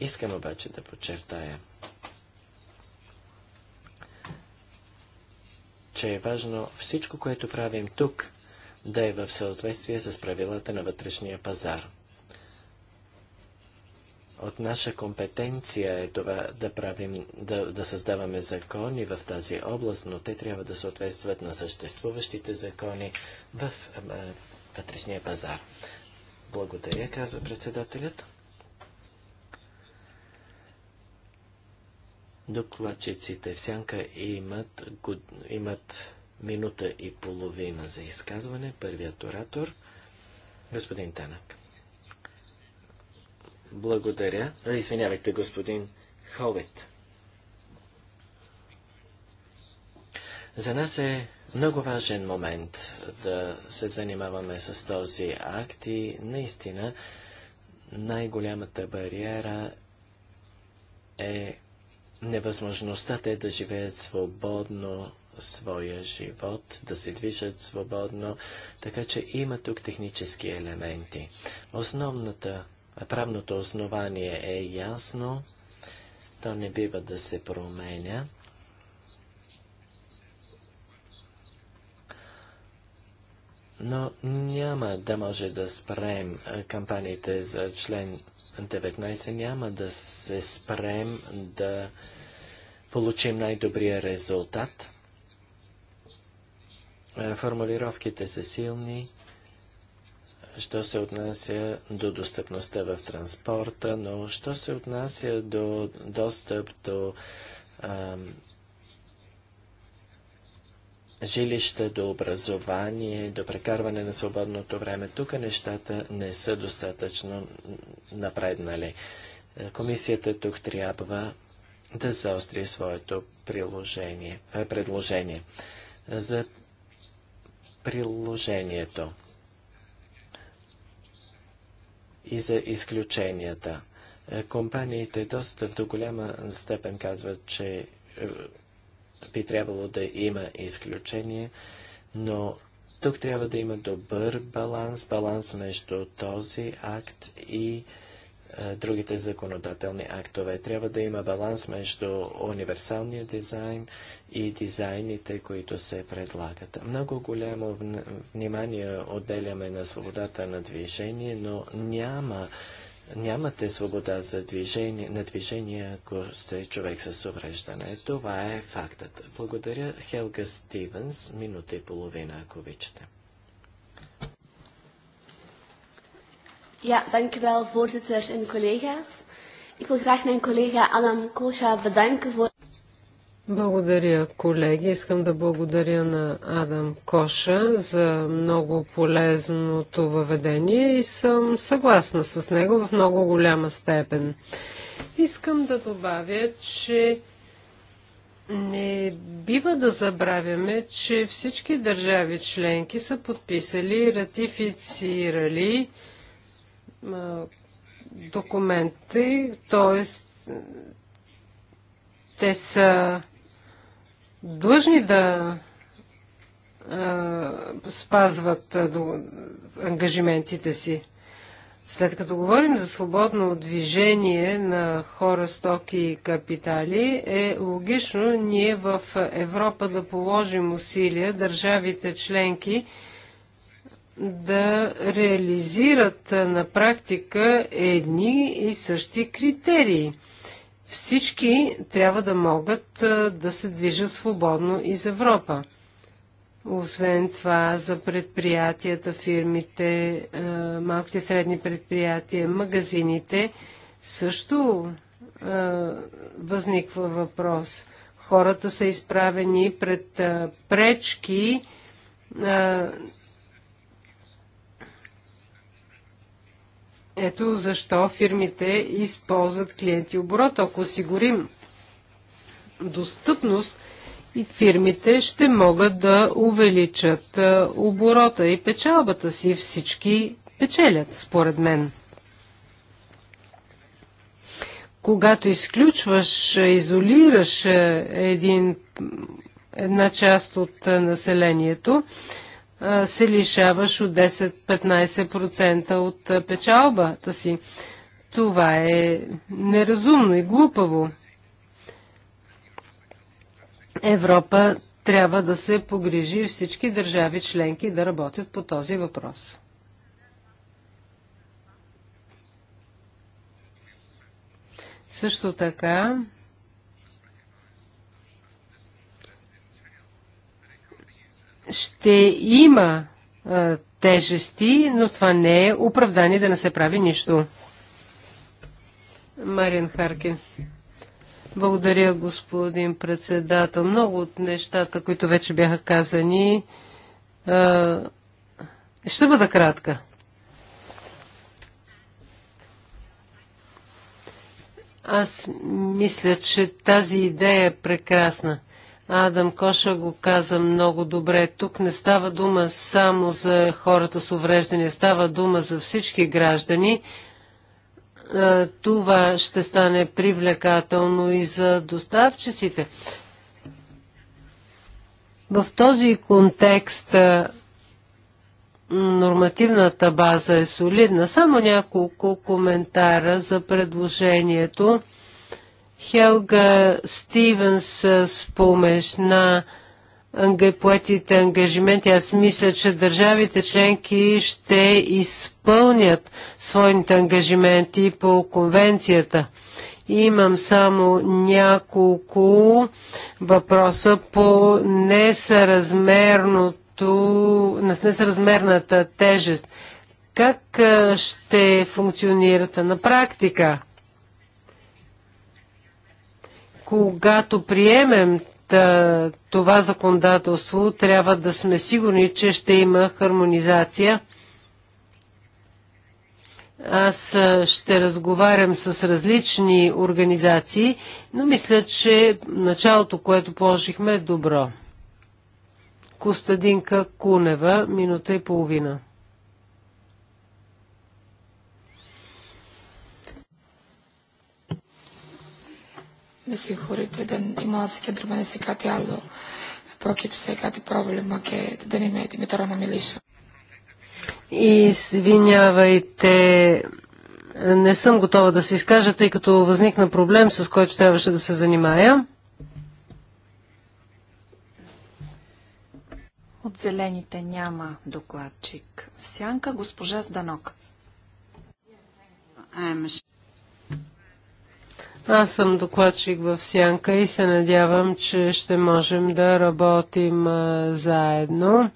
Искам обаче да подчертая – че е важно всичко, което правим тук, да е в съответствие с правилата на вътрешния пазар. От наша компетенция е това да, правим, да, да създаваме закони в тази област, но те трябва да съответстват на съществуващите закони в в вътрешния пазар. Благодаря, казва председателят. Докладчиците в сянка имат, год... имат минута и половина за изказване. Първият оратор, господин Танък. Благодаря. Извинявайте, господин Ховет. За нас е много важен момент да се занимаваме с този акт и наистина най-голямата бариера е невъзможността те да живеят свободно своя живот, да се движат свободно, така че има тук технически елементи. Основната, правното основание е ясно, то не бива да се променя. Но няма да може да спрем кампаниите за член 19 няма да се спрем да получим най-добрия резултат. Е, формулировките са силни, що се отнася до достъпността в транспорта, но що се отнася до достъп до жилище, до образование, до прекарване на свободното време. Тук нещата не са достатъчно напреднали. Е, комисията тук трябва да заостри своето приложение, е, предложение. За приложението и за изключенията. Е, компаниите доста в до голяма степен казват, че би трябвало да има изключение, но тук трябва да има добър баланс, баланс между този акт и а, другите законодателни актове. Трябва да има баланс между универсалния дизайн и дизайните, които се предлагат. Много голямо внимание отделяме на свободата на движение, но няма Нямате свобода за движение, на движение, ако сте човек с увреждане. Това е фактът. Благодаря Хелга Стивенс. Минута и половина, ако обичате. Ja, dank u wel, voorzitter en collega's. Ik wil graag mijn collega Adam Kosha bedanken voor... Благодаря, колеги. Искам да благодаря на Адам Коша за много полезното въведение и съм съгласна с него в много голяма степен. Искам да добавя, че не бива да забравяме, че всички държави членки са подписали и ратифицирали документи, т.е. те са длъжни да спазват ангажиментите си. След като говорим за свободно движение на хора, стоки и капитали, е логично ние в Европа да положим усилия държавите членки да реализират на практика едни и същи критерии – всички трябва да могат да се движат свободно из Европа. Освен това, за предприятията, фирмите, малките и средни предприятия, магазините, също възниква въпрос. Хората са изправени пред пречки Ето защо фирмите използват клиенти оборот. Ако осигурим достъпност, и фирмите ще могат да увеличат оборота и печалбата си. Всички печелят, според мен. Когато изключваш, изолираш един, една част от населението, се лишаваш от 10-15% от печалбата си. Това е неразумно и глупаво. Европа трябва да се погрижи всички държави членки да работят по този въпрос. Също така, ще има а, тежести, но това не е оправдание да не се прави нищо. Марин Харкин. Благодаря, господин председател. Много от нещата, които вече бяха казани, а, ще бъда кратка. Аз мисля, че тази идея е прекрасна. Адам Коша го каза много добре. Тук не става дума само за хората с увреждания, става дума за всички граждани. Това ще стане привлекателно и за доставчиците. В този контекст нормативната база е солидна. Само няколко коментара за предложението. Хелга Стивенс на поетите ангажименти. Аз мисля, че държавите членки ще изпълнят своите ангажименти по конвенцията. Имам само няколко въпроса по несъразмерното, несъразмерната тежест. Как ще функционирате на практика? Когато приемем това законодателство, трябва да сме сигурни, че ще има хармонизация. Аз ще разговарям с различни организации, но мисля, че началото, което положихме е добро. Костадинка Кунева, минута и половина. με συγχωρείτε, δεν ήμουν συγκεντρωμένη σε κάτι άλλο. Πρόκειψε κάτι πρόβλημα και δεν είμαι έτοιμη τώρα να μιλήσω. Извинявайте, не съм готова да се изкажа, тъй като възникна проблем, с който трябваше да се занимая. От зелените няма докладчик. В сянка госпожа Зданок. Аз съм докладчик в Сянка и се надявам, че ще можем да работим заедно.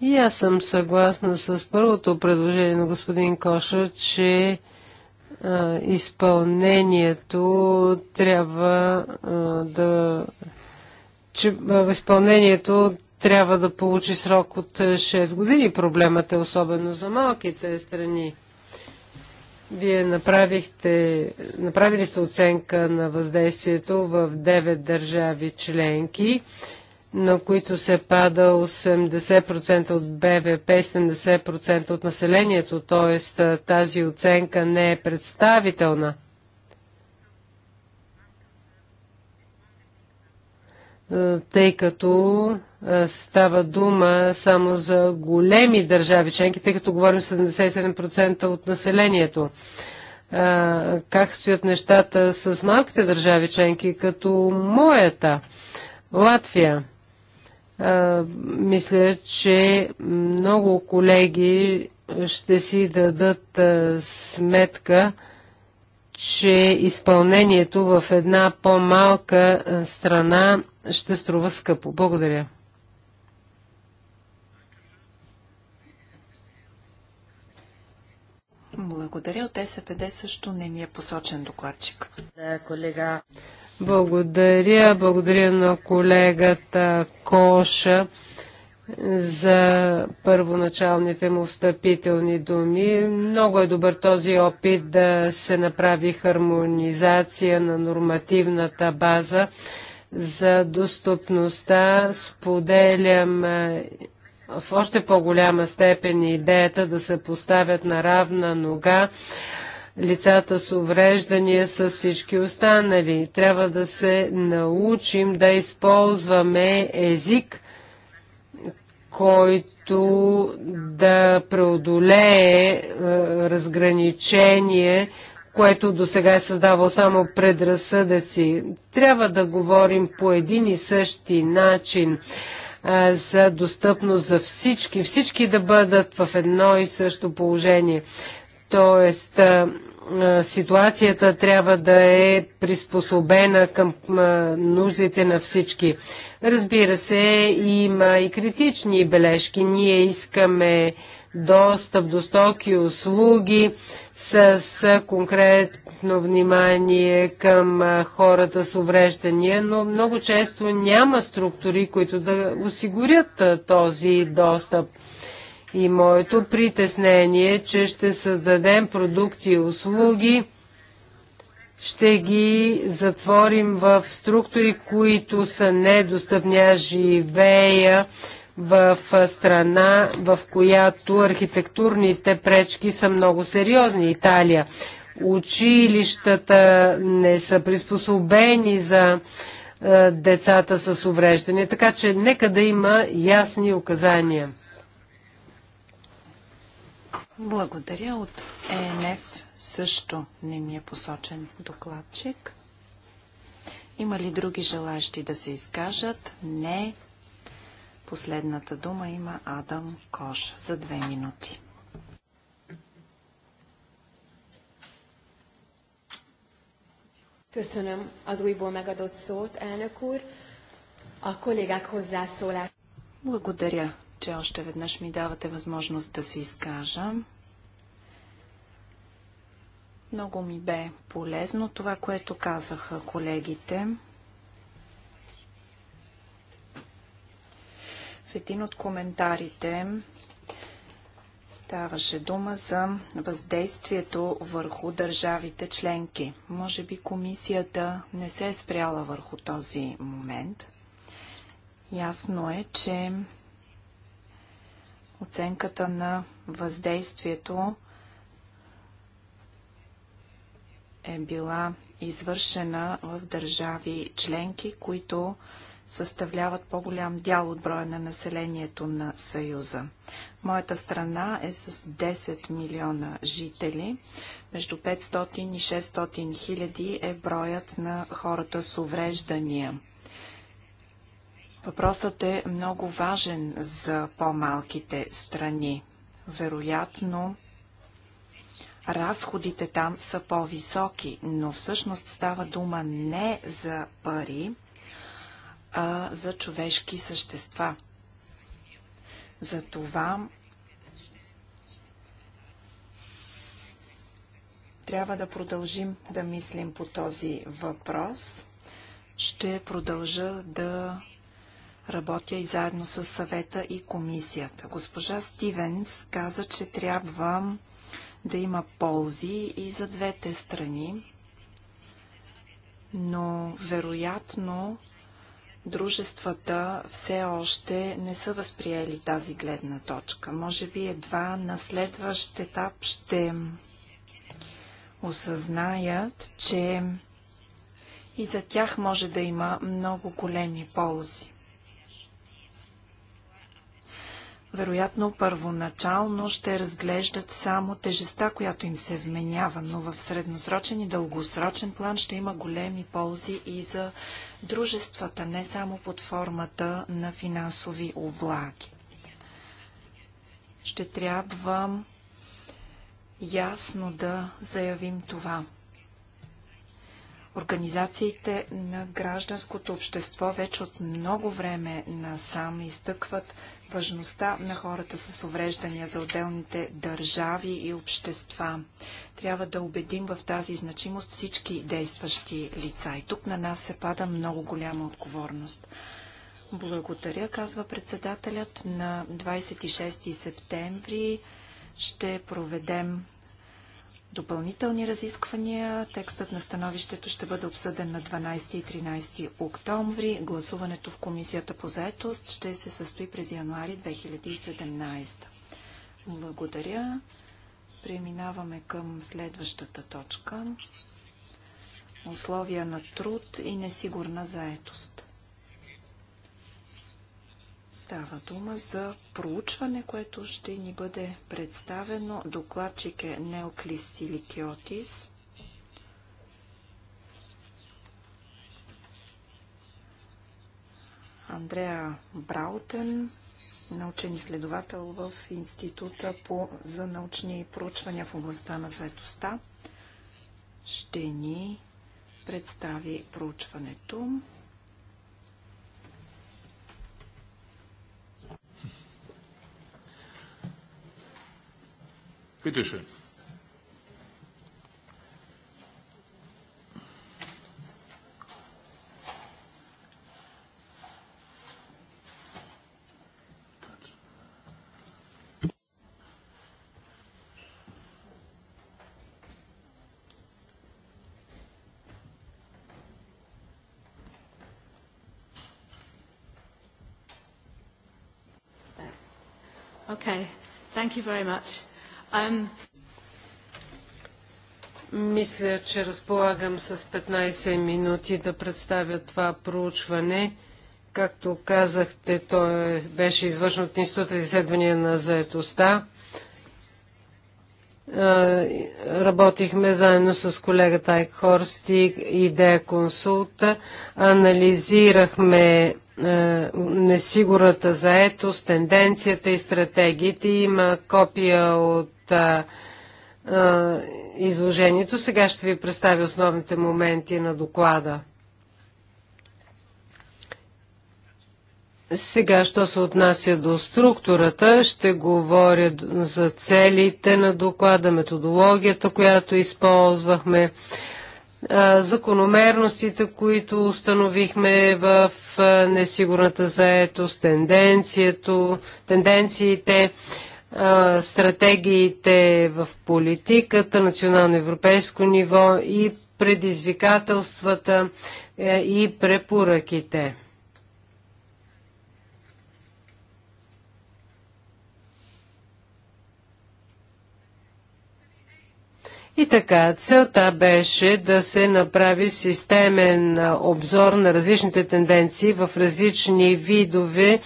И аз съм съгласна с първото предложение на господин Коша, че а, изпълнението трябва а, да. че а, изпълнението трябва да получи срок от 6 години. Проблемът е особено за малките страни. Вие направихте, направили сте оценка на въздействието в 9 държави членки, на които се пада 80% от БВП, 70% от населението, т.е. тази оценка не е представителна. Е, тъй като е, става дума само за големи държави членки, тъй като говорим 77% от населението. Е, как стоят нещата с малките държави членки, като моята Латвия? Мисля, че много колеги ще си дадат сметка, че изпълнението в една по-малка е, страна ще струва скъпо. Благодаря. Благодаря. От СПД също не ми е посочен докладчик. Да, колега. Благодаря. Благодаря на колегата Коша за първоначалните му встъпителни думи. Много е добър този опит да се направи хармонизация на нормативната база за достъпността. Споделям е, в още по-голяма степен идеята да се поставят на равна нога лицата с увреждания с всички останали. Трябва да се научим да използваме език, който да преодолее е, разграничение, което до сега е създавал само предразсъдъци. Трябва да говорим по един и същи начин е, за достъпност за всички, всички да бъдат в едно и също положение. Тоест, е, е, ситуацията трябва да е приспособена към е, нуждите на всички. Разбира се, има и критични бележки. Ние искаме достъп до стоки и услуги с конкретно внимание към е, хората с увреждания, но много често няма структури, които да осигурят този достъп. И моето притеснение е, че ще създадем продукти и услуги, ще ги затворим в структури, които са недостъпни. Аз живея в страна, в която архитектурните пречки са много сериозни. Италия. Училищата не са приспособени за децата с увреждане, така че нека да има ясни указания. Благодаря. От ЕНФ също не ми е посочен докладчик. Има ли други желащи да се изкажат? Не. Последната дума има Адам Кош за две минути. Köszönöm az újból megadott szót, elnök úr. A kollégák hozzászólás. Благодаря, че още веднъж ми давате възможност да се изкажа. Много ми бе полезно това, което казаха колегите. В един от коментарите ставаше дума за въздействието върху държавите членки. Може би комисията не се е спряла върху този момент. Ясно е, че оценката на въздействието е била извършена в държави членки, които съставляват по-голям дял от броя на населението на Съюза. Моята страна е с 10 милиона жители. Между 500 и 600 хиляди е броят на хората с увреждания. Въпросът е много важен за по-малките страни. Вероятно, разходите там са по-високи, но всъщност става дума не за пари, а за човешки същества. Затова трябва да продължим да мислим по този въпрос. Ще продължа да Работя и заедно с съвета и комисията. Госпожа Стивенс каза, че трябва да има ползи и за двете страни, но вероятно дружествата все още не са възприели тази гледна точка. Може би едва на следващ етап ще осъзнаят, че и за тях може да има много големи ползи. вероятно първоначално ще разглеждат само тежестта, която им се вменява, но в средносрочен и дългосрочен план ще има големи ползи и за дружествата, не само под формата на финансови облаги. Ще трябва ясно да заявим това. Организациите на гражданското общество вече от много време насам изтъкват важността на хората с увреждания за отделните държави и общества. Трябва да убедим в тази значимост всички действащи лица. И тук на нас се пада много голяма отговорност. Благодаря, казва председателят. На 26 септември ще проведем допълнителни разисквания. Текстът на становището ще бъде обсъден на 12 и 13 октомври. Гласуването в Комисията по заетост ще се състои през януари 2017. Благодаря. Преминаваме към следващата точка. Условия на труд и несигурна заетост. Става дума за проучване, което ще ни бъде представено. Докладчик е Неоклис Силикиотис. Андреа Браутен, научен изследовател в Института по, за научни проучвания в областта на заедостта, ще ни представи проучването. Bitte schön. Okay. Thank you very much. Um, Мисля, че разполагам с 15 минути да представя това проучване. Както казахте, то е, беше извършено от Института за изследвания на заетостта. работихме заедно с колегата Айк Хорст и Идея Консулт. Анализирахме е, несигурната заетост, тенденцията и стратегиите. Има копия от а, е, а, е, изложението. Сега ще ви представя основните моменти на доклада. Сега, що се отнася до структурата, ще говоря за целите на доклада, методологията, която използвахме, закономерностите, които установихме в несигурната заетост, тенденциите, стратегиите в политиката, национално-европейско ниво и предизвикателствата е, и препоръките. И така, целта беше да се направи системен обзор на различните тенденции в различни видове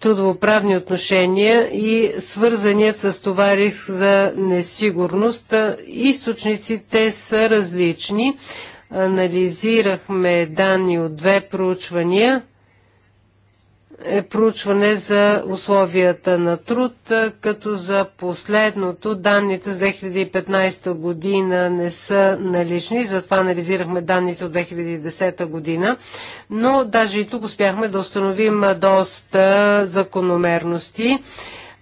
трудовоправни отношения и свързаният с това риск за несигурност. Източниците са различни. Анализирахме данни от две проучвания е проучване за условията на труд, като за последното данните за 2015 година не са налични, затова анализирахме данните от 2010 година, но даже и тук успяхме да установим доста закономерности.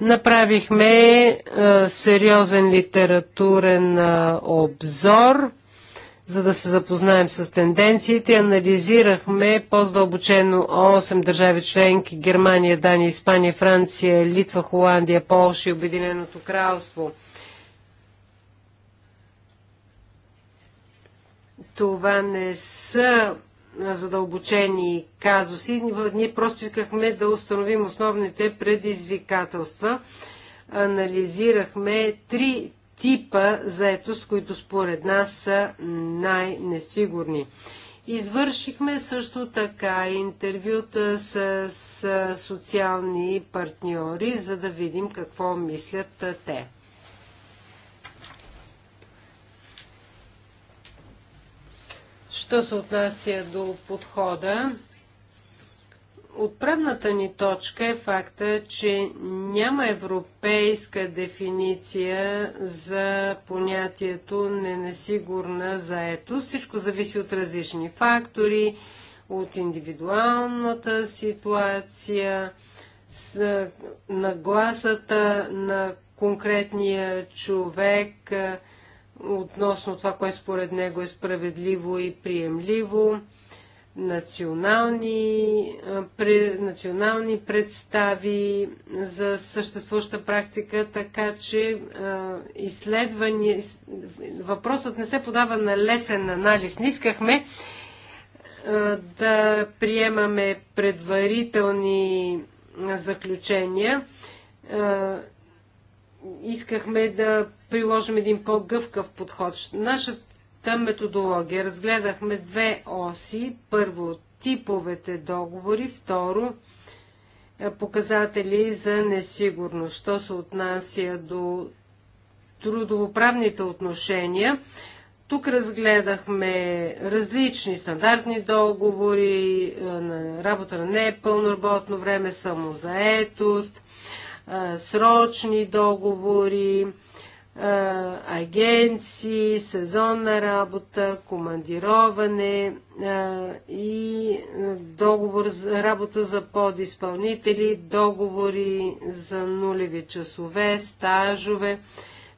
Направихме сериозен литературен обзор за да се запознаем с тенденциите. Анализирахме по-здълбочено 8 държави членки Германия, Дания, Испания, Франция, Литва, Холандия, Полша и Обединеното кралство. Това не са задълбочени казуси. Ние просто искахме да установим основните предизвикателства. Анализирахме три типа заетост, които според нас са най-несигурни. Извършихме също така интервюта с, с социални партньори, за да видим какво мислят те. Що се отнася до подхода, Отправната ни точка е факта, че няма европейска дефиниция за понятието ненесигурна заето. Всичко зависи от различни фактори, от индивидуалната ситуация, с нагласата на конкретния човек относно това, кое според него е справедливо и приемливо национални, пре, национални представи за съществуваща практика, така че изследвания, въпросът не се подава на лесен анализ. Не искахме да приемаме предварителни заключения. искахме да приложим един по-гъвкав подход. Нашата Та методология. Разгледахме две оси. Първо, типовете договори. Второ, е, показатели за несигурност. Що се отнася до трудовоправните отношения, тук разгледахме различни стандартни договори, е, работа на непълно работно време, самозаетост, е, срочни договори, агенции, сезонна работа, командироване и договор за работа за подизпълнители, договори за нулеви часове, стажове,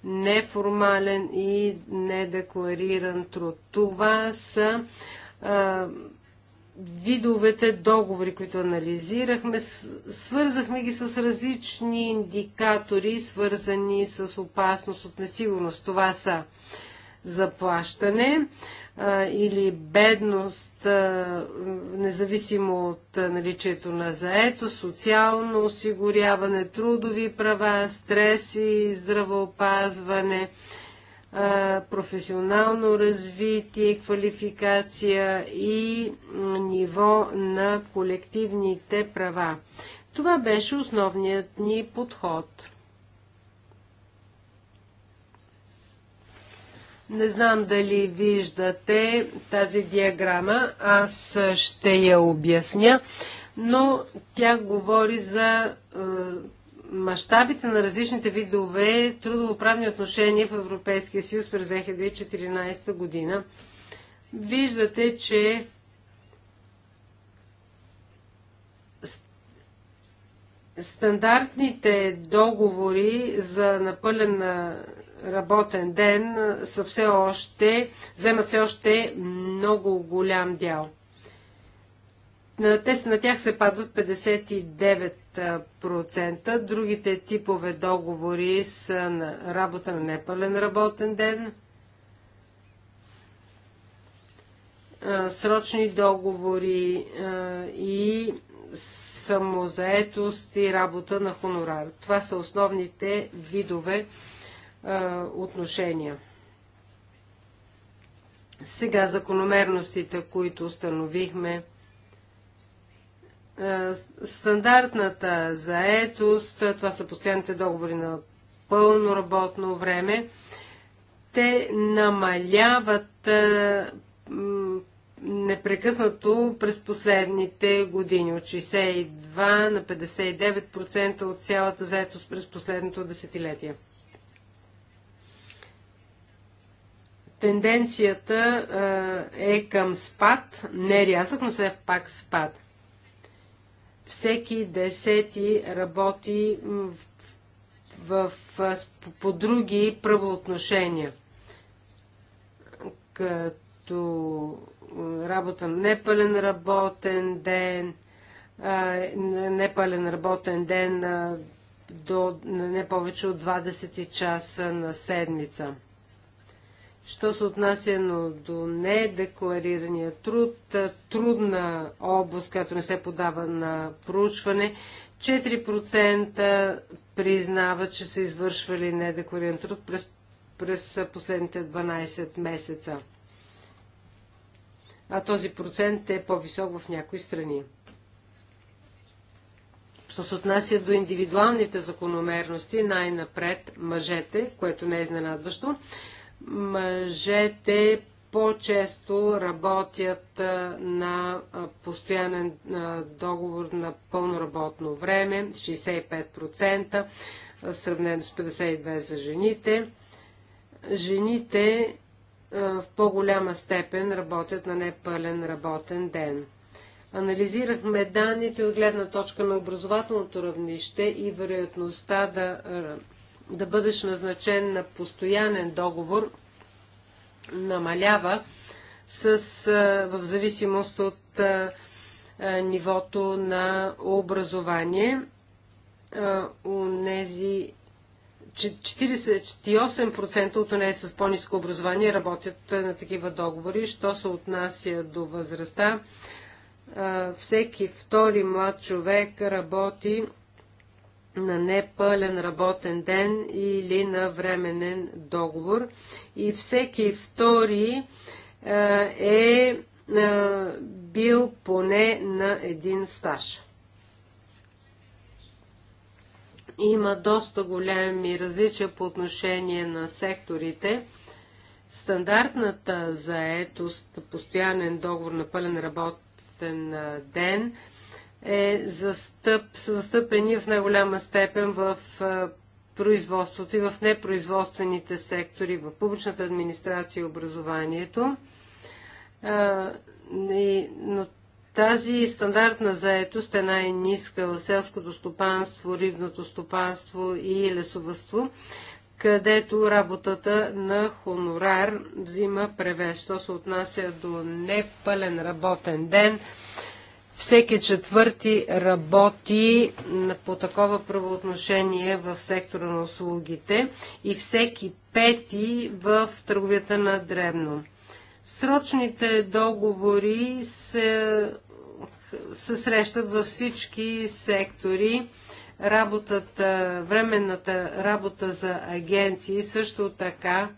неформален и недеклариран труд. Това са видовете договори, които анализирахме, свързахме ги с различни индикатори, свързани с опасност от несигурност. Това са заплащане а, или бедност, а, независимо от наличието на заето, социално осигуряване, трудови права, стрес и А, професионално развитие, квалификация и ниво на колективните права. Това беше основният ни подход. Не знам дали виждате тази диаграма, аз ще я обясня, но тя говори за мащабите на различните видове трудовоправни отношения в Европейския съюз през 2014 година, виждате, че стандартните договори за напълен работен ден са все още, вземат все още много голям дял. На, те, на тях се падат 59 25%. Другите типове договори са на работа на непълен работен ден, срочни договори и самозаетост и работа на хонорар. Това са основните видове отношения. Сега закономерностите, които установихме – е, стандартната заетост, това са постоянните договори на пълно работно време, те намаляват е, непрекъснато през последните години. От 62 на 59% от цялата заетост през последното десетилетие. Тенденцията е, е към спад, не рязък, но все пак спад всеки десети работи в, в, в, по други правоотношения, като работа на непълен работен ден, непълен работен ден до не повече от 20 часа на седмица. Що се отнася но до недекларирания труд, трудна област, която не се подава на проучване, 4% признават, че са извършвали недеклариран труд през, през последните 12 месеца. А този процент е по-висок в някои страни. Що се отнася до индивидуалните закономерности, най-напред мъжете, което не е изненадващо, мъжете по-често работят на постоянен договор на пълно работно време, 65%, сравнено с 52% за жените. Жените в по-голяма степен работят на непълен работен ден. Анализирахме данните от гледна точка на образователното равнище и вероятността да да бъдеш назначен на постоянен договор намалява с, в зависимост от нивото на образование. Унези 48% от нея с по-низко образование работят на такива договори. Що се отнася до възрастта, всеки втори млад човек работи на непълен работен ден или на временен договор. И всеки втори е, е, е бил поне на един стаж. Има доста големи различия по отношение на секторите. Стандартната заетост, постоянен договор на пълен работен ден – е застъп, са застъпени в най-голяма степен в производството и в непроизводствените сектори, в публичната администрация и образованието. Но тази стандартна заетост е най-ниска в селското стопанство, рибното стопанство и лесовътство, където работата на хонорар взима превес. Що се отнася до непълен работен ден, всеки четвърти работи по такова правоотношение в сектора на услугите и всеки пети в търговията на дребно. Срочните договори се, се срещат във всички сектори. Работата, временната работа за агенции също така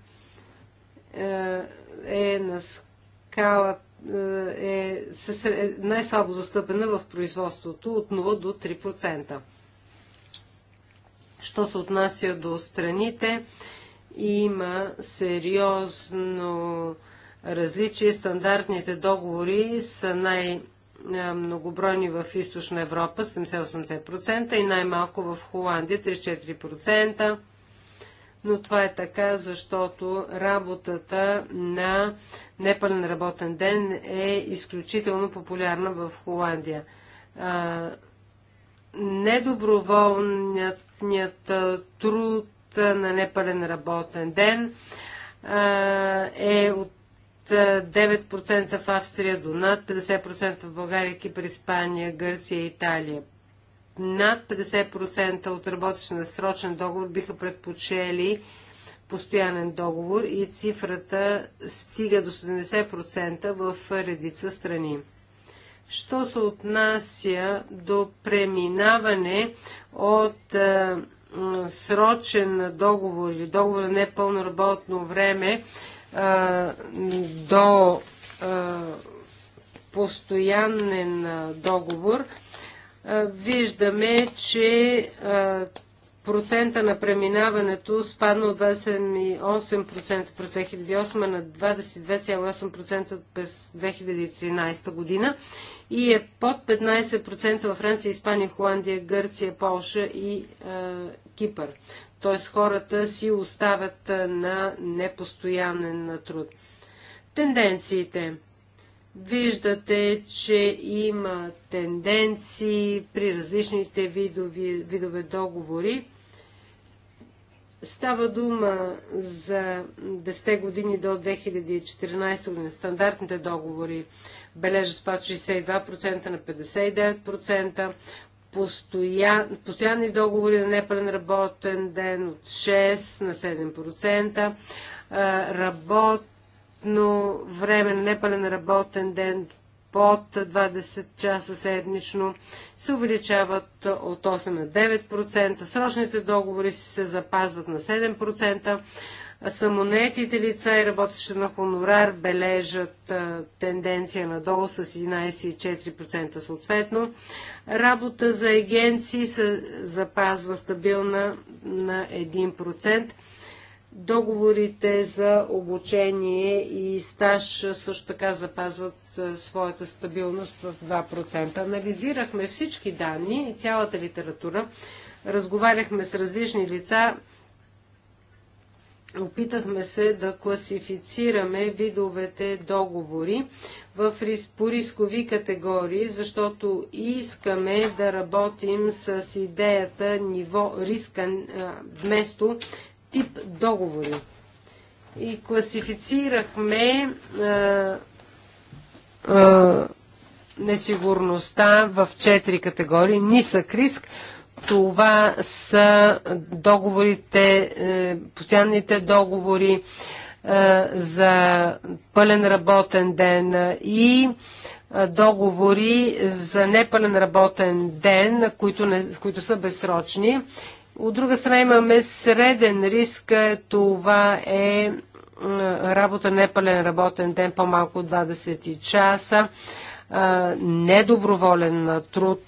е, е на скалата е, е, най-слабо застъпена в производството от 0 до 3%. Що се отнася до страните, има сериозно различие. Стандартните договори са най- многобройни в Източна Европа 70-80% и най-малко в Холандия 34% но това е така, защото работата на непълен работен ден е изключително популярна в Холандия. Недоброволният труд на непълен работен ден е от 9% в Австрия до над 50% в България, Кипр, Испания, Гърция и Италия над 50% от работещи на срочен договор биха предпочели постоянен договор и цифрата стига до 70% в редица страни. Що се отнася до преминаване от е, срочен договор или договор на непълно работно време е, до е, постоянен договор, виждаме, че процента на преминаването спадна от 28% през 2008 на 22,8% през 2013 година и е под 15% във Франция, Испания, Холандия, Гърция, Полша и е, Кипър. Тоест хората си оставят на непостоянен труд. Тенденциите – Виждате, че има тенденции при различните видови, видове договори. Става дума за 10 години до 2014 година. Стандартните договори бележат спад 62% на 59%. Постоян, постоянни договори на непълен работен ден от 6 на 7%. Работ но време непълен работен ден под 20 часа седмично се увеличават от 8 на 9%, срочните договори се запазват на 7%, самонетите лица и работещи на хонорар бележат тенденция надолу с 11,4% съответно. Работа за агенции се запазва стабилна на 1%. Договорите за обучение и стаж също така запазват е, своята стабилност в 2%. Анализирахме всички данни и цялата литература. Разговаряхме с различни лица. Опитахме се да класифицираме видовете договори в, по рискови категории, защото искаме да работим с идеята ниво риска вместо тип договори. И класифицирахме а, а, несигурността в четири категории. Нисък риск, това са договорите, е, постоянните договори а, е, за пълен работен ден и е, договори за непълен работен ден, които, не, които са безсрочни. От друга страна имаме среден риск, е, това е работа непълен работен ден, по-малко от 20 часа, недоброволен труд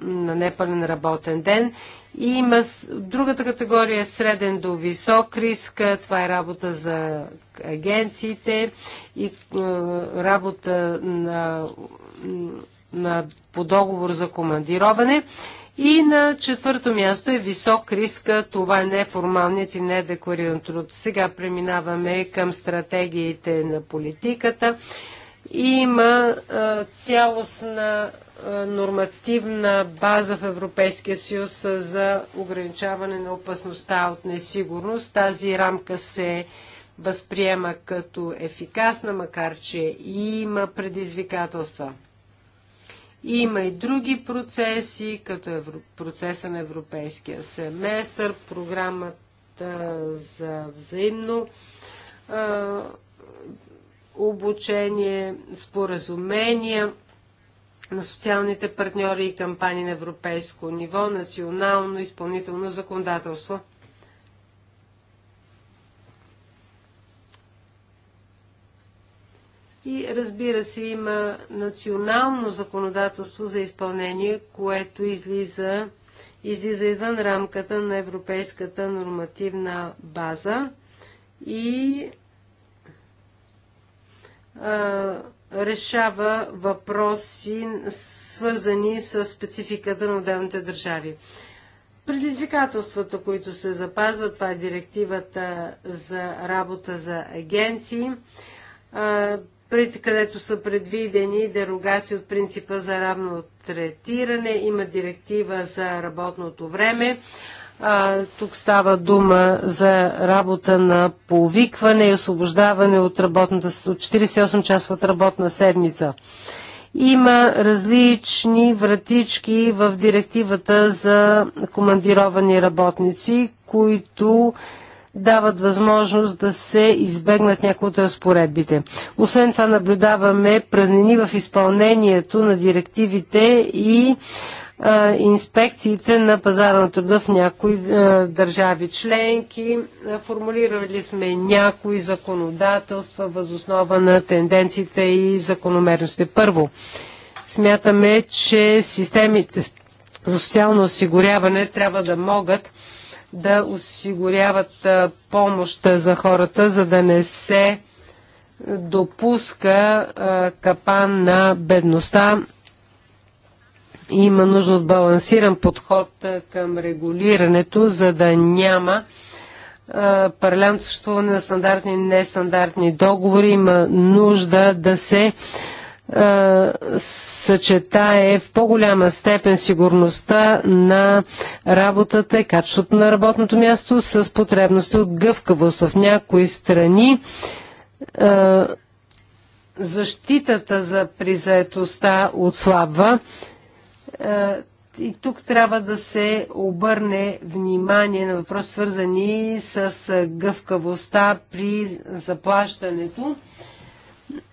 на непълен работен ден. И има другата категория е среден до висок риск. Това е работа за агенциите и е, работа на, на, по договор за командироване. И на четвърто място е висок риск. Това е неформалният и недеклариран труд. Сега преминаваме към стратегиите на политиката. Има а, цялостна а, нормативна база в Европейския съюз за ограничаване на опасността от несигурност. Тази рамка се възприема като ефикасна, макар че има предизвикателства. Има и други процеси, като евро... процеса на европейския семестър, програмата за взаимно а, обучение, споразумения на социалните партньори и кампании на европейско ниво, национално изпълнително законодателство – И разбира се, има национално законодателство за изпълнение, което излиза, излиза извън рамката на европейската нормативна база и а, решава въпроси, свързани с спецификата на отделните държави. Предизвикателствата, които се запазват, това е директивата за работа за агенции пред, където са предвидени дерогации от принципа за равно третиране. Има директива за работното време. А, тук става дума за работа на повикване и освобождаване от, работната, от 48 часа от работна седмица. Има различни вратички в директивата за командировани работници, които дават възможност да се избегнат някои от разпоредбите. Освен това наблюдаваме празнини в изпълнението на директивите и а, инспекциите на пазара на труда в някои а, държави членки. Формулирали сме някои законодателства възоснова на тенденциите и закономерностите. Първо, смятаме, че системите за социално осигуряване трябва да могат да осигуряват помощ за хората, за да не се допуска капан на бедността. Има нужда от балансиран подход към регулирането, за да няма паралелно съществуване на стандартни и нестандартни договори. Има нужда да се съчетае в по-голяма степен сигурността на работата и качеството на работното място с потребности от гъвкавост. В някои страни защитата за призаетостта отслабва. И тук трябва да се обърне внимание на въпроси, свързани с гъвкавостта при заплащането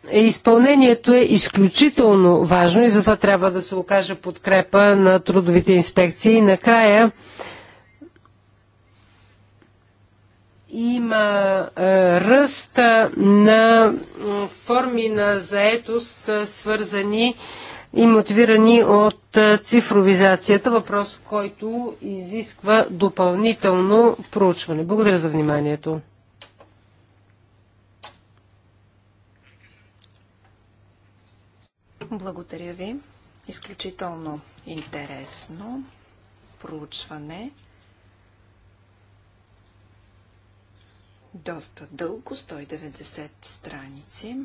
е, изпълнението е изключително важно и затова трябва да се окаже подкрепа на трудовите инспекции. И накрая има е, ръст е, на форми на заетост, свързани и мотивирани от цифровизацията, въпрос, който изисква допълнително проучване. Благодаря за вниманието. Благодаря ви. Изключително интересно проучване. Доста дълго, 190 страници.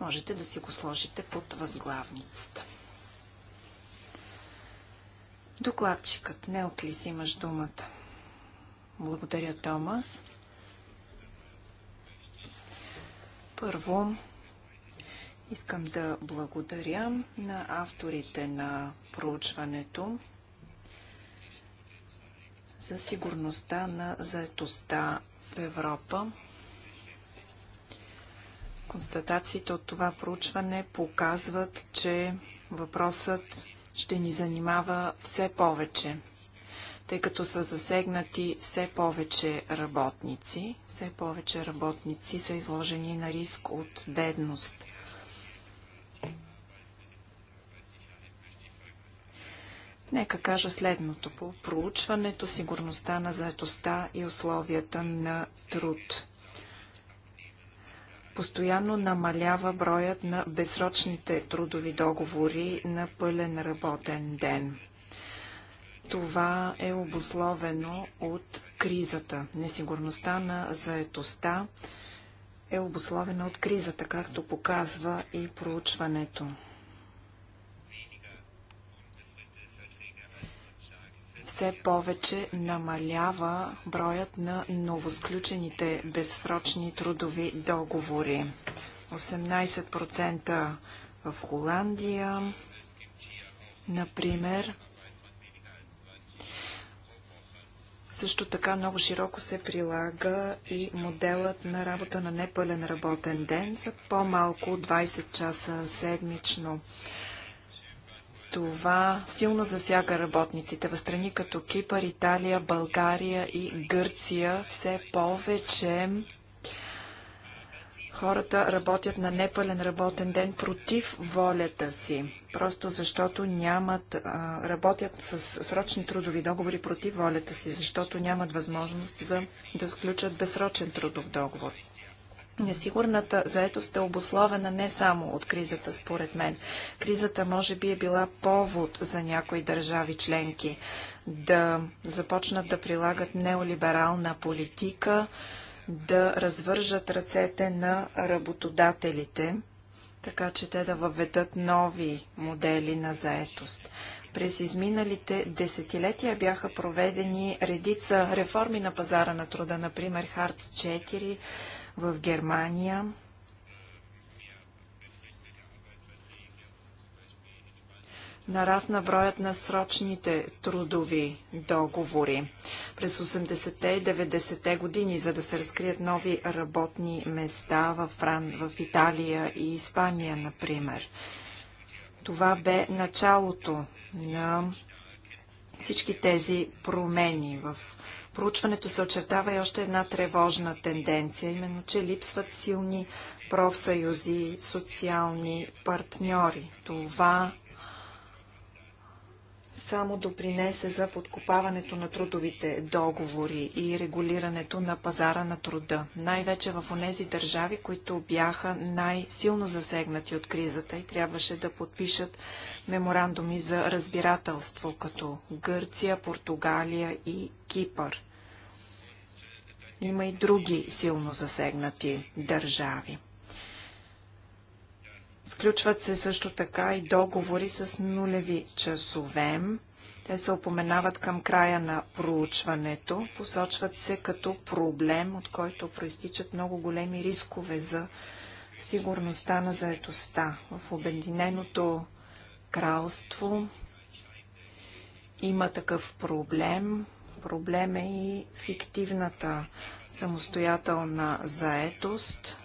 Можете да си го сложите под възглавницата. Докладчикът Неоклис имаш думата. Благодаря, Томас. Първо, Искам да благодаря на авторите на проучването за сигурността на заетостта в Европа. Констатациите от това проучване показват, че въпросът ще ни занимава все повече, тъй като са засегнати все повече работници. Все повече работници са изложени на риск от бедност – Нека кажа следното по проучването, сигурността на заетостта и условията на труд. Постоянно намалява броят на безсрочните трудови договори на пълен работен ден. Това е обусловено от кризата. Несигурността на заетостта е обусловена от кризата, както показва и проучването. все повече намалява броят на новосключените безсрочни трудови договори. 18% в Холандия, например. Също така много широко се прилага и моделът на работа на непълен работен ден за по-малко 20 часа седмично. Това силно засяга работниците. В страни като Кипър, Италия, България и Гърция все повече хората работят на непълен работен ден против волята си, просто защото нямат, работят с срочни трудови договори против волята си, защото нямат възможност за да сключат безсрочен трудов договор. Несигурната заетост е обусловена не само от кризата, според мен. Кризата може би е била повод за някои държави членки да започнат да прилагат неолиберална политика, да развържат ръцете на работодателите, така че те да въведат нови модели на заетост. През изминалите десетилетия бяха проведени редица реформи на пазара на труда, например Харц 4, в Германия. Нарасна броят на срочните трудови договори. През 80-те и 90-те години, за да се разкрият нови работни места в, Фран... в Италия и Испания, например. Това бе началото на всички тези промени в проучването се очертава и още една тревожна тенденция, именно че липсват силни профсъюзи, социални партньори. Това само допринесе за подкопаването на трудовите договори и регулирането на пазара на труда, най-вече в онези държави, които бяха най-силно засегнати от кризата и трябваше да подпишат меморандуми за разбирателство, като Гърция, Португалия и Кипър. Има и други силно засегнати държави. Сключват се също така и договори с нулеви часове. Те се опоменават към края на проучването, посочват се като проблем, от който проистичат много големи рискове за сигурността на заетостта. В Обединеното кралство има такъв проблем. Проблем е и фиктивната самостоятелна заетост.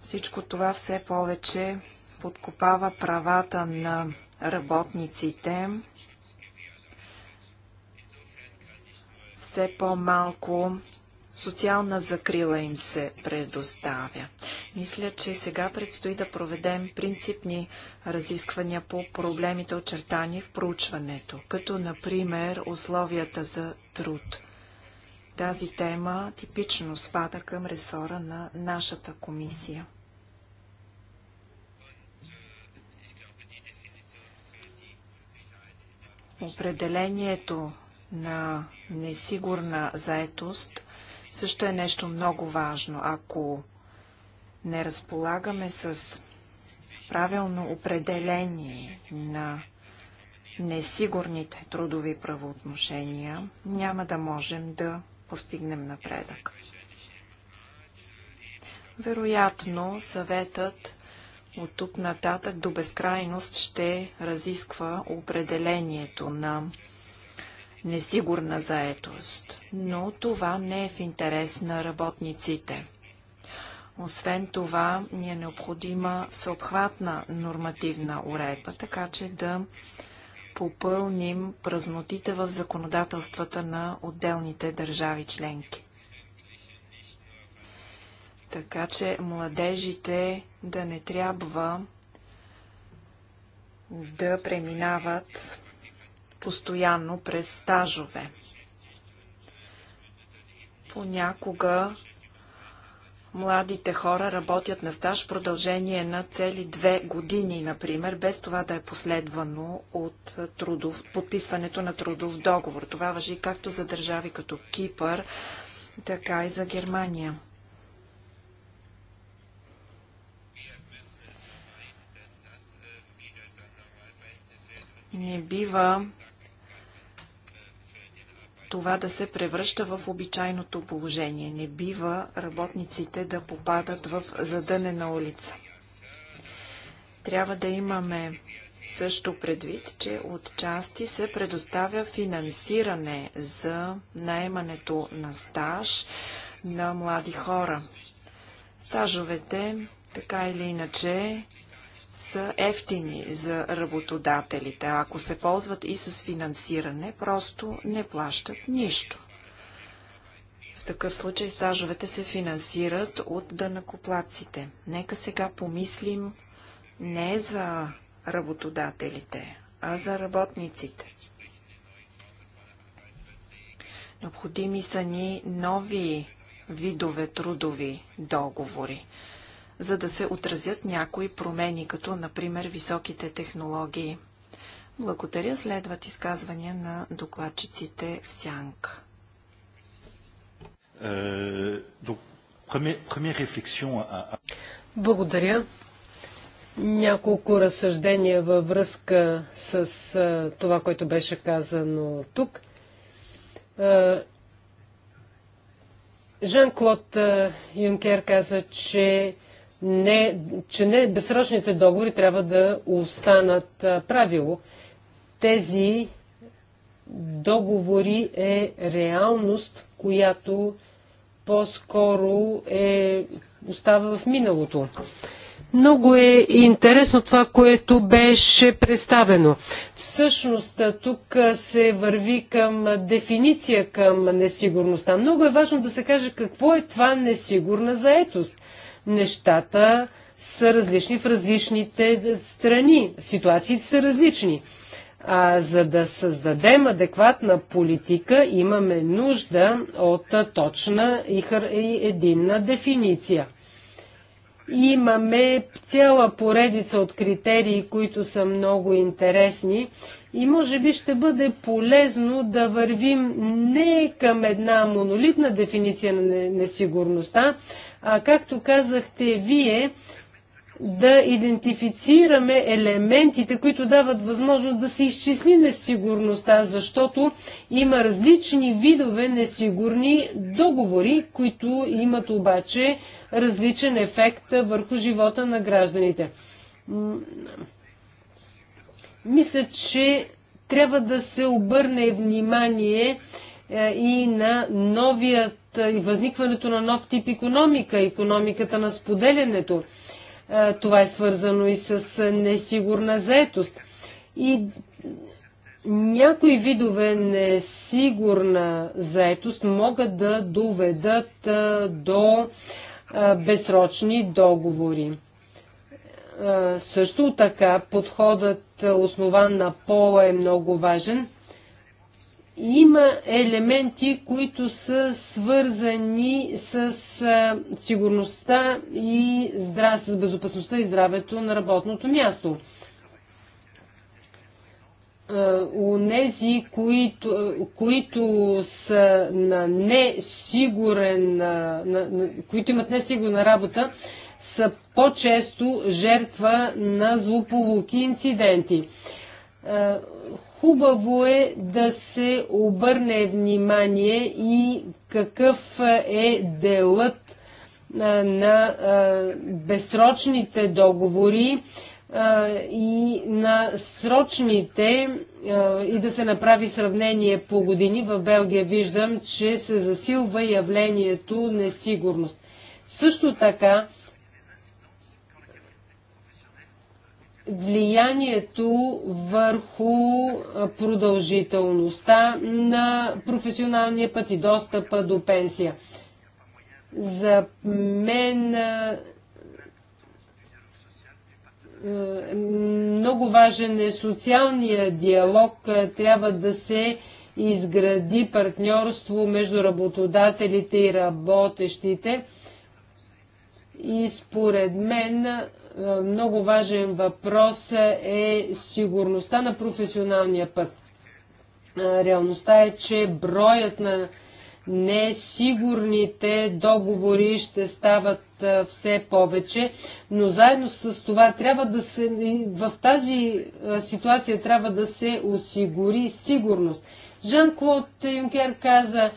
Всичко това все повече подкопава правата на работниците. Все по-малко социална закрила им се предоставя. Мисля, че сега предстои да проведем принципни разисквания по проблемите очертани в проучването, като например условията за труд. Тази тема типично спада към ресора на нашата комисия. Определението на несигурна заетост също е нещо много важно. Ако не разполагаме с правилно определение на несигурните трудови правоотношения, няма да можем да постигнем напредък. Вероятно, съветът от тук нататък до безкрайност ще разисква определението на несигурна заетост, но това не е в интерес на работниците. Освен това, ни е необходима съобхватна нормативна уредба, така че да попълним празнотите в законодателствата на отделните държави членки. Така че младежите да не трябва да преминават постоянно през стажове. Понякога младите хора работят на стаж в продължение на цели две години, например, без това да е последвано от трудов, подписването на трудов договор. Това въжи както за държави като Кипър, така и за Германия. Не бива това да се превръща в обичайното положение. Не бива работниците да попадат в задънена улица. Трябва да имаме също предвид, че от части се предоставя финансиране за наемането на стаж на млади хора. Стажовете, така или иначе, са ефтини за работодателите. А ако се ползват и с финансиране, просто не плащат нищо. В такъв случай стажовете се финансират от дънакоплаците. Нека сега помислим не за работодателите, а за работниците. Необходими са ни нови видове трудови договори за да се отразят някои промени, като например високите технологии. Благодаря. Следват изказвания на докладчиците в Сянг. Е, Благодаря. Няколко разсъждения във връзка с това, което беше казано тук. Жан-Клод Юнкер каза, че не, че не безсрочните договори трябва да останат правило. Тези договори е реалност, която по-скоро е, остава в миналото. Много е интересно това, което беше представено. Всъщност тук се върви към дефиниция към несигурността. Много е важно да се каже какво е това несигурна заетост нещата са различни в различните страни. Ситуациите са различни. А за да създадем адекватна политика, имаме нужда от точна и единна дефиниция. Имаме цяла поредица от критерии, които са много интересни и може би ще бъде полезно да вървим не към една монолитна дефиниция на несигурността, а както казахте вие, да идентифицираме елементите, които дават възможност да се изчисли несигурността, защото има различни видове несигурни договори, които имат обаче различен ефект върху живота на гражданите. Мисля, че трябва да се обърне внимание е, и на новият, е, и възникването на нов тип економика, економиката на споделянето. Е, това е свързано и с несигурна заетост. И някои видове несигурна заетост могат да доведат до безсрочни договори. Също така подходът основан на пола е много важен има елементи, които са свързани с сигурността и здрав... с безопасността и здравето на работното място. нези, които, които са на несигурен, на, на, които имат несигурна работа, са по-често жертва на злополуки и инциденти Хубаво е да се обърне внимание и какъв е делът на безсрочните договори и на срочните и да се направи сравнение по години. В Белгия виждам, че се засилва явлението несигурност. Също така влиянието върху продължителността на професионалния път и достъпа до пенсия. За мен много важен е социалния диалог. Трябва да се изгради партньорство между работодателите и работещите. И според мен е, много важен въпрос е сигурността на професионалния път. Е, реалността е, че броят на несигурните договори ще стават е, все повече, но заедно с това трябва да се, в тази ситуация трябва да се осигури сигурност. Жан-Клод Юнкер каза,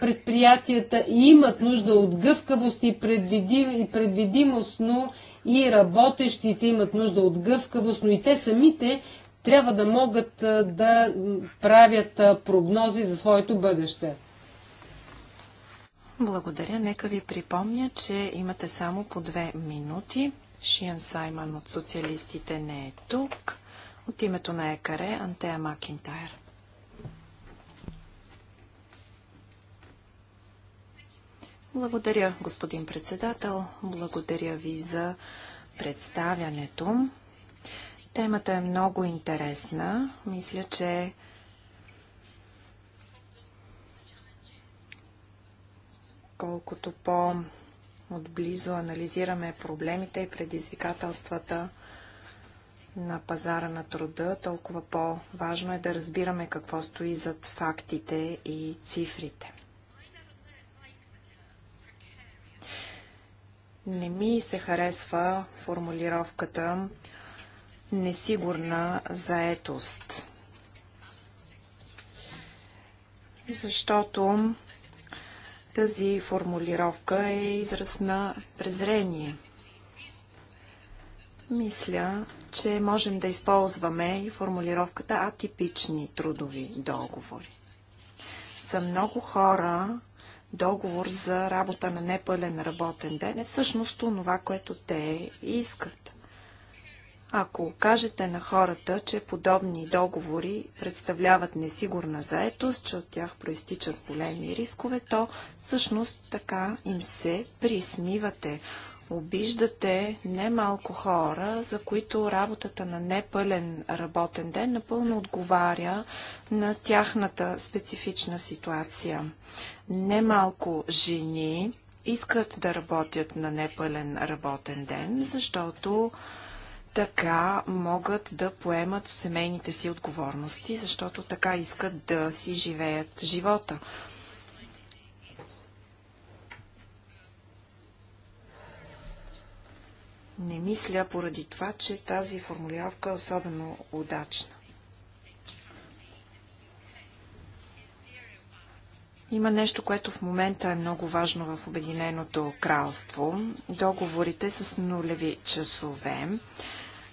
предприятията имат нужда от гъвкавост и, и предвидимост, но и работещите имат нужда от гъвкавост, но и те самите трябва да могат да правят прогнози за своето бъдеще. Благодаря. Нека ви припомня, че имате само по две минути. Шиен Сайман от социалистите не е тук. От името на ЕКАРЕ Антея Макинтайр. Благодаря, господин председател. Благодаря ви за представянето. Темата е много интересна. Мисля, че колкото по-отблизо анализираме проблемите и предизвикателствата на пазара на труда, толкова по-важно е да разбираме какво стои зад фактите и цифрите. Не ми се харесва формулировката несигурна заетост. Защото тази формулировка е израз на презрение. Мисля, че можем да използваме и формулировката атипични трудови договори. За много хора договор за работа на непълен работен ден е всъщност това, което те искат. Ако кажете на хората, че подобни договори представляват несигурна заетост, че от тях проистичат големи рискове, то всъщност така им се присмивате. Обиждате немалко хора, за които работата на непълен работен ден напълно отговаря на тяхната специфична ситуация. Немалко жени искат да работят на непълен работен ден, защото така могат да поемат семейните си отговорности, защото така искат да си живеят живота. Не мисля поради това, че тази формулировка е особено удачна. Има нещо, което в момента е много важно в Обединеното кралство. Договорите с нулеви часове.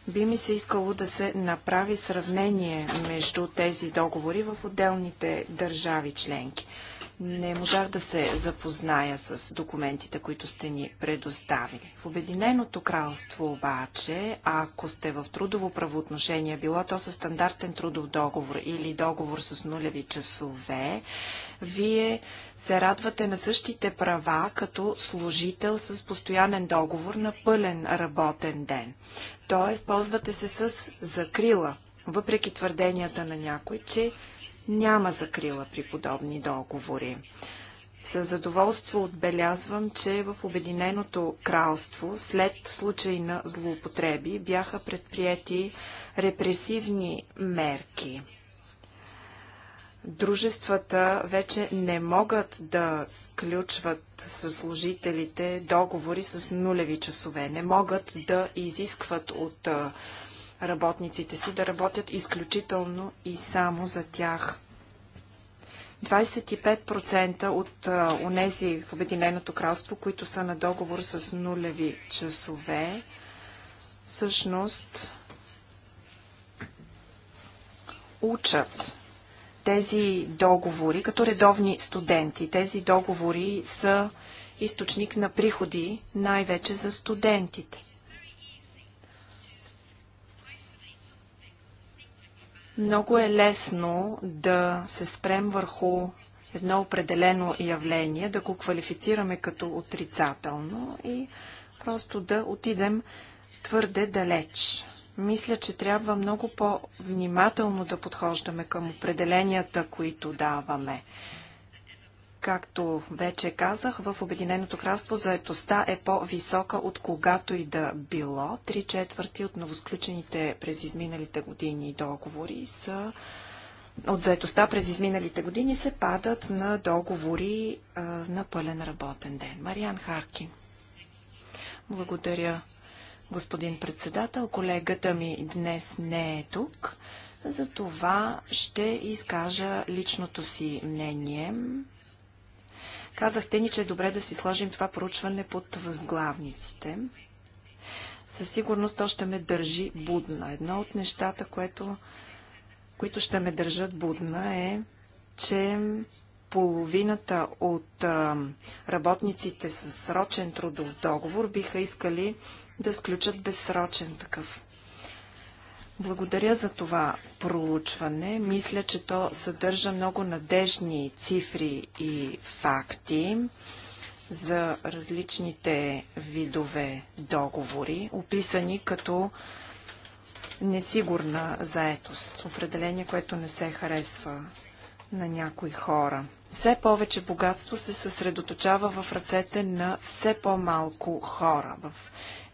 Би ми се искало да се направи сравнение между тези договори в отделните държави членки. Не можах да се запозная с документите, които сте ни предоставили. В Обединеното кралство обаче, ако сте в трудово правоотношение, било то със стандартен трудов договор или договор с нулеви часове, вие се радвате на същите права като служител с постоянен договор на пълен работен ден. Тоест, ползвате се с закрила, въпреки твърденията на някой, че няма закрила при подобни договори. С задоволство отбелязвам, че в Обединеното кралство след случай на злоупотреби бяха предприяти репресивни мерки дружествата вече не могат да сключват със служителите договори с нулеви часове. Не могат да изискват от работниците си да работят изключително и само за тях. 25% от онези в Обединеното кралство, които са на договор с нулеви часове, всъщност учат тези договори като редовни студенти. Тези договори са източник на приходи, най-вече за студентите. Много е лесно да се спрем върху едно определено явление, да го квалифицираме като отрицателно и просто да отидем твърде далеч. Мисля, че трябва много по-внимателно да подхождаме към определенията, които даваме. Както вече казах, в Обединеното кралство заетостта е по-висока от когато и да било. Три четвърти от новосключените през изминалите години договори са от заетостта през изминалите години се падат на договори а, на пълен работен ден. Мариан Харкин. Благодаря, Господин председател, колегата ми днес не е тук, за това ще изкажа личното си мнение. Казахте ни, че е добре да си сложим това проучване под възглавниците. Със сигурност то ще ме държи будна. Едно от нещата, което, които ще ме държат будна е, че половината от работниците с срочен трудов договор биха искали да сключат безсрочен такъв. Благодаря за това проучване. Мисля, че то съдържа много надежни цифри и факти за различните видове договори, описани като несигурна заетост. Определение, което не се харесва на някои хора. Все повече богатство се съсредоточава в ръцете на все по-малко хора. В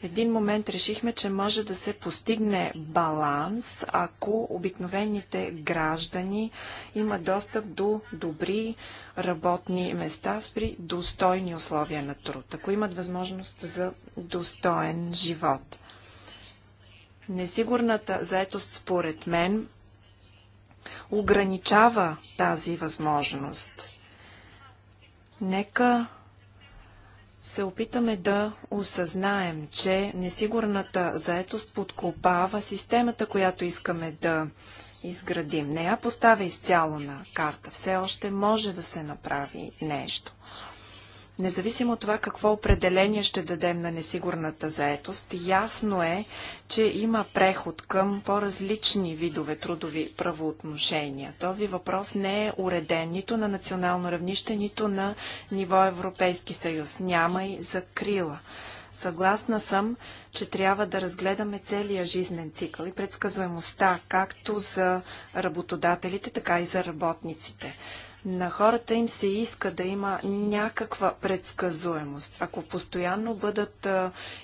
един момент решихме, че може да се постигне баланс, ако обикновените граждани имат достъп до добри работни места при достойни условия на труд, ако имат възможност за достоен живот. Несигурната заетост, според мен, ограничава тази възможност. Нека се опитаме да осъзнаем, че несигурната заетост подкопава системата, която искаме да изградим. Не я поставя изцяло на карта. Все още може да се направи нещо. Независимо от това какво определение ще дадем на несигурната заетост, ясно е, че има преход към по-различни видове трудови правоотношения. Този въпрос не е уреден нито на национално равнище, нито на ниво Европейски съюз. Няма и закрила. Съгласна съм, че трябва да разгледаме целия жизнен цикъл и предсказуемостта, както за работодателите, така и за работниците. На хората им се иска да има някаква предсказуемост. Ако постоянно бъдат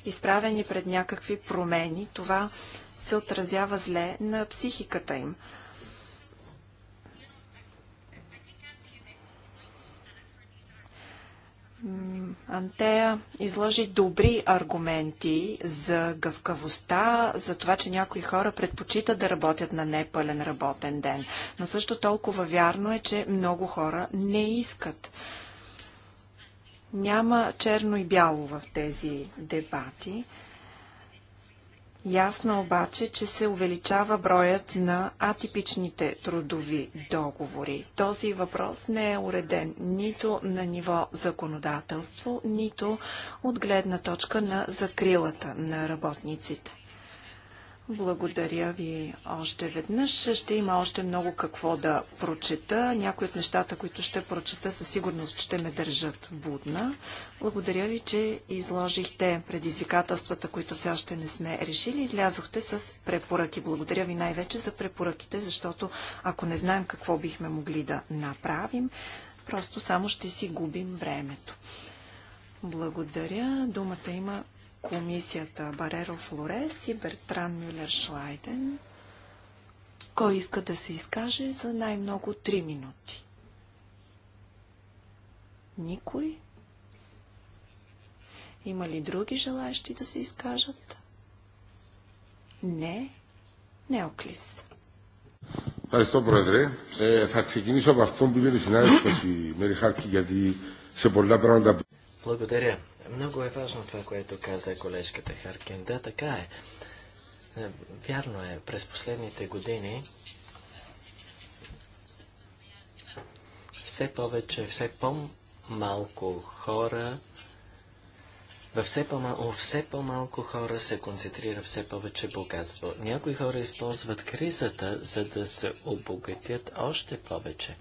изправени пред някакви промени, това се отразява зле на психиката им. Антея изложи добри аргументи за гъвкавостта, за това, че някои хора предпочитат да работят на непълен работен ден. Но също толкова вярно е, че много хора не искат. Няма черно и бяло в тези дебати. Ясно обаче, че се увеличава броят на атипичните трудови договори. Този въпрос не е уреден нито на ниво законодателство, нито от гледна точка на закрилата на работниците. Благодаря ви още веднъж. Ще има още много какво да прочета. Някои от нещата, които ще прочета, със сигурност ще ме държат будна. Благодаря ви, че изложихте предизвикателствата, които все още не сме решили. Излязохте с препоръки. Благодаря ви най-вече за препоръките, защото ако не знаем какво бихме могли да направим, просто само ще си губим времето. Благодаря. Думата има комисията Бареро Флорес и Бертран Мюллер Шлайден. Кой иска да се изкаже за най-много 3 минути? Никой? Има ли други желаящи да се изкажат? Не. Неоклис. Ευχαριστώ, Πρόεδρε. Ε, θα ξεκινήσω από αυτό που είπε η συνάδελφο η Μέρι Χάρκη, γιατί σε πολλά πράγματα. Благодаря. Много е важно това, което каза колежката Харкин. Да, така е. е. Вярно е, през последните години все повече, все по-малко хора във все, по все по-малко хора се концентрира все повече богатство. Някои хора използват кризата, за да се обогатят още повече.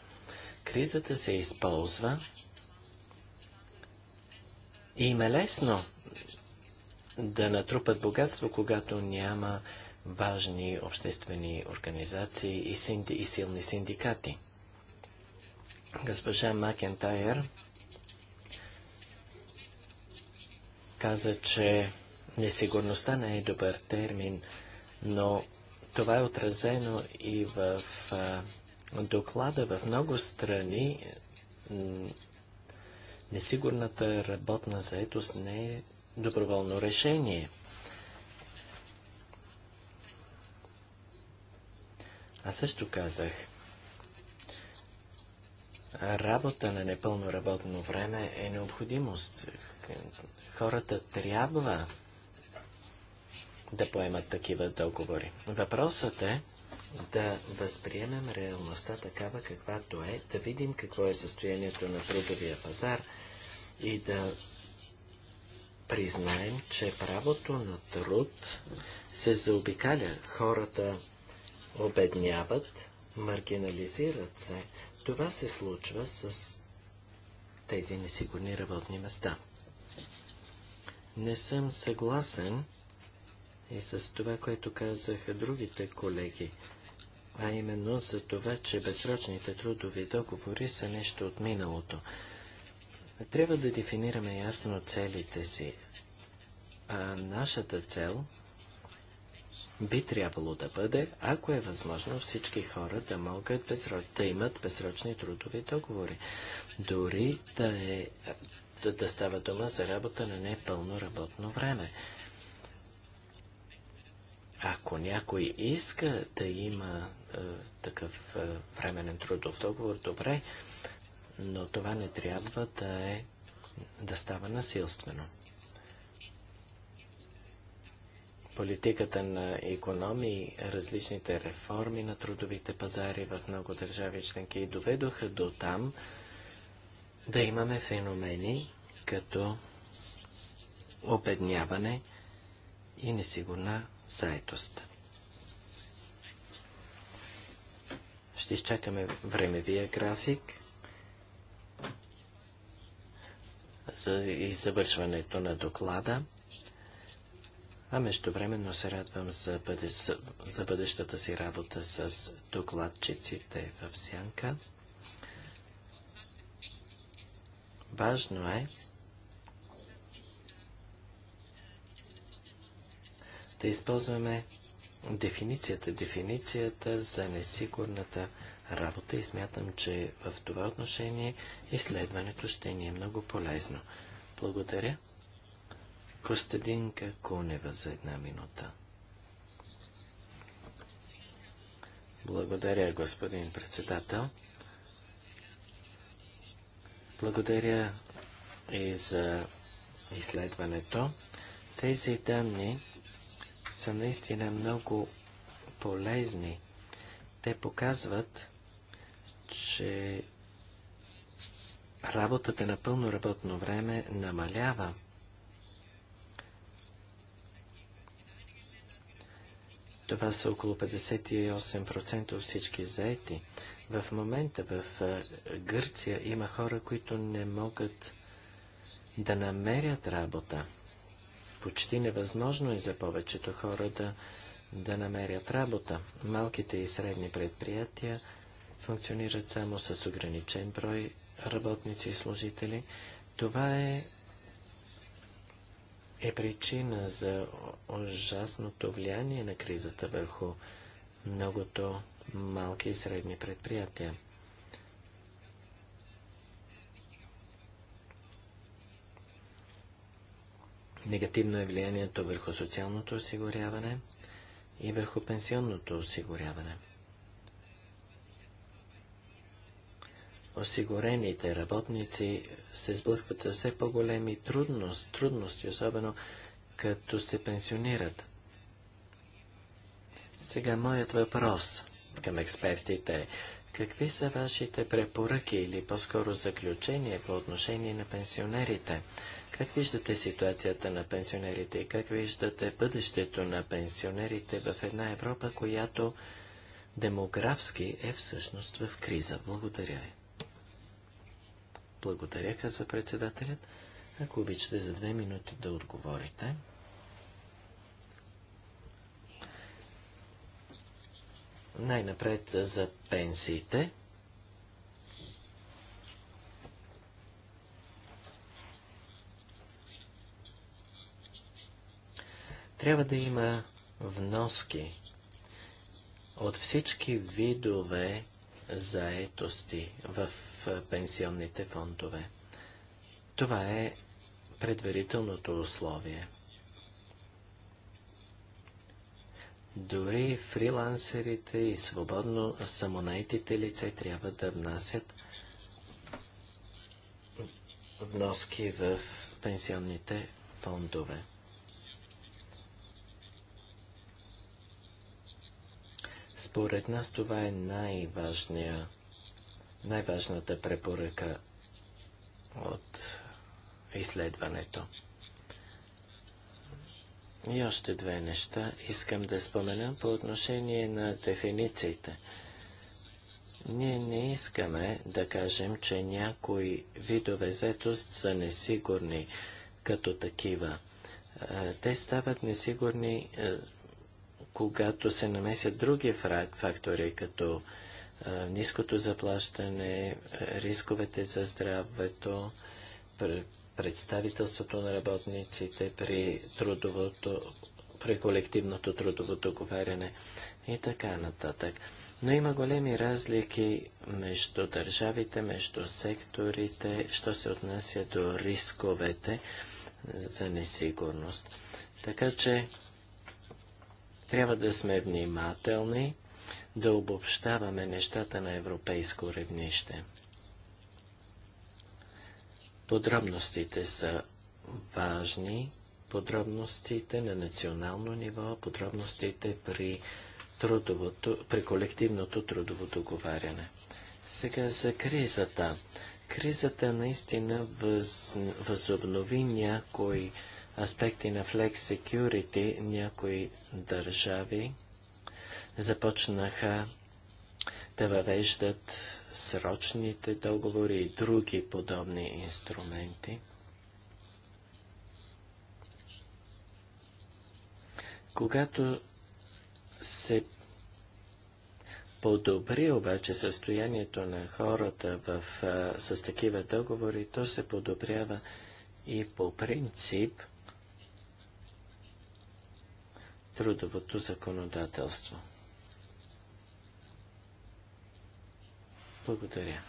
Кризата се използва и им е лесно да натрупат богатство, когато няма важни обществени организации и, синди, и силни синдикати. Госпожа Макентайер каза, че несигурността не е добър термин, но това е отразено и в а, доклада в много страни Несигурната работна заетост не е доброволно решение. Аз също казах, работа на непълно работно време е необходимост. Хората трябва да поемат такива договори. Въпросът е да възприемем реалността такава каквато е, да видим какво е състоянието на трудовия пазар – и да признаем, че правото на труд се заобикаля. Хората обедняват, маргинализират се. Това се случва с тези несигурни работни места. Не съм съгласен и с това, което казаха другите колеги, а именно за това, че безсрочните трудови договори са нещо от миналото. Трябва да дефинираме ясно целите си. А нашата цел би трябвало да бъде, ако е възможно, всички хора да могат безроч... да имат безсрочни трудови договори. Дори да, е... да, да става дума за работа на непълно работно време. Ако някой иска да има е, такъв е, временен трудов договор, добре, е, но това не трябва да, е, да става насилствено. Политиката на економии, различните реформи на трудовите пазари в много държави членки доведоха до там да имаме феномени като обедняване и несигурна заетост. Ще изчакаме времевия график. за извършването завършването на доклада. А междувременно се радвам за, бъде, за бъдещата си работа с докладчиците в Сянка. Важно е да използваме дефиницията, дефиницията за несигурната работа и смятам, че в това отношение изследването ще ни е много полезно. Благодаря. Костадинка Кунева за една минута. Благодаря, господин председател. Благодаря и за изследването. Тези данни са наистина много полезни. Те показват че работата е на пълно работно време намалява. Това са около 58% от всички заети. В момента в Гърция има хора, които не могат да намерят работа. Почти невъзможно е за повечето хора да, да намерят работа. Малките и средни предприятия – функционират само с ограничен брой работници и служители. Това е, е причина за ужасното влияние на кризата върху многото малки и средни предприятия. Негативно е влиянието върху социалното осигуряване и върху пенсионното осигуряване. осигурените работници се сблъскват с все по-големи трудност, трудности, особено като се пенсионират. Сега моят въпрос към експертите е, какви са вашите препоръки или по-скоро заключения по отношение на пенсионерите? Как виждате ситуацията на пенсионерите и как виждате бъдещето на пенсионерите в една Европа, която демографски е всъщност в криза? Благодаря ви. Благодаря, казва председателят. Ако обичате за две минути да отговорите. Най-напред за пенсиите. Трябва да има вноски от всички видове заетости в пенсионните фондове. Това е предварителното условие. Дори фрилансерите и свободно самонайтите лице трябва да внасят вноски в пенсионните фондове. Според нас това е най-важният най-важната препоръка от изследването. И още две неща искам да спомена по отношение на дефинициите. Ние не искаме да кажем, че някои видове зетост са несигурни като такива. Те стават несигурни, когато се намесят други фактори, като ниското заплащане, е, рисковете за здравето, представителството на работниците при трудовото, при колективното трудово договаряне и така нататък. Но има големи разлики между държавите, между секторите, що се отнася до рисковете за несигурност. Така че трябва да сме внимателни да обобщаваме нещата на европейско ревнище. Подробностите са важни, подробностите на национално ниво, подробностите при, трудовото, при колективното трудово договаряне. Сега за кризата. Кризата наистина въз, възобнови някои аспекти на Flex Security, някои държави започнаха да въвеждат срочните договори и други подобни инструменти. Когато се подобри обаче състоянието на хората в, а, с такива договори, то се подобрява и по принцип трудовото законодателство. Благодаря.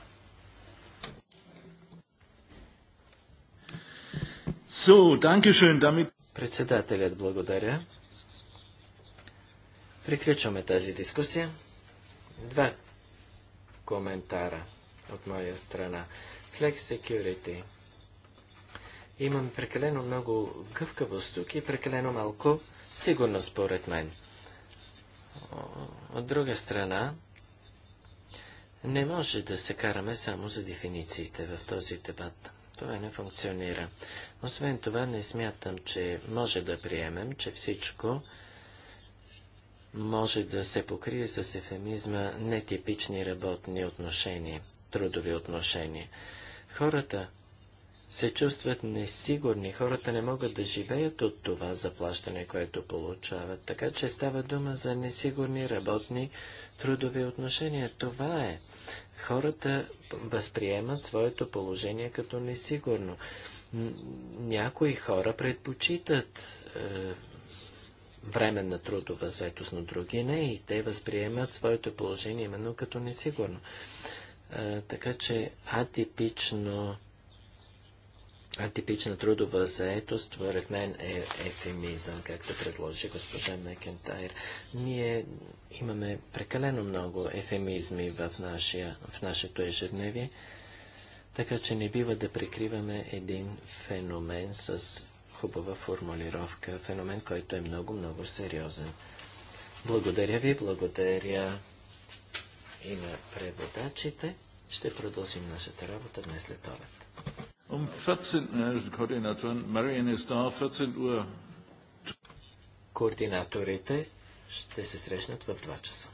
So, schön, damit... Председателят благодаря. Приключваме тази дискусия. Два коментара от моя страна. Flex Security. Имам прекалено много гъвкавост тук и прекалено малко сигурност според мен. От друга страна, не може да се караме само за дефинициите в този дебат. Това не функционира. Освен това, не смятам, че може да приемем, че всичко може да се покрие с ефемизма нетипични работни отношения, трудови отношения. Хората се чувстват несигурни. Хората не могат да живеят от това заплащане, което получават. Така че става дума за несигурни работни трудови отношения. Това е. Хората възприемат своето положение като несигурно. Някои хора предпочитат е, временна трудова заетост, но други не и те възприемат своето положение именно като несигурно. Е, така че атипично Атипична трудова заетост, според мен, е ефемизъм, както предложи госпожа Мекентайр. Ние имаме прекалено много ефемизми в, нашия, в нашето ежедневие, така че не бива да прикриваме един феномен с хубава формулировка, феномен, който е много-много сериозен. Благодаря ви, благодаря и на преводачите. Ще продължим нашата работа днес след обед. Um 14. Herr Koordinator, Marian ist da, 14 Uhr. Koordinatorite, ще се срещнат в 2 часа.